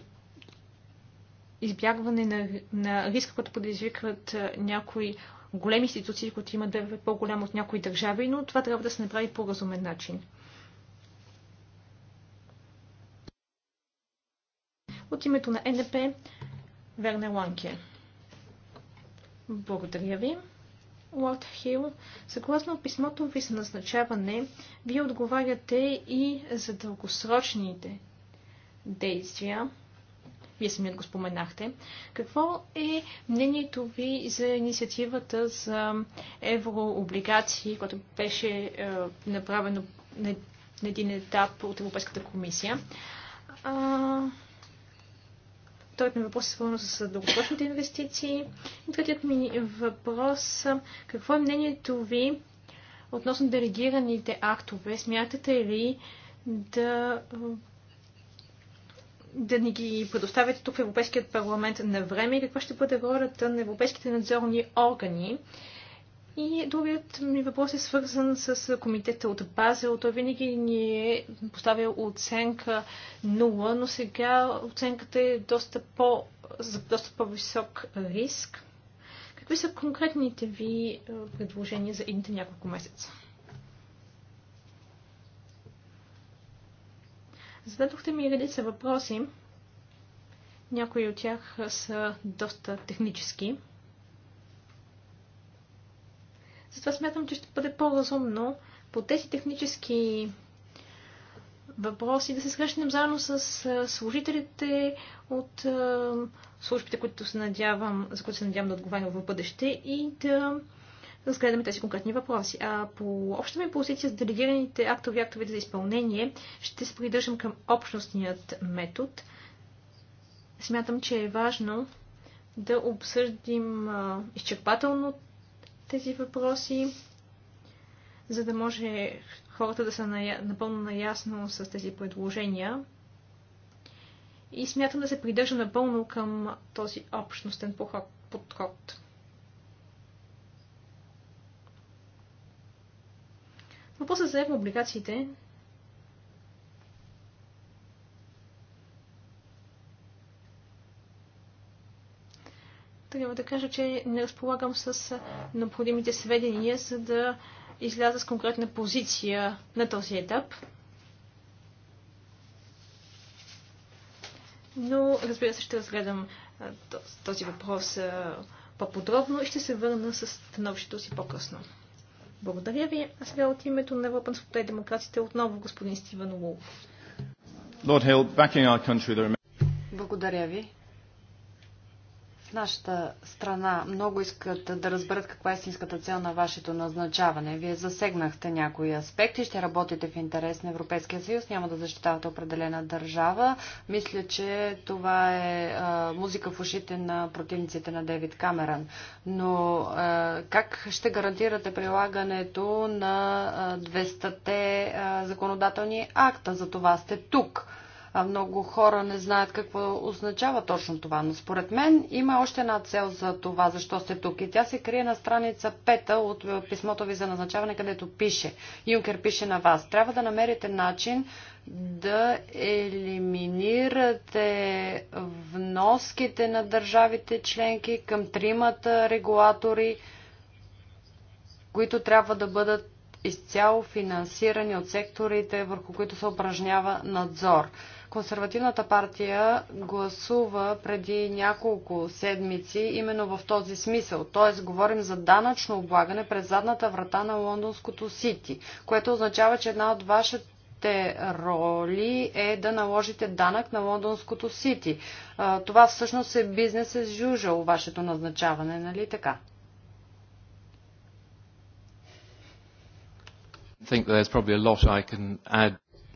избягване на, на риска, който предизвикват е, някои големи институции, които имат ДВП е по-голям от някои държави, но това трябва да се направи по разумен начин. От името на НДП Вернер Ланке. Благодаря ви. Хил, съгласно писмото ви за назначаване, вие отговаряте и за дългосрочните действия. Вие самият го споменахте. Какво е мнението ви за инициативата за еврооблигации, която беше е, направено на, на един етап от Европейската комисия? А, Вторият ми въпрос е свързано с дългосрочните инвестиции. И третият ми въпрос какво е мнението ви относно делегираните актове? Смятате ли да да ни ги предоставят тук в Европейският парламент на време и каква ще бъде ролята на европейските надзорни органи и другият ми въпрос е свързан с комитета от Базел. Той винаги ни е поставил оценка 0, но сега оценката е доста по, за доста по-висок риск. Какви са конкретните ви е, предложения за едните няколко месеца? Зададохте ми редица въпроси. Някои от тях са доста технически. Затова смятам, че ще бъде по-разумно по тези технически въпроси да се срещнем заедно с служителите от службите, които се надявам, за които се надявам да отговарям в бъдеще и да разгледаме тези конкретни въпроси. А по общата ми позиция с делегираните актови и за изпълнение ще се придържам към общностният метод. Смятам, че е важно да обсъдим изчерпателно тези въпроси, за да може хората да са напълно наясно с тези предложения. И смятам да се придържа напълно към този общностен подход. Въпросът за еврооблигациите Трябва да кажа, че не разполагам с необходимите сведения, за да изляза с конкретна позиция на този етап. Но, разбира се, ще разгледам този въпрос по-подробно и ще се върна с становището си по-късно. Благодаря ви. А сега от името на Европанската и демокрацията отново господин Стивен Уолф. Благодаря ви в нашата страна много искат да разберат каква е истинската цел на вашето назначаване. Вие засегнахте някои аспекти, ще работите в интерес на Европейския съюз, няма да защитавате определена държава. Мисля, че това е а, музика в ушите на противниците на Девид Камеран. Но а, как ще гарантирате прилагането на 200-те законодателни акта? За това сте тук много хора не знаят какво означава точно това. Но според мен има още една цел за това, защо сте тук. И тя се крие на страница 5 от е, писмото ви за назначаване, където пише. Юнкер пише на вас. Трябва да намерите начин да елиминирате вноските на държавите членки към тримата регулатори, които трябва да бъдат изцяло финансирани от секторите, върху които се упражнява надзор. Консервативната партия гласува преди няколко седмици именно в този смисъл. Т.е. говорим за данъчно облагане през задната врата на лондонското Сити, което означава, че една от вашите роли е да наложите данък на лондонското Сити. Това всъщност е бизнес жужа у вашето назначаване, нали така?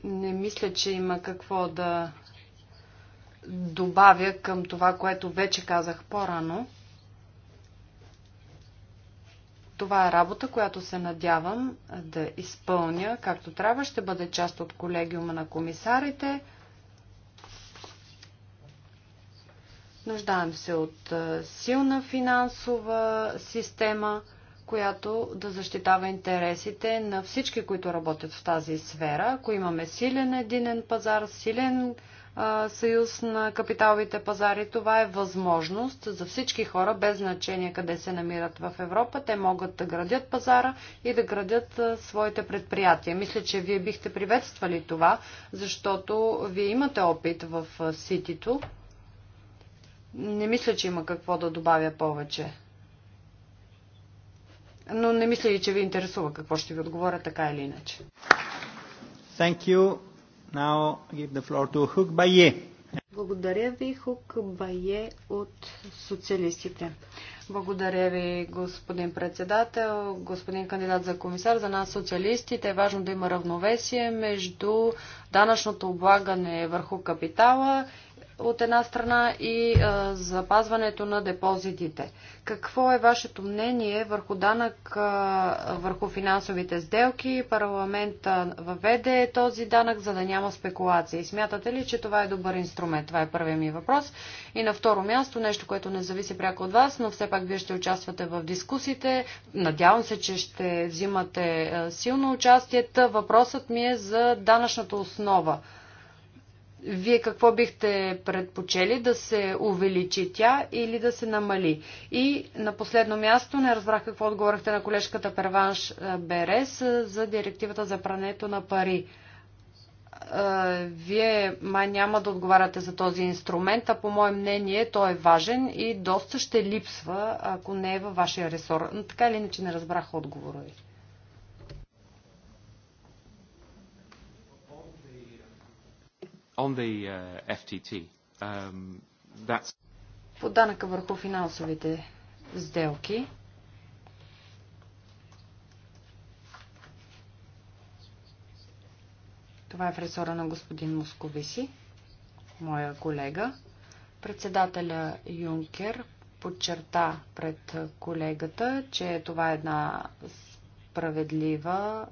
не мисля, че има какво да добавя към това, което вече казах по-рано. Това е работа, която се надявам да изпълня както трябва. Ще бъде част от колегиума на комисарите. Нуждаем се от силна финансова система – която да защитава интересите на всички, които работят в тази сфера. Ако имаме силен единен пазар, силен а, съюз на капиталовите пазари, това е възможност за всички хора, без значение къде се намират в Европа. Те могат да градят пазара и да градят а, своите предприятия. Мисля, че вие бихте приветствали това, защото вие имате опит в ситито. Не мисля, че има какво да добавя повече но не мисля и, че ви интересува какво ще ви отговоря така или иначе. Thank you. Now give the floor to Hook Baye. Благодаря ви, Хук Бае от социалистите. Благодаря ви, господин председател, господин кандидат за комисар. За нас, социалистите, е важно да има равновесие между данъчното облагане върху капитала от една страна и а, запазването на депозитите. Какво е вашето мнение върху данък а, върху финансовите сделки? Парламент въведе този данък, за да няма спекулации. Смятате ли, че това е добър инструмент? Това е първият ми въпрос. И на второ място, нещо, което не зависи пряко от вас, но все пак вие ще участвате в дискусите. Надявам се, че ще взимате силно участие. Въпросът ми е за данъчната основа вие какво бихте предпочели да се увеличи тя или да се намали? И на последно място не разбрах какво отговорихте на колежката Перванш Берес за директивата за прането на пари. Вие май няма да отговаряте за този инструмент, а по мое мнение той е важен и доста ще липсва, ако не е във вашия ресор. Но така или иначе не разбрах отговора ви. On the uh, FTT, um, that's... По данъка върху финансовите сделки. Това е в ресора на господин Московиси, моя колега. Председателя Юнкер подчерта пред колегата, че това е една справедлива,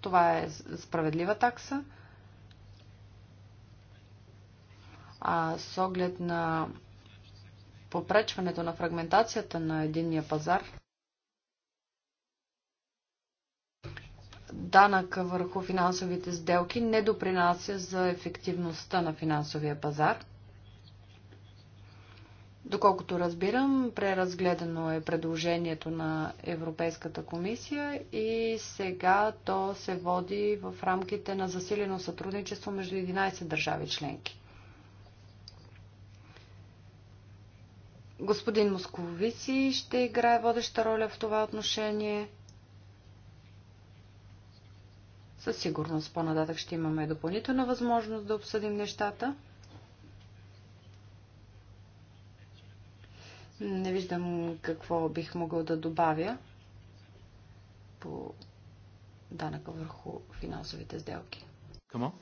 това е справедлива такса, А с оглед на попречването на фрагментацията на единния пазар, данъка върху финансовите сделки не допринася за ефективността на финансовия пазар. Доколкото разбирам, преразгледано е предложението на Европейската комисия и сега то се води в рамките на засилено сътрудничество между 11 държави членки. Господин Московици ще играе водеща роля в това отношение. Със сигурност по-нататък ще имаме допълнителна възможност да обсъдим нещата. Не виждам какво бих могъл да добавя по данъка върху финансовите сделки. Come on.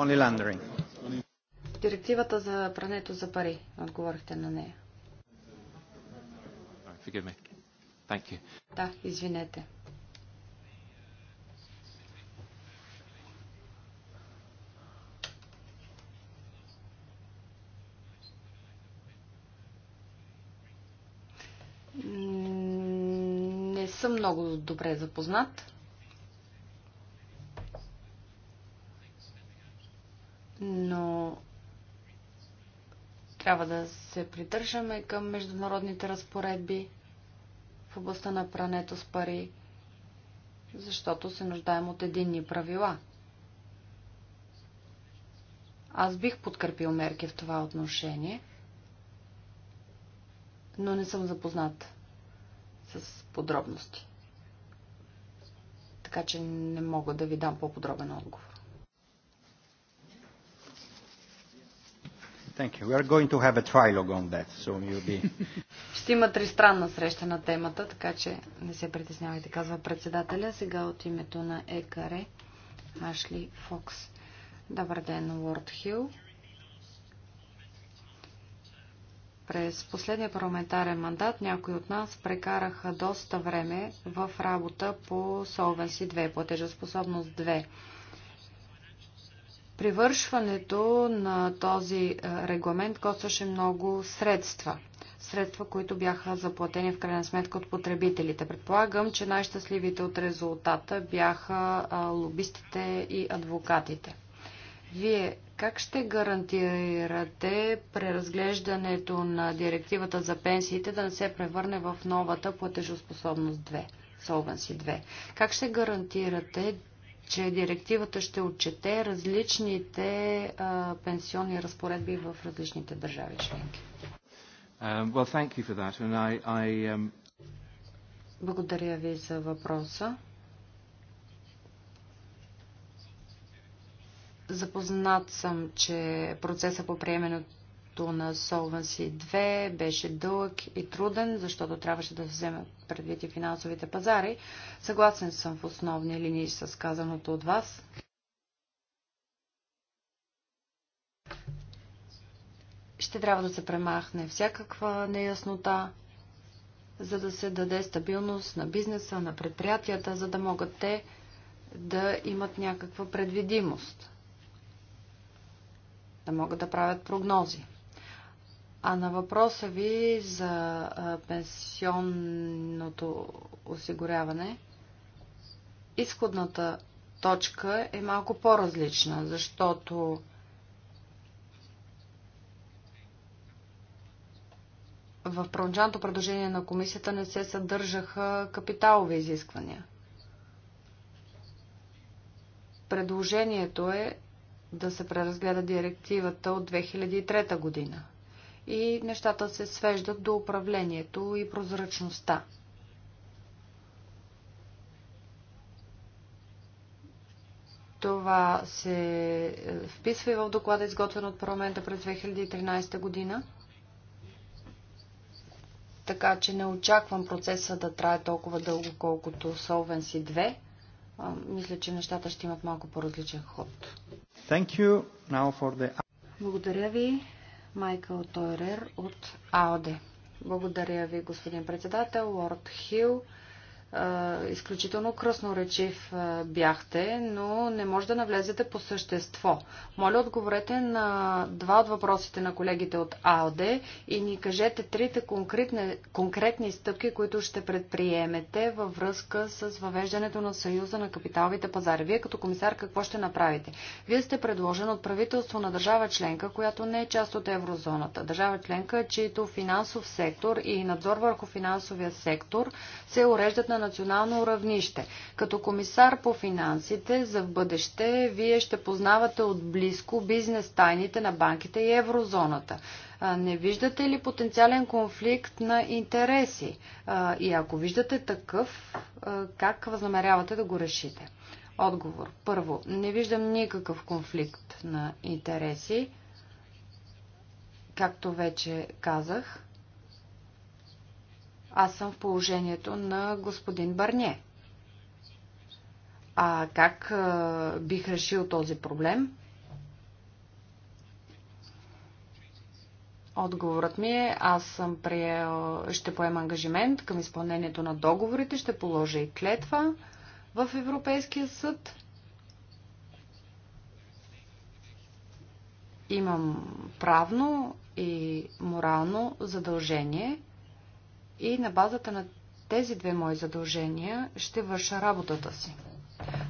Only laundering директивата за прането за пари. Отговорихте на нея. Да, извинете. Не съм много добре запознат. но трябва да се придържаме към международните разпоредби в областта на прането с пари, защото се нуждаем от единни правила. Аз бих подкрепил мерки в това отношение, но не съм запознат с подробности. Така че не мога да ви дам по-подробен отговор. Thank you. We are going to have a trilogue on that, so you'll be... Ще има тристранна среща на темата, така че не се притеснявайте, казва председателя. Сега от името на ЕКАРЕ, Ашли Фокс. Добър ден, Уорд Хил. През последния парламентарен мандат някои от нас прекараха доста време в работа по Solvency 2, платежоспособност 2. Привършването на този е, регламент костваше много средства. Средства, които бяха заплатени в крайна сметка от потребителите. Предполагам, че най-щастливите от резултата бяха лобистите и адвокатите. Вие как ще гарантирате преразглеждането на директивата за пенсиите да не се превърне в новата платежоспособност 2, Solvency 2? Как ще гарантирате, че директивата ще отчете различните а, пенсионни разпоредби в различните държави членки. Um, well, thank you for that. And I, I, um... Благодаря ви за въпроса. Запознат съм, че процеса по приемането Преразглеждането на Solvency 2 беше дълъг и труден, защото трябваше да се вземе предвид и финансовите пазари. Съгласен съм в основни линии с казаното от вас. Ще трябва да се премахне всякаква неяснота, за да се даде стабилност на бизнеса, на предприятията, за да могат те да имат някаква предвидимост, да могат да правят прогнози. А на въпроса ви за пенсионното осигуряване, изходната точка е малко по-различна, защото в първоначалното предложение на комисията не се съдържаха капиталови изисквания. Предложението е да се преразгледа директивата от 2003 година и нещата се свеждат до управлението и прозрачността. Това се е, вписва и в доклада, изготвен от парламента през 2013 година. Така че не очаквам процеса да трае толкова дълго, колкото Solvency 2. Мисля, че нещата ще имат малко по-различен ход. Thank you. Now for the... Благодаря ви. Майкъл Тойрер от АОД. Благодаря ви, господин председател. Лорд Хил изключително кръсноречив бяхте, но не може да навлезете по същество. Моля, отговорете на два от въпросите на колегите от АОД и ни кажете трите конкретни, конкретни стъпки, които ще предприемете във връзка с въвеждането на Съюза на капиталовите пазари. Вие като комисар какво ще направите? Вие сте предложен от правителство на държава членка, която не е част от еврозоната. Държава членка, чието финансов сектор и надзор върху финансовия сектор се уреждат на национално равнище. Като комисар по финансите за в бъдеще, вие ще познавате отблизко бизнес тайните на банките и еврозоната. Не виждате ли потенциален конфликт на интереси? И ако виждате такъв, как възнамерявате да го решите? Отговор. Първо, не виждам никакъв конфликт на интереси. Както вече казах, аз съм в положението на господин Барне. А как а, бих решил този проблем? Отговорът ми е, аз съм приел, ще поема ангажимент към изпълнението на договорите, ще положа и клетва в Европейския съд. Имам правно и морално задължение – и на базата на тези две мои задължения ще върша работата си.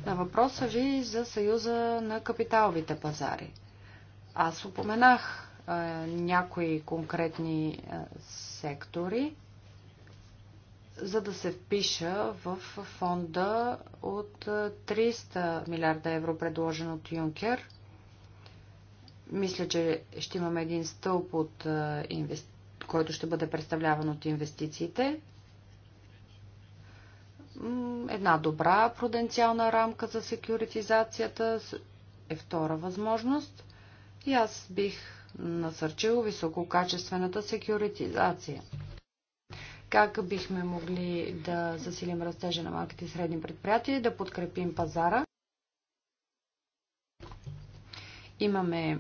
На въпроса ви за Съюза на капиталовите пазари. Аз упоменах е, някои конкретни е, сектори, за да се впиша в фонда от 300 милиарда евро, предложен от Юнкер. Мисля, че ще имаме един стълб от инвестиции който ще бъде представляван от инвестициите. Една добра пруденциална рамка за секюритизацията е втора възможност. И аз бих насърчил висококачествената секюритизация. Как бихме могли да засилим растежа на малките и средни предприятия и да подкрепим пазара? Имаме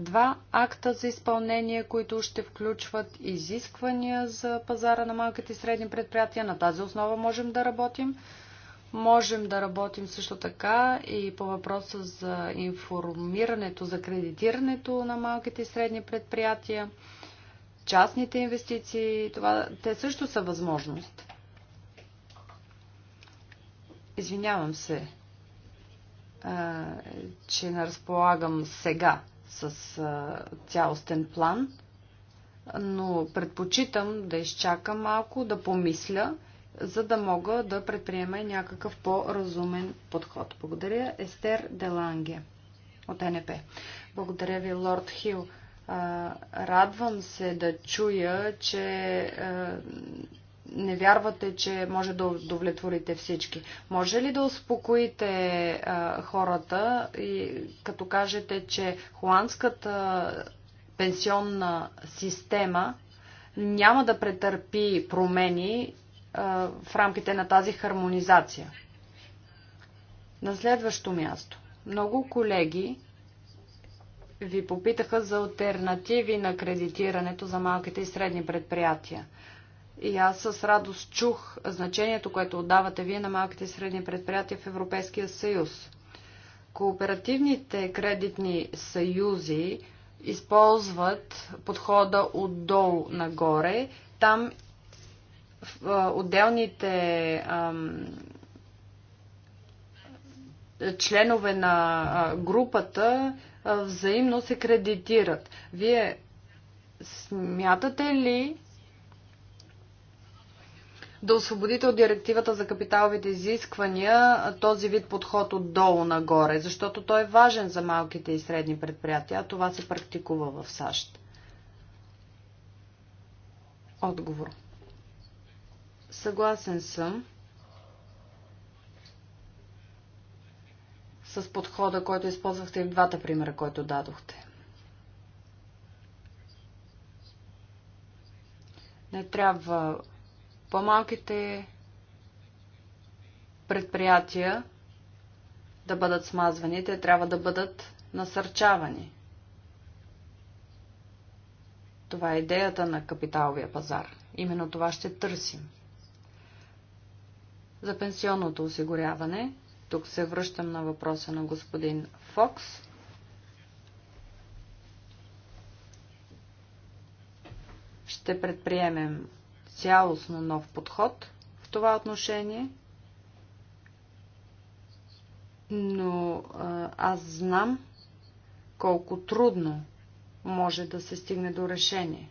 два акта за изпълнение, които ще включват изисквания за пазара на малките и средни предприятия. На тази основа можем да работим. Можем да работим също така и по въпроса за информирането, за кредитирането на малките и средни предприятия, частните инвестиции, това, те също са възможност. Извинявам се, че не разполагам сега с цялостен план, но предпочитам да изчакам малко, да помисля, за да мога да предприема някакъв по-разумен подход. Благодаря, Естер Деланге от НП. Благодаря ви, Лорд Хил. Радвам се да чуя, че не вярвате, че може да удовлетворите всички. Може ли да успокоите а, хората, и, като кажете, че холандската пенсионна система няма да претърпи промени а, в рамките на тази хармонизация? На следващо място. Много колеги ви попитаха за альтернативи на кредитирането за малките и средни предприятия. И аз с радост чух значението, което отдавате вие на малките и средни предприятия в Европейския съюз. Кооперативните кредитни съюзи използват подхода отдолу нагоре. Там в отделните ам, членове на групата взаимно се кредитират. Вие смятате ли, да освободите от директивата за капиталовите изисквания този вид подход отдолу нагоре, защото той е важен за малките и средни предприятия, а това се практикува в САЩ. Отговор. Съгласен съм с подхода, който използвахте и в двата примера, който дадохте. Не трябва по-малките предприятия да бъдат смазвани, те трябва да бъдат насърчавани. Това е идеята на капиталовия пазар. Именно това ще търсим. За пенсионното осигуряване, тук се връщам на въпроса на господин Фокс. Ще предприемем цялостно нов подход в това отношение, но аз знам колко трудно може да се стигне до решение.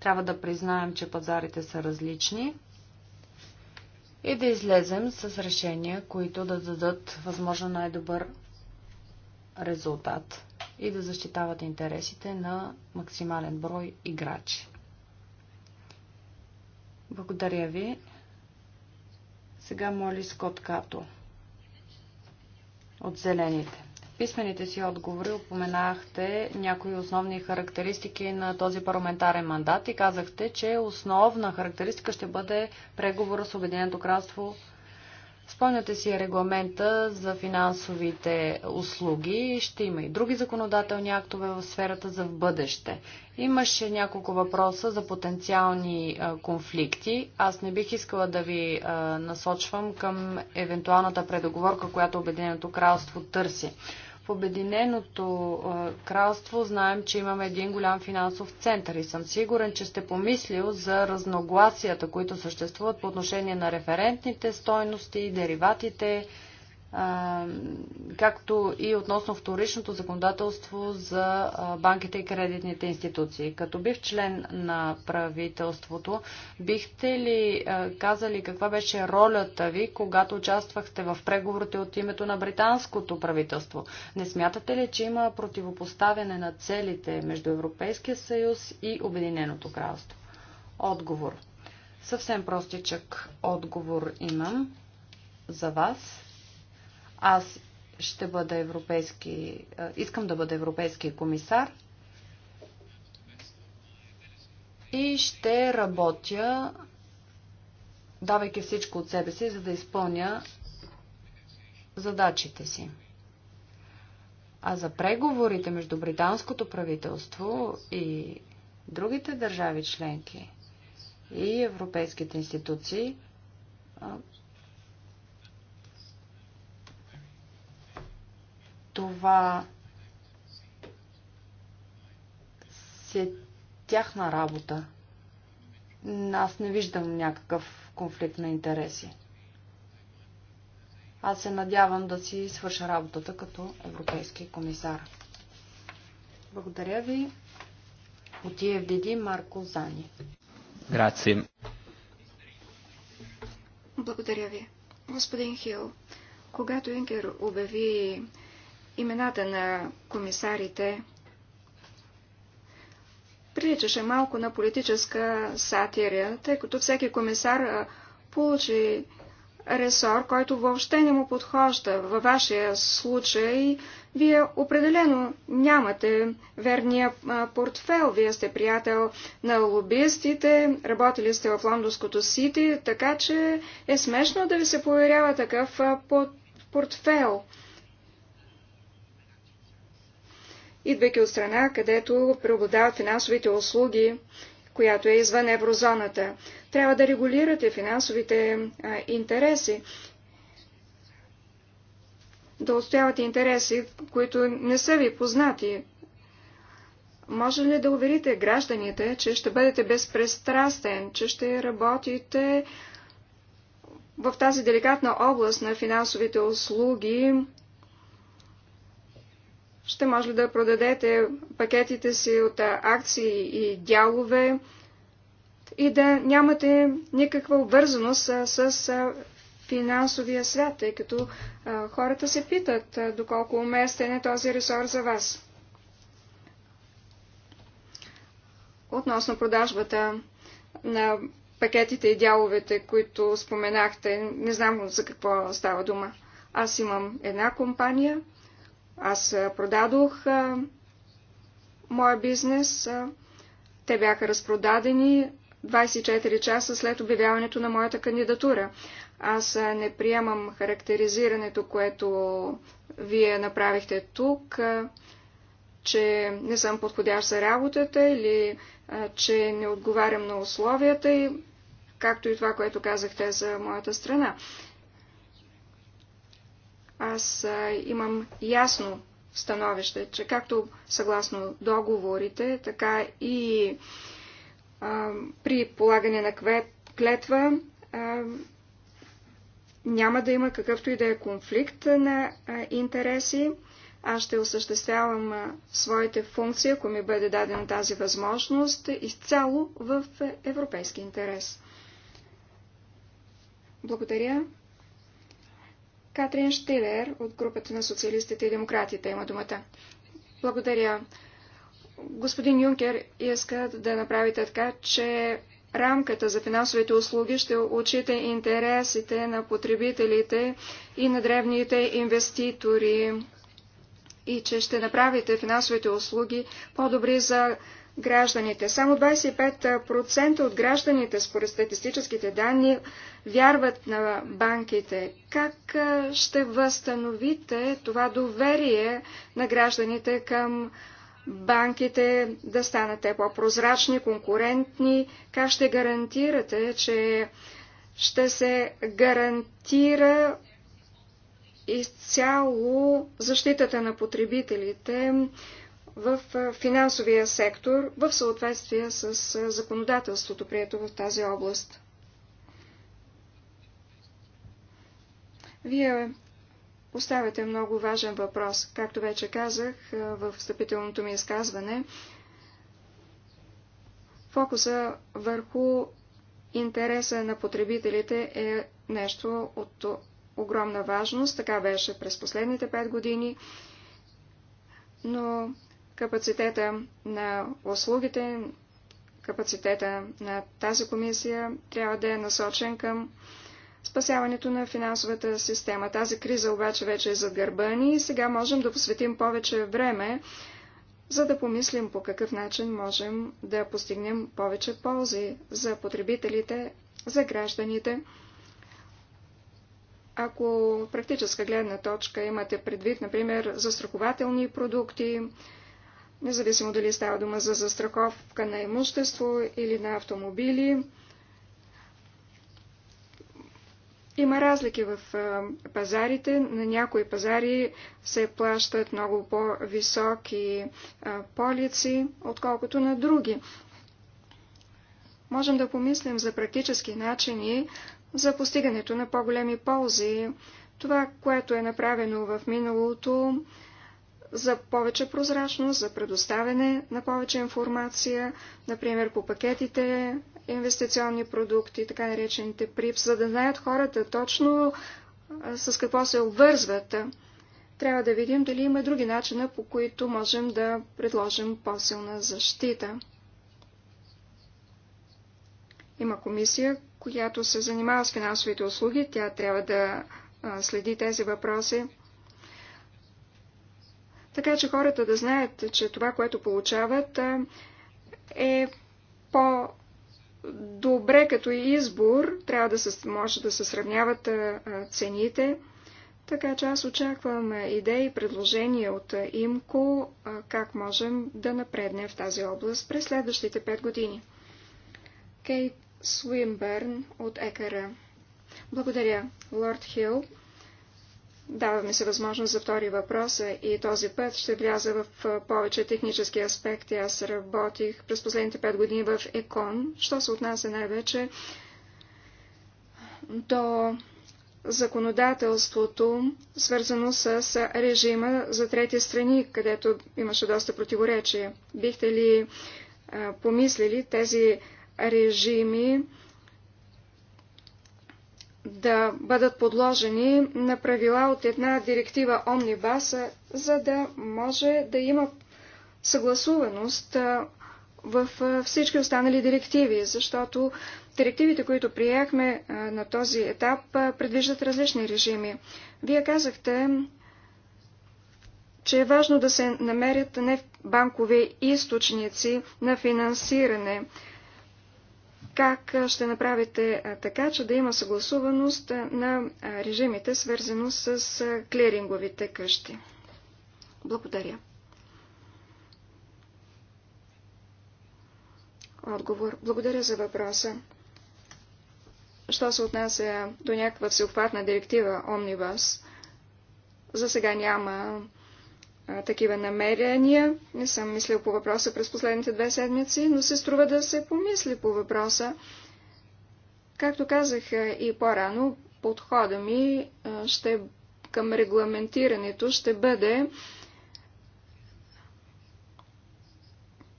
Трябва да признаем, че пазарите са различни и да излезем с решения, които да дадат възможно най-добър резултат и да защитават интересите на максимален брой играчи. Благодаря ви. Сега моли Скот Като от Зелените. В писмените си отговори упоменахте някои основни характеристики на този парламентарен мандат и казахте, че основна характеристика ще бъде преговора с Обединеното кралство Спомняте си регламента за финансовите услуги. Ще има и други законодателни актове в сферата за в бъдеще. Имаше няколко въпроса за потенциални конфликти. Аз не бих искала да ви насочвам към евентуалната предоговорка, която Обединеното кралство търси. Обединеното кралство знаем, че имаме един голям финансов център и съм сигурен, че сте помислил за разногласията, които съществуват по отношение на референтните стойности, дериватите, както и относно вторичното законодателство за банките и кредитните институции. Като бив член на правителството, бихте ли казали каква беше ролята ви, когато участвахте в преговорите от името на британското правителство? Не смятате ли, че има противопоставяне на целите между Европейския съюз и Обединеното кралство? Отговор. Съвсем простичък отговор имам за вас аз ще бъда европейски, искам да бъда европейски комисар и ще работя, давайки всичко от себе си, за да изпълня задачите си. А за преговорите между британското правителство и другите държави членки и европейските институции, това си е тяхна работа. Аз не виждам някакъв конфликт на интереси. Аз се надявам да си свърша работата като европейски комисар. Благодаря ви. От Деди Марко Зани. Граци. Благодаря ви. Господин Хил, когато Инкер обяви имената на комисарите приличаше малко на политическа сатирия, тъй като всеки комисар получи ресор, който въобще не му подхожда. Във вашия случай вие определено нямате верния портфел. Вие сте приятел на лобистите, работили сте в лондонското сити, така че е смешно да ви се поверява такъв портфел. идвайки от страна, където преобладават финансовите услуги, която е извън еврозоната. Трябва да регулирате финансовите а, интереси, да отстоявате интереси, които не са ви познати. Може ли да уверите гражданите, че ще бъдете безпристрастен, че ще работите в тази деликатна област на финансовите услуги ще може да продадете пакетите си от акции и дялове и да нямате никаква обвързаност с финансовия свят, тъй като хората се питат доколко уместен е този ресор за вас. Относно продажбата на пакетите и дяловете, които споменахте, не знам за какво става дума. Аз имам една компания – аз продадох а, моя бизнес. А, те бяха разпродадени 24 часа след обявяването на моята кандидатура. Аз а, не приемам характеризирането, което вие направихте тук, а, че не съм подходящ за работата или а, че не отговарям на условията и както и това, което казахте за моята страна. Аз имам ясно становище, че както съгласно договорите, така и а, при полагане на квет, клетва а, няма да има какъвто и да е конфликт на а, интереси. Аз ще осъществявам а, своите функции, ако ми бъде дадена тази възможност, изцяло в европейски интерес. Благодаря. Катрин Штилер от групата на социалистите и демократите има думата. Благодаря. Господин Юнкер иска да направите така, че рамката за финансовите услуги ще учите интересите на потребителите и на древните инвеститори и че ще направите финансовите услуги по-добри за гражданите. Само 25% от гражданите, според статистическите данни, вярват на банките. Как ще възстановите това доверие на гражданите към банките да станат те по-прозрачни, конкурентни? Как ще гарантирате, че ще се гарантира изцяло защитата на потребителите в финансовия сектор в съответствие с законодателството, прието в тази област. Вие поставяте много важен въпрос. Както вече казах в встъпителното ми изказване, фокуса върху интереса на потребителите е нещо от огромна важност. Така беше през последните пет години. Но Капацитета на услугите, капацитета на тази комисия трябва да е насочен към спасяването на финансовата система. Тази криза обаче вече е зад гърба ни и сега можем да посветим повече време, за да помислим по какъв начин можем да постигнем повече ползи за потребителите, за гражданите. Ако практическа гледна точка имате предвид, например, застрахователни продукти, независимо дали става дума за застраховка на имущество или на автомобили. Има разлики в пазарите. На някои пазари се плащат много по-високи полици, отколкото на други. Можем да помислим за практически начини за постигането на по-големи ползи. Това, което е направено в миналото, за повече прозрачност, за предоставяне на повече информация, например по пакетите инвестиционни продукти, така наречените ПРИПС, за да знаят хората точно с какво се обвързват. Трябва да видим дали има други начина, по които можем да предложим по-силна защита. Има комисия, която се занимава с финансовите услуги. Тя трябва да следи тези въпроси така че хората да знаят, че това, което получават, е по-добре като избор, трябва да се, може да се сравняват цените. Така че аз очаквам идеи и предложения от ИМКО, как можем да напреднем в тази област през следващите 5 години. Кейт Свимбърн от Екара. Благодаря, Лорд Хил. Даваме се възможност за втори въпрос и този път ще вляза в повече технически аспекти. Аз работих през последните пет години в ЕКОН, що се отнася най-вече до законодателството, свързано с режима за трети страни, където имаше доста противоречие. Бихте ли помислили тези режими да бъдат подложени на правила от една директива Омнибаса, за да може да има съгласуваност в всички останали директиви, защото директивите, които приехме на този етап, предвиждат различни режими. Вие казахте, че е важно да се намерят не банкови източници на финансиране как ще направите така, че да има съгласуваност на режимите, свързано с клиринговите къщи. Благодаря. Отговор. Благодаря за въпроса. Що се отнася до някаква всеобхватна директива Омнибас, за сега няма такива намерения. Не съм мислил по въпроса през последните две седмици, но се струва да се помисли по въпроса. Както казах и по-рано, подхода ми ще, към регламентирането ще бъде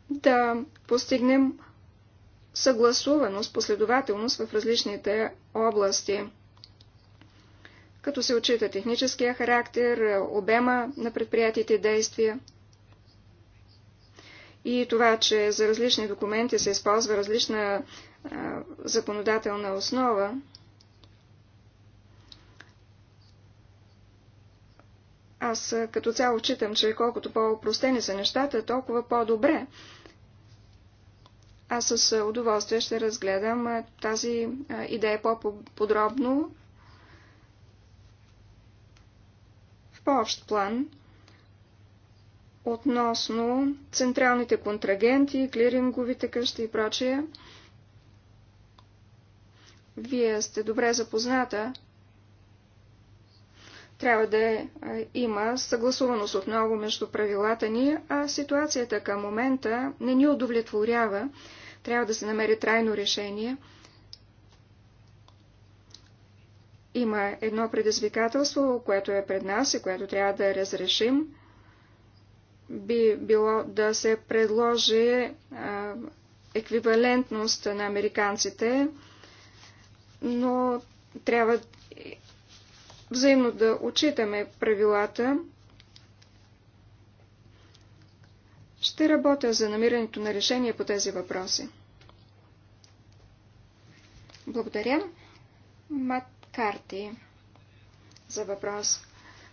да постигнем съгласуваност, последователност в различните области като се отчита техническия характер, обема на предприятите действия и това, че за различни документи се използва различна а, законодателна основа, аз като цяло считам, че колкото по-простени са нещата, толкова по-добре. Аз с удоволствие ще разгледам тази идея по-подробно по-общ план относно централните контрагенти, клиринговите къщи и прочее. Вие сте добре запозната. Трябва да е, има съгласуваност отново между правилата ни, а ситуацията към момента не ни удовлетворява. Трябва да се намери трайно решение – Има едно предизвикателство, което е пред нас и което трябва да разрешим. Би било да се предложи а, еквивалентност на американците, но трябва взаимно да отчитаме правилата. Ще работя за намирането на решение по тези въпроси. Благодаря. Мат карти за въпрос.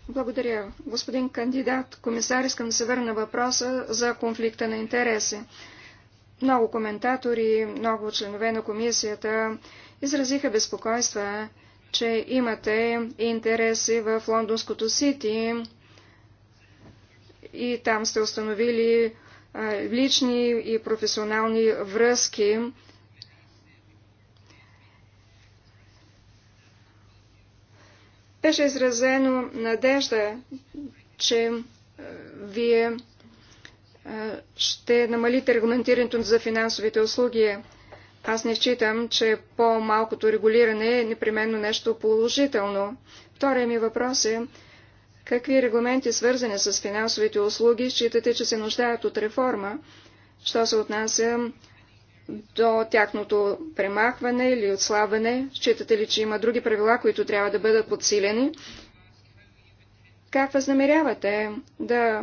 Благодаря, господин кандидат. Комисар, искам да се върна въпроса за конфликта на интереси. Много коментатори, много членове на комисията изразиха безпокойства, че имате интереси в лондонското сити и там сте установили лични и професионални връзки Беше изразено надежда, че е, вие е, ще намалите регламентирането за финансовите услуги. Аз не считам, че по-малкото регулиране е непременно нещо положително. Втория ми въпрос е, какви регламенти, свързани с финансовите услуги, считате, че се нуждаят от реформа, що се отнася до тяхното премахване или отслабване? Считате ли, че има други правила, които трябва да бъдат подсилени? Как възнамерявате да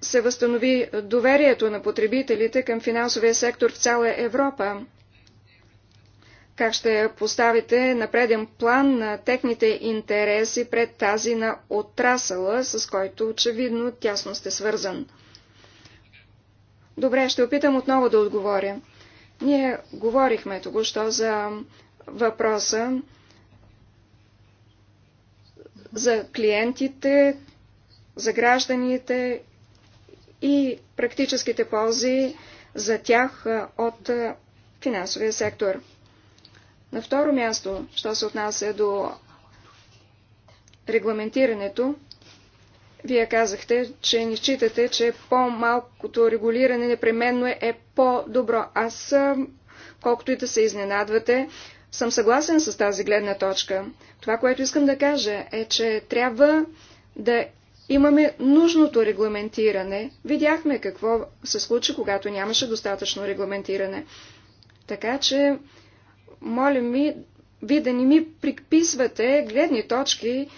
се възстанови доверието на потребителите към финансовия сектор в цяла Европа? Как ще поставите на преден план на техните интереси пред тази на отрасъла, с който очевидно тясно сте свързан? Добре, ще опитам отново да отговоря. Ние говорихме току-що за въпроса за клиентите, за гражданите и практическите ползи за тях от финансовия сектор. На второ място, що се отнася до регламентирането, вие казахте, че не считате, че по-малкото регулиране непременно е по-добро. Аз, колкото и да се изненадвате, съм съгласен с тази гледна точка. Това, което искам да кажа е, че трябва да имаме нужното регламентиране. Видяхме какво се случи, когато нямаше достатъчно регламентиране. Така че, моля ми, ви да не ми приписвате гледни точки,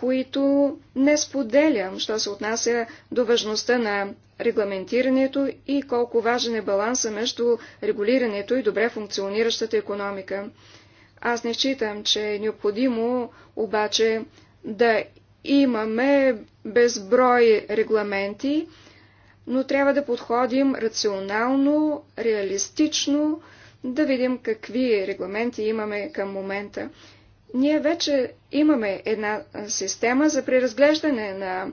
които не споделям, що се отнася до важността на регламентирането и колко важен е баланса между регулирането и добре функциониращата економика. Аз не считам, че е необходимо обаче да имаме безброй регламенти, но трябва да подходим рационално, реалистично, да видим какви регламенти имаме към момента. Ние вече имаме една система за преразглеждане на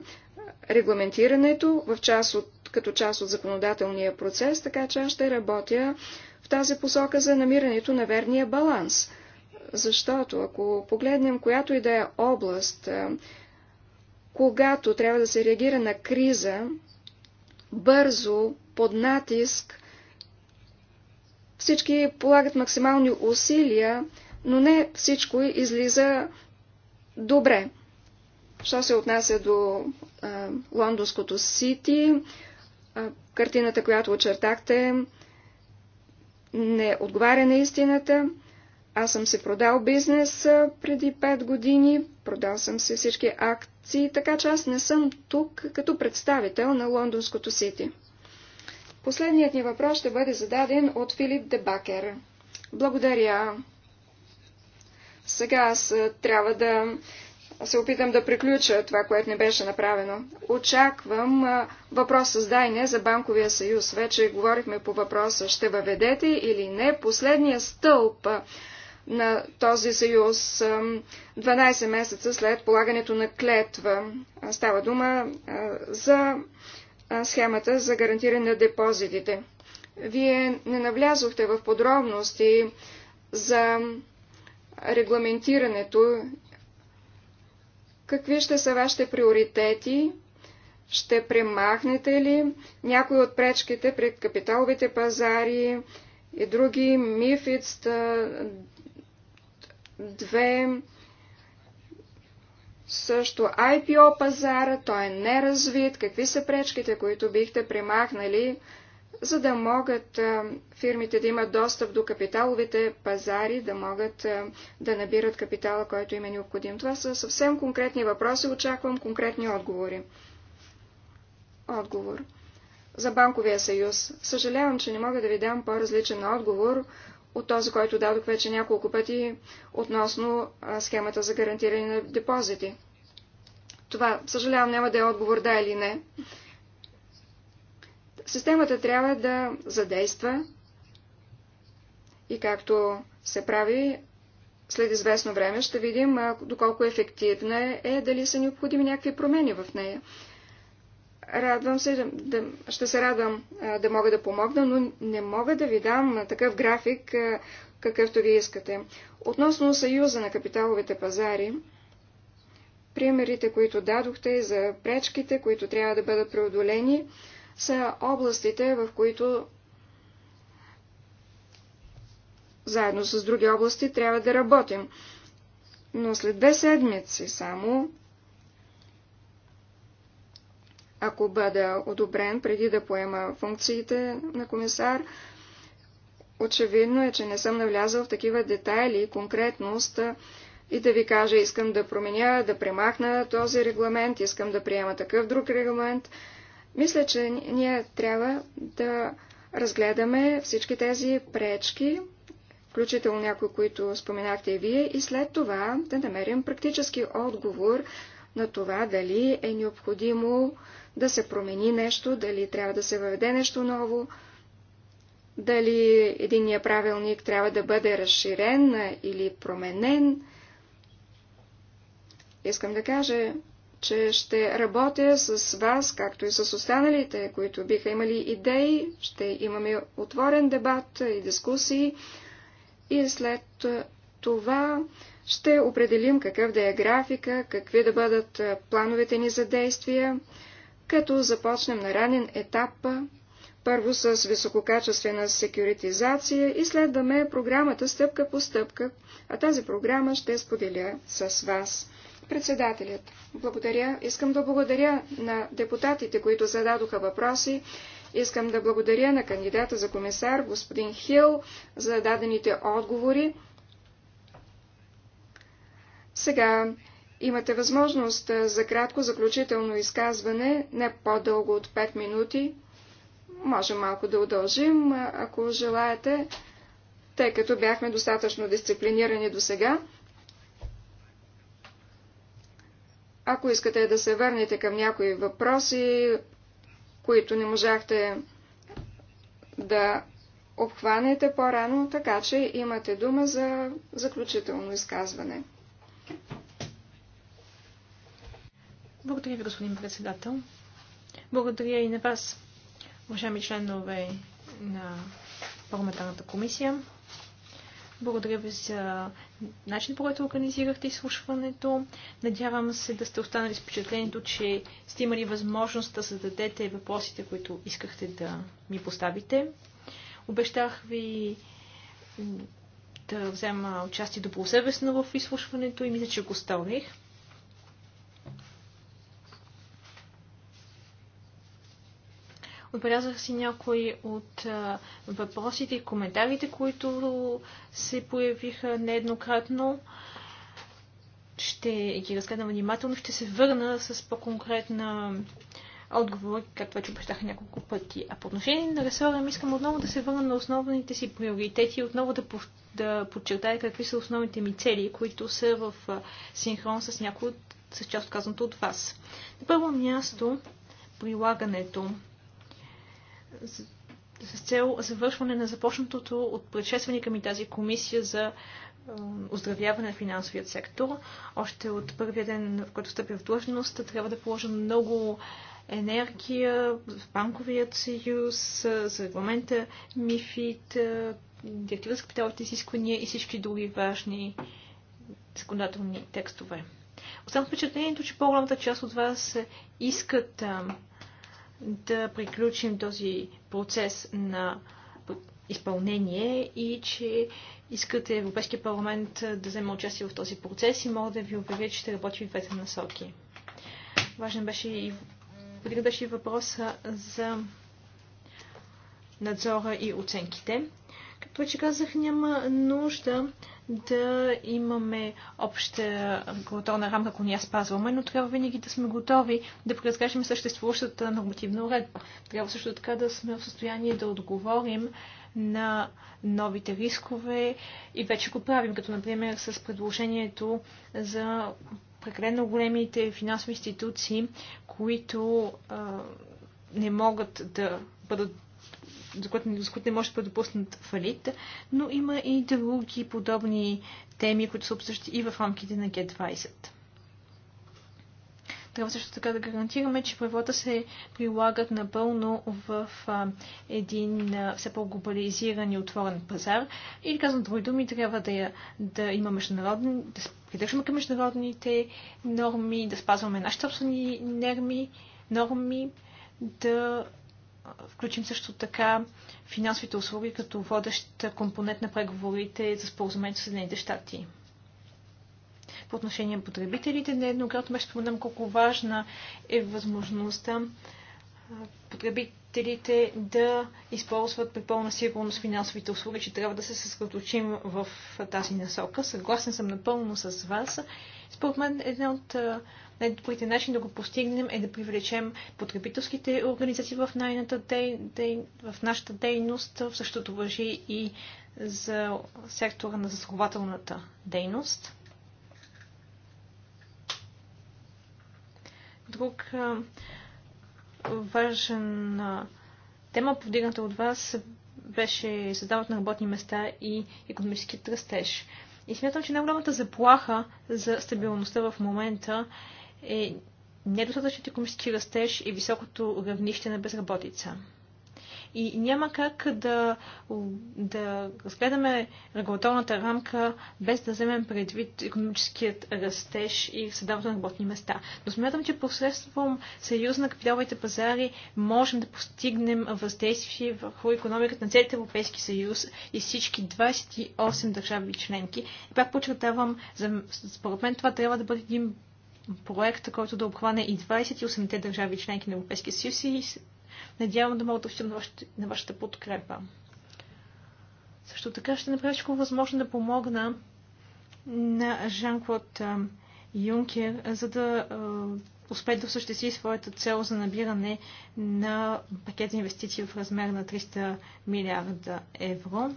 регламентирането в част от, като част от законодателния процес, така че аз ще работя в тази посока за намирането на верния баланс. Защото ако погледнем която и да е област, когато трябва да се реагира на криза, бързо, под натиск, всички полагат максимални усилия, но не всичко излиза добре. Що се отнася до а, лондонското Сити, а, картината, която очертахте, не отговаря на истината. Аз съм се продал бизнес преди 5 години, продал съм се всички акции, така че аз не съм тук като представител на лондонското Сити. Последният ни въпрос ще бъде зададен от Филип Дебакер. Благодаря, сега аз трябва да се опитам да приключа това, което не беше направено. Очаквам въпрос с Дайне за Банковия съюз. Вече говорихме по въпроса, ще въведете или не последния стълб на този съюз 12 месеца след полагането на клетва. Става дума за схемата за гарантиране на депозитите. Вие не навлязохте в подробности за регламентирането, какви ще са вашите приоритети, ще премахнете ли някои от пречките пред капиталовите пазари и други мифиц, две, също IPO пазара, той е неразвит, какви са пречките, които бихте премахнали, за да могат фирмите да имат достъп до капиталовите пазари, да могат да набират капитала, който им е необходим. Това са съвсем конкретни въпроси, очаквам конкретни отговори. Отговор. За банковия съюз. Съжалявам, че не мога да ви дам по-различен отговор от този, който дадох вече няколко пъти относно схемата за гарантиране на депозити. Това, съжалявам, няма да е отговор да или не. Системата трябва да задейства и както се прави след известно време, ще видим доколко ефективна е, дали са необходими някакви промени в нея. Радвам се, да, ще се радвам да мога да помогна, но не мога да ви дам такъв график, какъвто ви искате. Относно Съюза на капиталовите пазари, примерите, които дадохте за пречките, които трябва да бъдат преодолени, са областите, в които заедно с други области трябва да работим. Но след две седмици само, ако бъда одобрен преди да поема функциите на комисар, очевидно е, че не съм навлязал в такива детайли и конкретност и да ви кажа, искам да променя, да премахна този регламент, искам да приема такъв друг регламент. Мисля, че ние трябва да разгледаме всички тези пречки, включително някои, които споменахте и вие, и след това да намерим практически отговор на това дали е необходимо да се промени нещо, дали трябва да се въведе нещо ново, дали единния правилник трябва да бъде разширен или променен. Искам да кажа, че ще работя с вас, както и с останалите, които биха имали идеи. Ще имаме отворен дебат и дискусии. И след това ще определим какъв да е графика, какви да бъдат плановете ни за действия, като започнем на ранен етап, първо с висококачествена секюритизация и следваме програмата стъпка по стъпка, а тази програма ще споделя с вас. Председателят. Благодаря. Искам да благодаря на депутатите, които зададоха въпроси. Искам да благодаря на кандидата за комисар, господин Хил, за дадените отговори. Сега имате възможност за кратко заключително изказване, не по-дълго от 5 минути. Може малко да удължим, ако желаете, тъй като бяхме достатъчно дисциплинирани до сега. Ако искате да се върнете към някои въпроси, които не можахте да обхванете по-рано, така че имате дума за заключително изказване. Благодаря ви, господин председател. Благодаря и на вас, уважаеми членове на парламентарната комисия. Благодаря ви за начин, по който организирахте изслушването. Надявам се да сте останали с впечатлението, че сте имали възможност да зададете въпросите, които искахте да ми поставите. Обещах ви да взема участие добросъвестно в изслушването и мисля, че го стълних. Отбелязах си някои от въпросите и коментарите, които се появиха нееднократно. Ще ги разгледам внимателно. Ще се върна с по-конкретна отговор, както вече обещах няколко пъти. А по отношение на ресора, искам отново да се върна на основните си приоритети и отново да, да подчертая какви са основните ми цели, които са в синхрон с някои от с част от казаното от вас. На първо място прилагането с цел завършване на започнатото от предшественика ми тази комисия за оздравяване на финансовият сектор. Още от първия ден, в който стъпя в длъжност, трябва да положа много енергия в банковият съюз, за регламента мифит, директива за капиталните изисквания и всички други важни законодателни текстове. Оставам впечатлението, че по-голямата част от вас искат да приключим този процес на изпълнение и че искате Европейския парламент да вземе участие в този процес и мога да ви обявя, че ще работи в двете насоки. Важен беше и, беше и въпроса за надзора и оценките. Както вече казах, няма нужда да имаме обща регулаторна рамка, ако ние спазваме, но трябва винаги да сме готови да преразкажем съществуващата нормативна уредба. Трябва също така да сме в състояние да отговорим на новите рискове и вече го правим, като например с предложението за прекалено големите финансови институции, които а, не могат да бъдат за които за които не може да бъде допуснат фалит, но има и други подобни теми, които са обсъщи и в рамките на G20. Трябва също така да гарантираме, че правилата се прилагат напълно в а, един а, все по-глобализиран и отворен пазар. Или казвам други думи, трябва да, да има международни, да се придържаме към международните норми, да спазваме нашите собствени норми, норми да включим също така финансовите услуги като водещ компонент на преговорите за споразумението с Съединените щати. По отношение на потребителите, нееднократно беше споменам колко важна е възможността потребителите да използват при пълна сигурност финансовите услуги, че трябва да се съсредоточим в тази насока. Съгласен съм напълно с вас според мен една от най-добрите начини да го постигнем е да привлечем потребителските организации в, дей, дей, в нашата дейност. В същото въжи и за сектора на застрахователната дейност. Друг важен тема, повдигната от вас, беше създаването на работни места и економическият растеж. И смятам, че най-голямата заплаха за стабилността в момента е недостатъчният економически растеж и високото равнище на безработица и няма как да, да разгледаме регулаторната рамка без да вземем предвид економическият растеж и създаването на работни места. Но смятам, че посредством Съюз на капиталовите пазари можем да постигнем въздействие върху економиката на целите Европейски съюз и всички 28 държави членки. И пак подчертавам, според мен това трябва да бъде един проект, който да обхване и 28-те държави членки на Европейския съюз и Надявам да мога да общам на, на вашата подкрепа. Също така ще направя всичко възможно да помогна на Жан-Клод Юнкер, за да успее да осъществи своята цел за набиране на пакет за инвестиции в размер на 300 милиарда евро.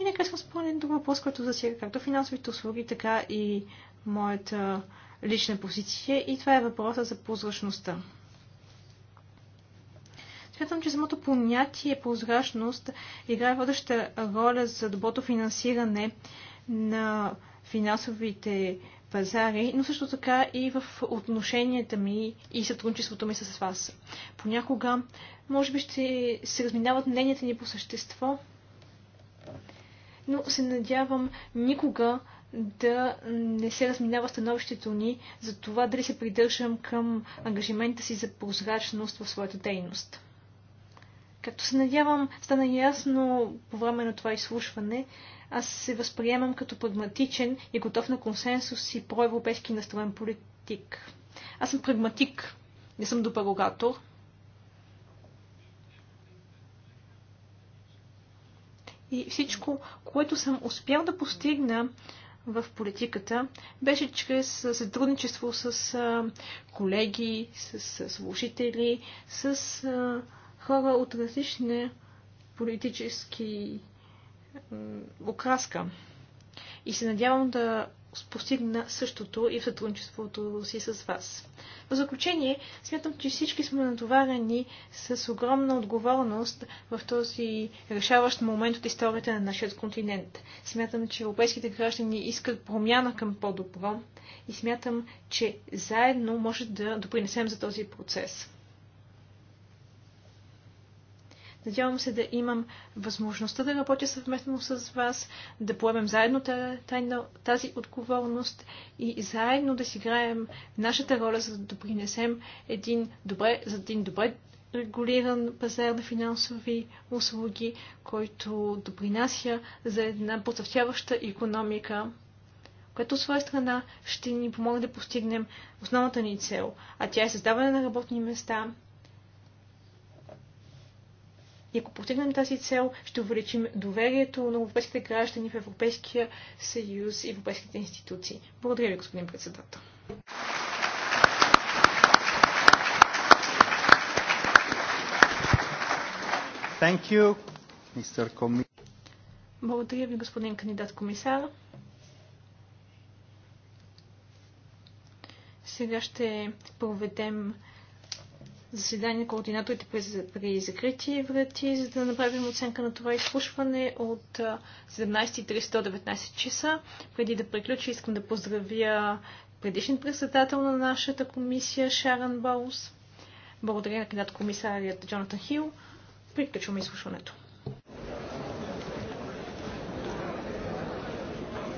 И нека съм спомнен друг въпрос, който засяга както финансовите услуги, така и моята лична позиция. И това е въпроса за прозрачността. Смятам, че самото понятие прозрачност играе водеща роля за доброто финансиране на финансовите пазари, но също така и в отношенията ми и сътрудничеството ми с вас. Понякога, може би, ще се разминават мненията ни по същество, но се надявам никога да не се разминава становището ни за това дали се придържам към ангажимента си за прозрачност в своята дейност. Както се надявам, стана ясно по време на това изслушване, аз се възприемам като прагматичен и готов на консенсус и проевропейски настроен политик. Аз съм прагматик, не съм добър оратор. И всичко, което съм успял да постигна в политиката, беше чрез сътрудничество с колеги, с служители, с хора от различни политически окраска. И се надявам да постигна същото и в сътрудничеството си с вас. В заключение, смятам, че всички сме натоварени с огромна отговорност в този решаващ момент от историята на нашия континент. Смятам, че европейските граждани искат промяна към по-добро и смятам, че заедно може да допринесем за този процес. Надявам се да имам възможността да работя съвместно с вас, да поемем заедно тази отговорност и заедно да си играем нашата роля, за да допринесем един добре, за един добре регулиран пазар на финансови услуги, който допринася за една процъфтяваща економика, което от своя страна ще ни помогне да постигнем основната ни цел, а тя е създаване на работни места – и ако постигнем тази цел, ще увеличим доверието на европейските граждани в Европейския съюз и европейските институции. Благодаря ви, господин председател. Thank you, Mr. Благодаря ви, господин кандидат комисар. Сега ще проведем заседание на координаторите при, при закрити врати, за да направим оценка на това изслушване от 17.30 до 19 часа. Преди да приключи, искам да поздравя предишен председател на нашата комисия Шаран Баус. Благодаря на кандидат комисарият Джонатан Хил. Приключваме изслушването.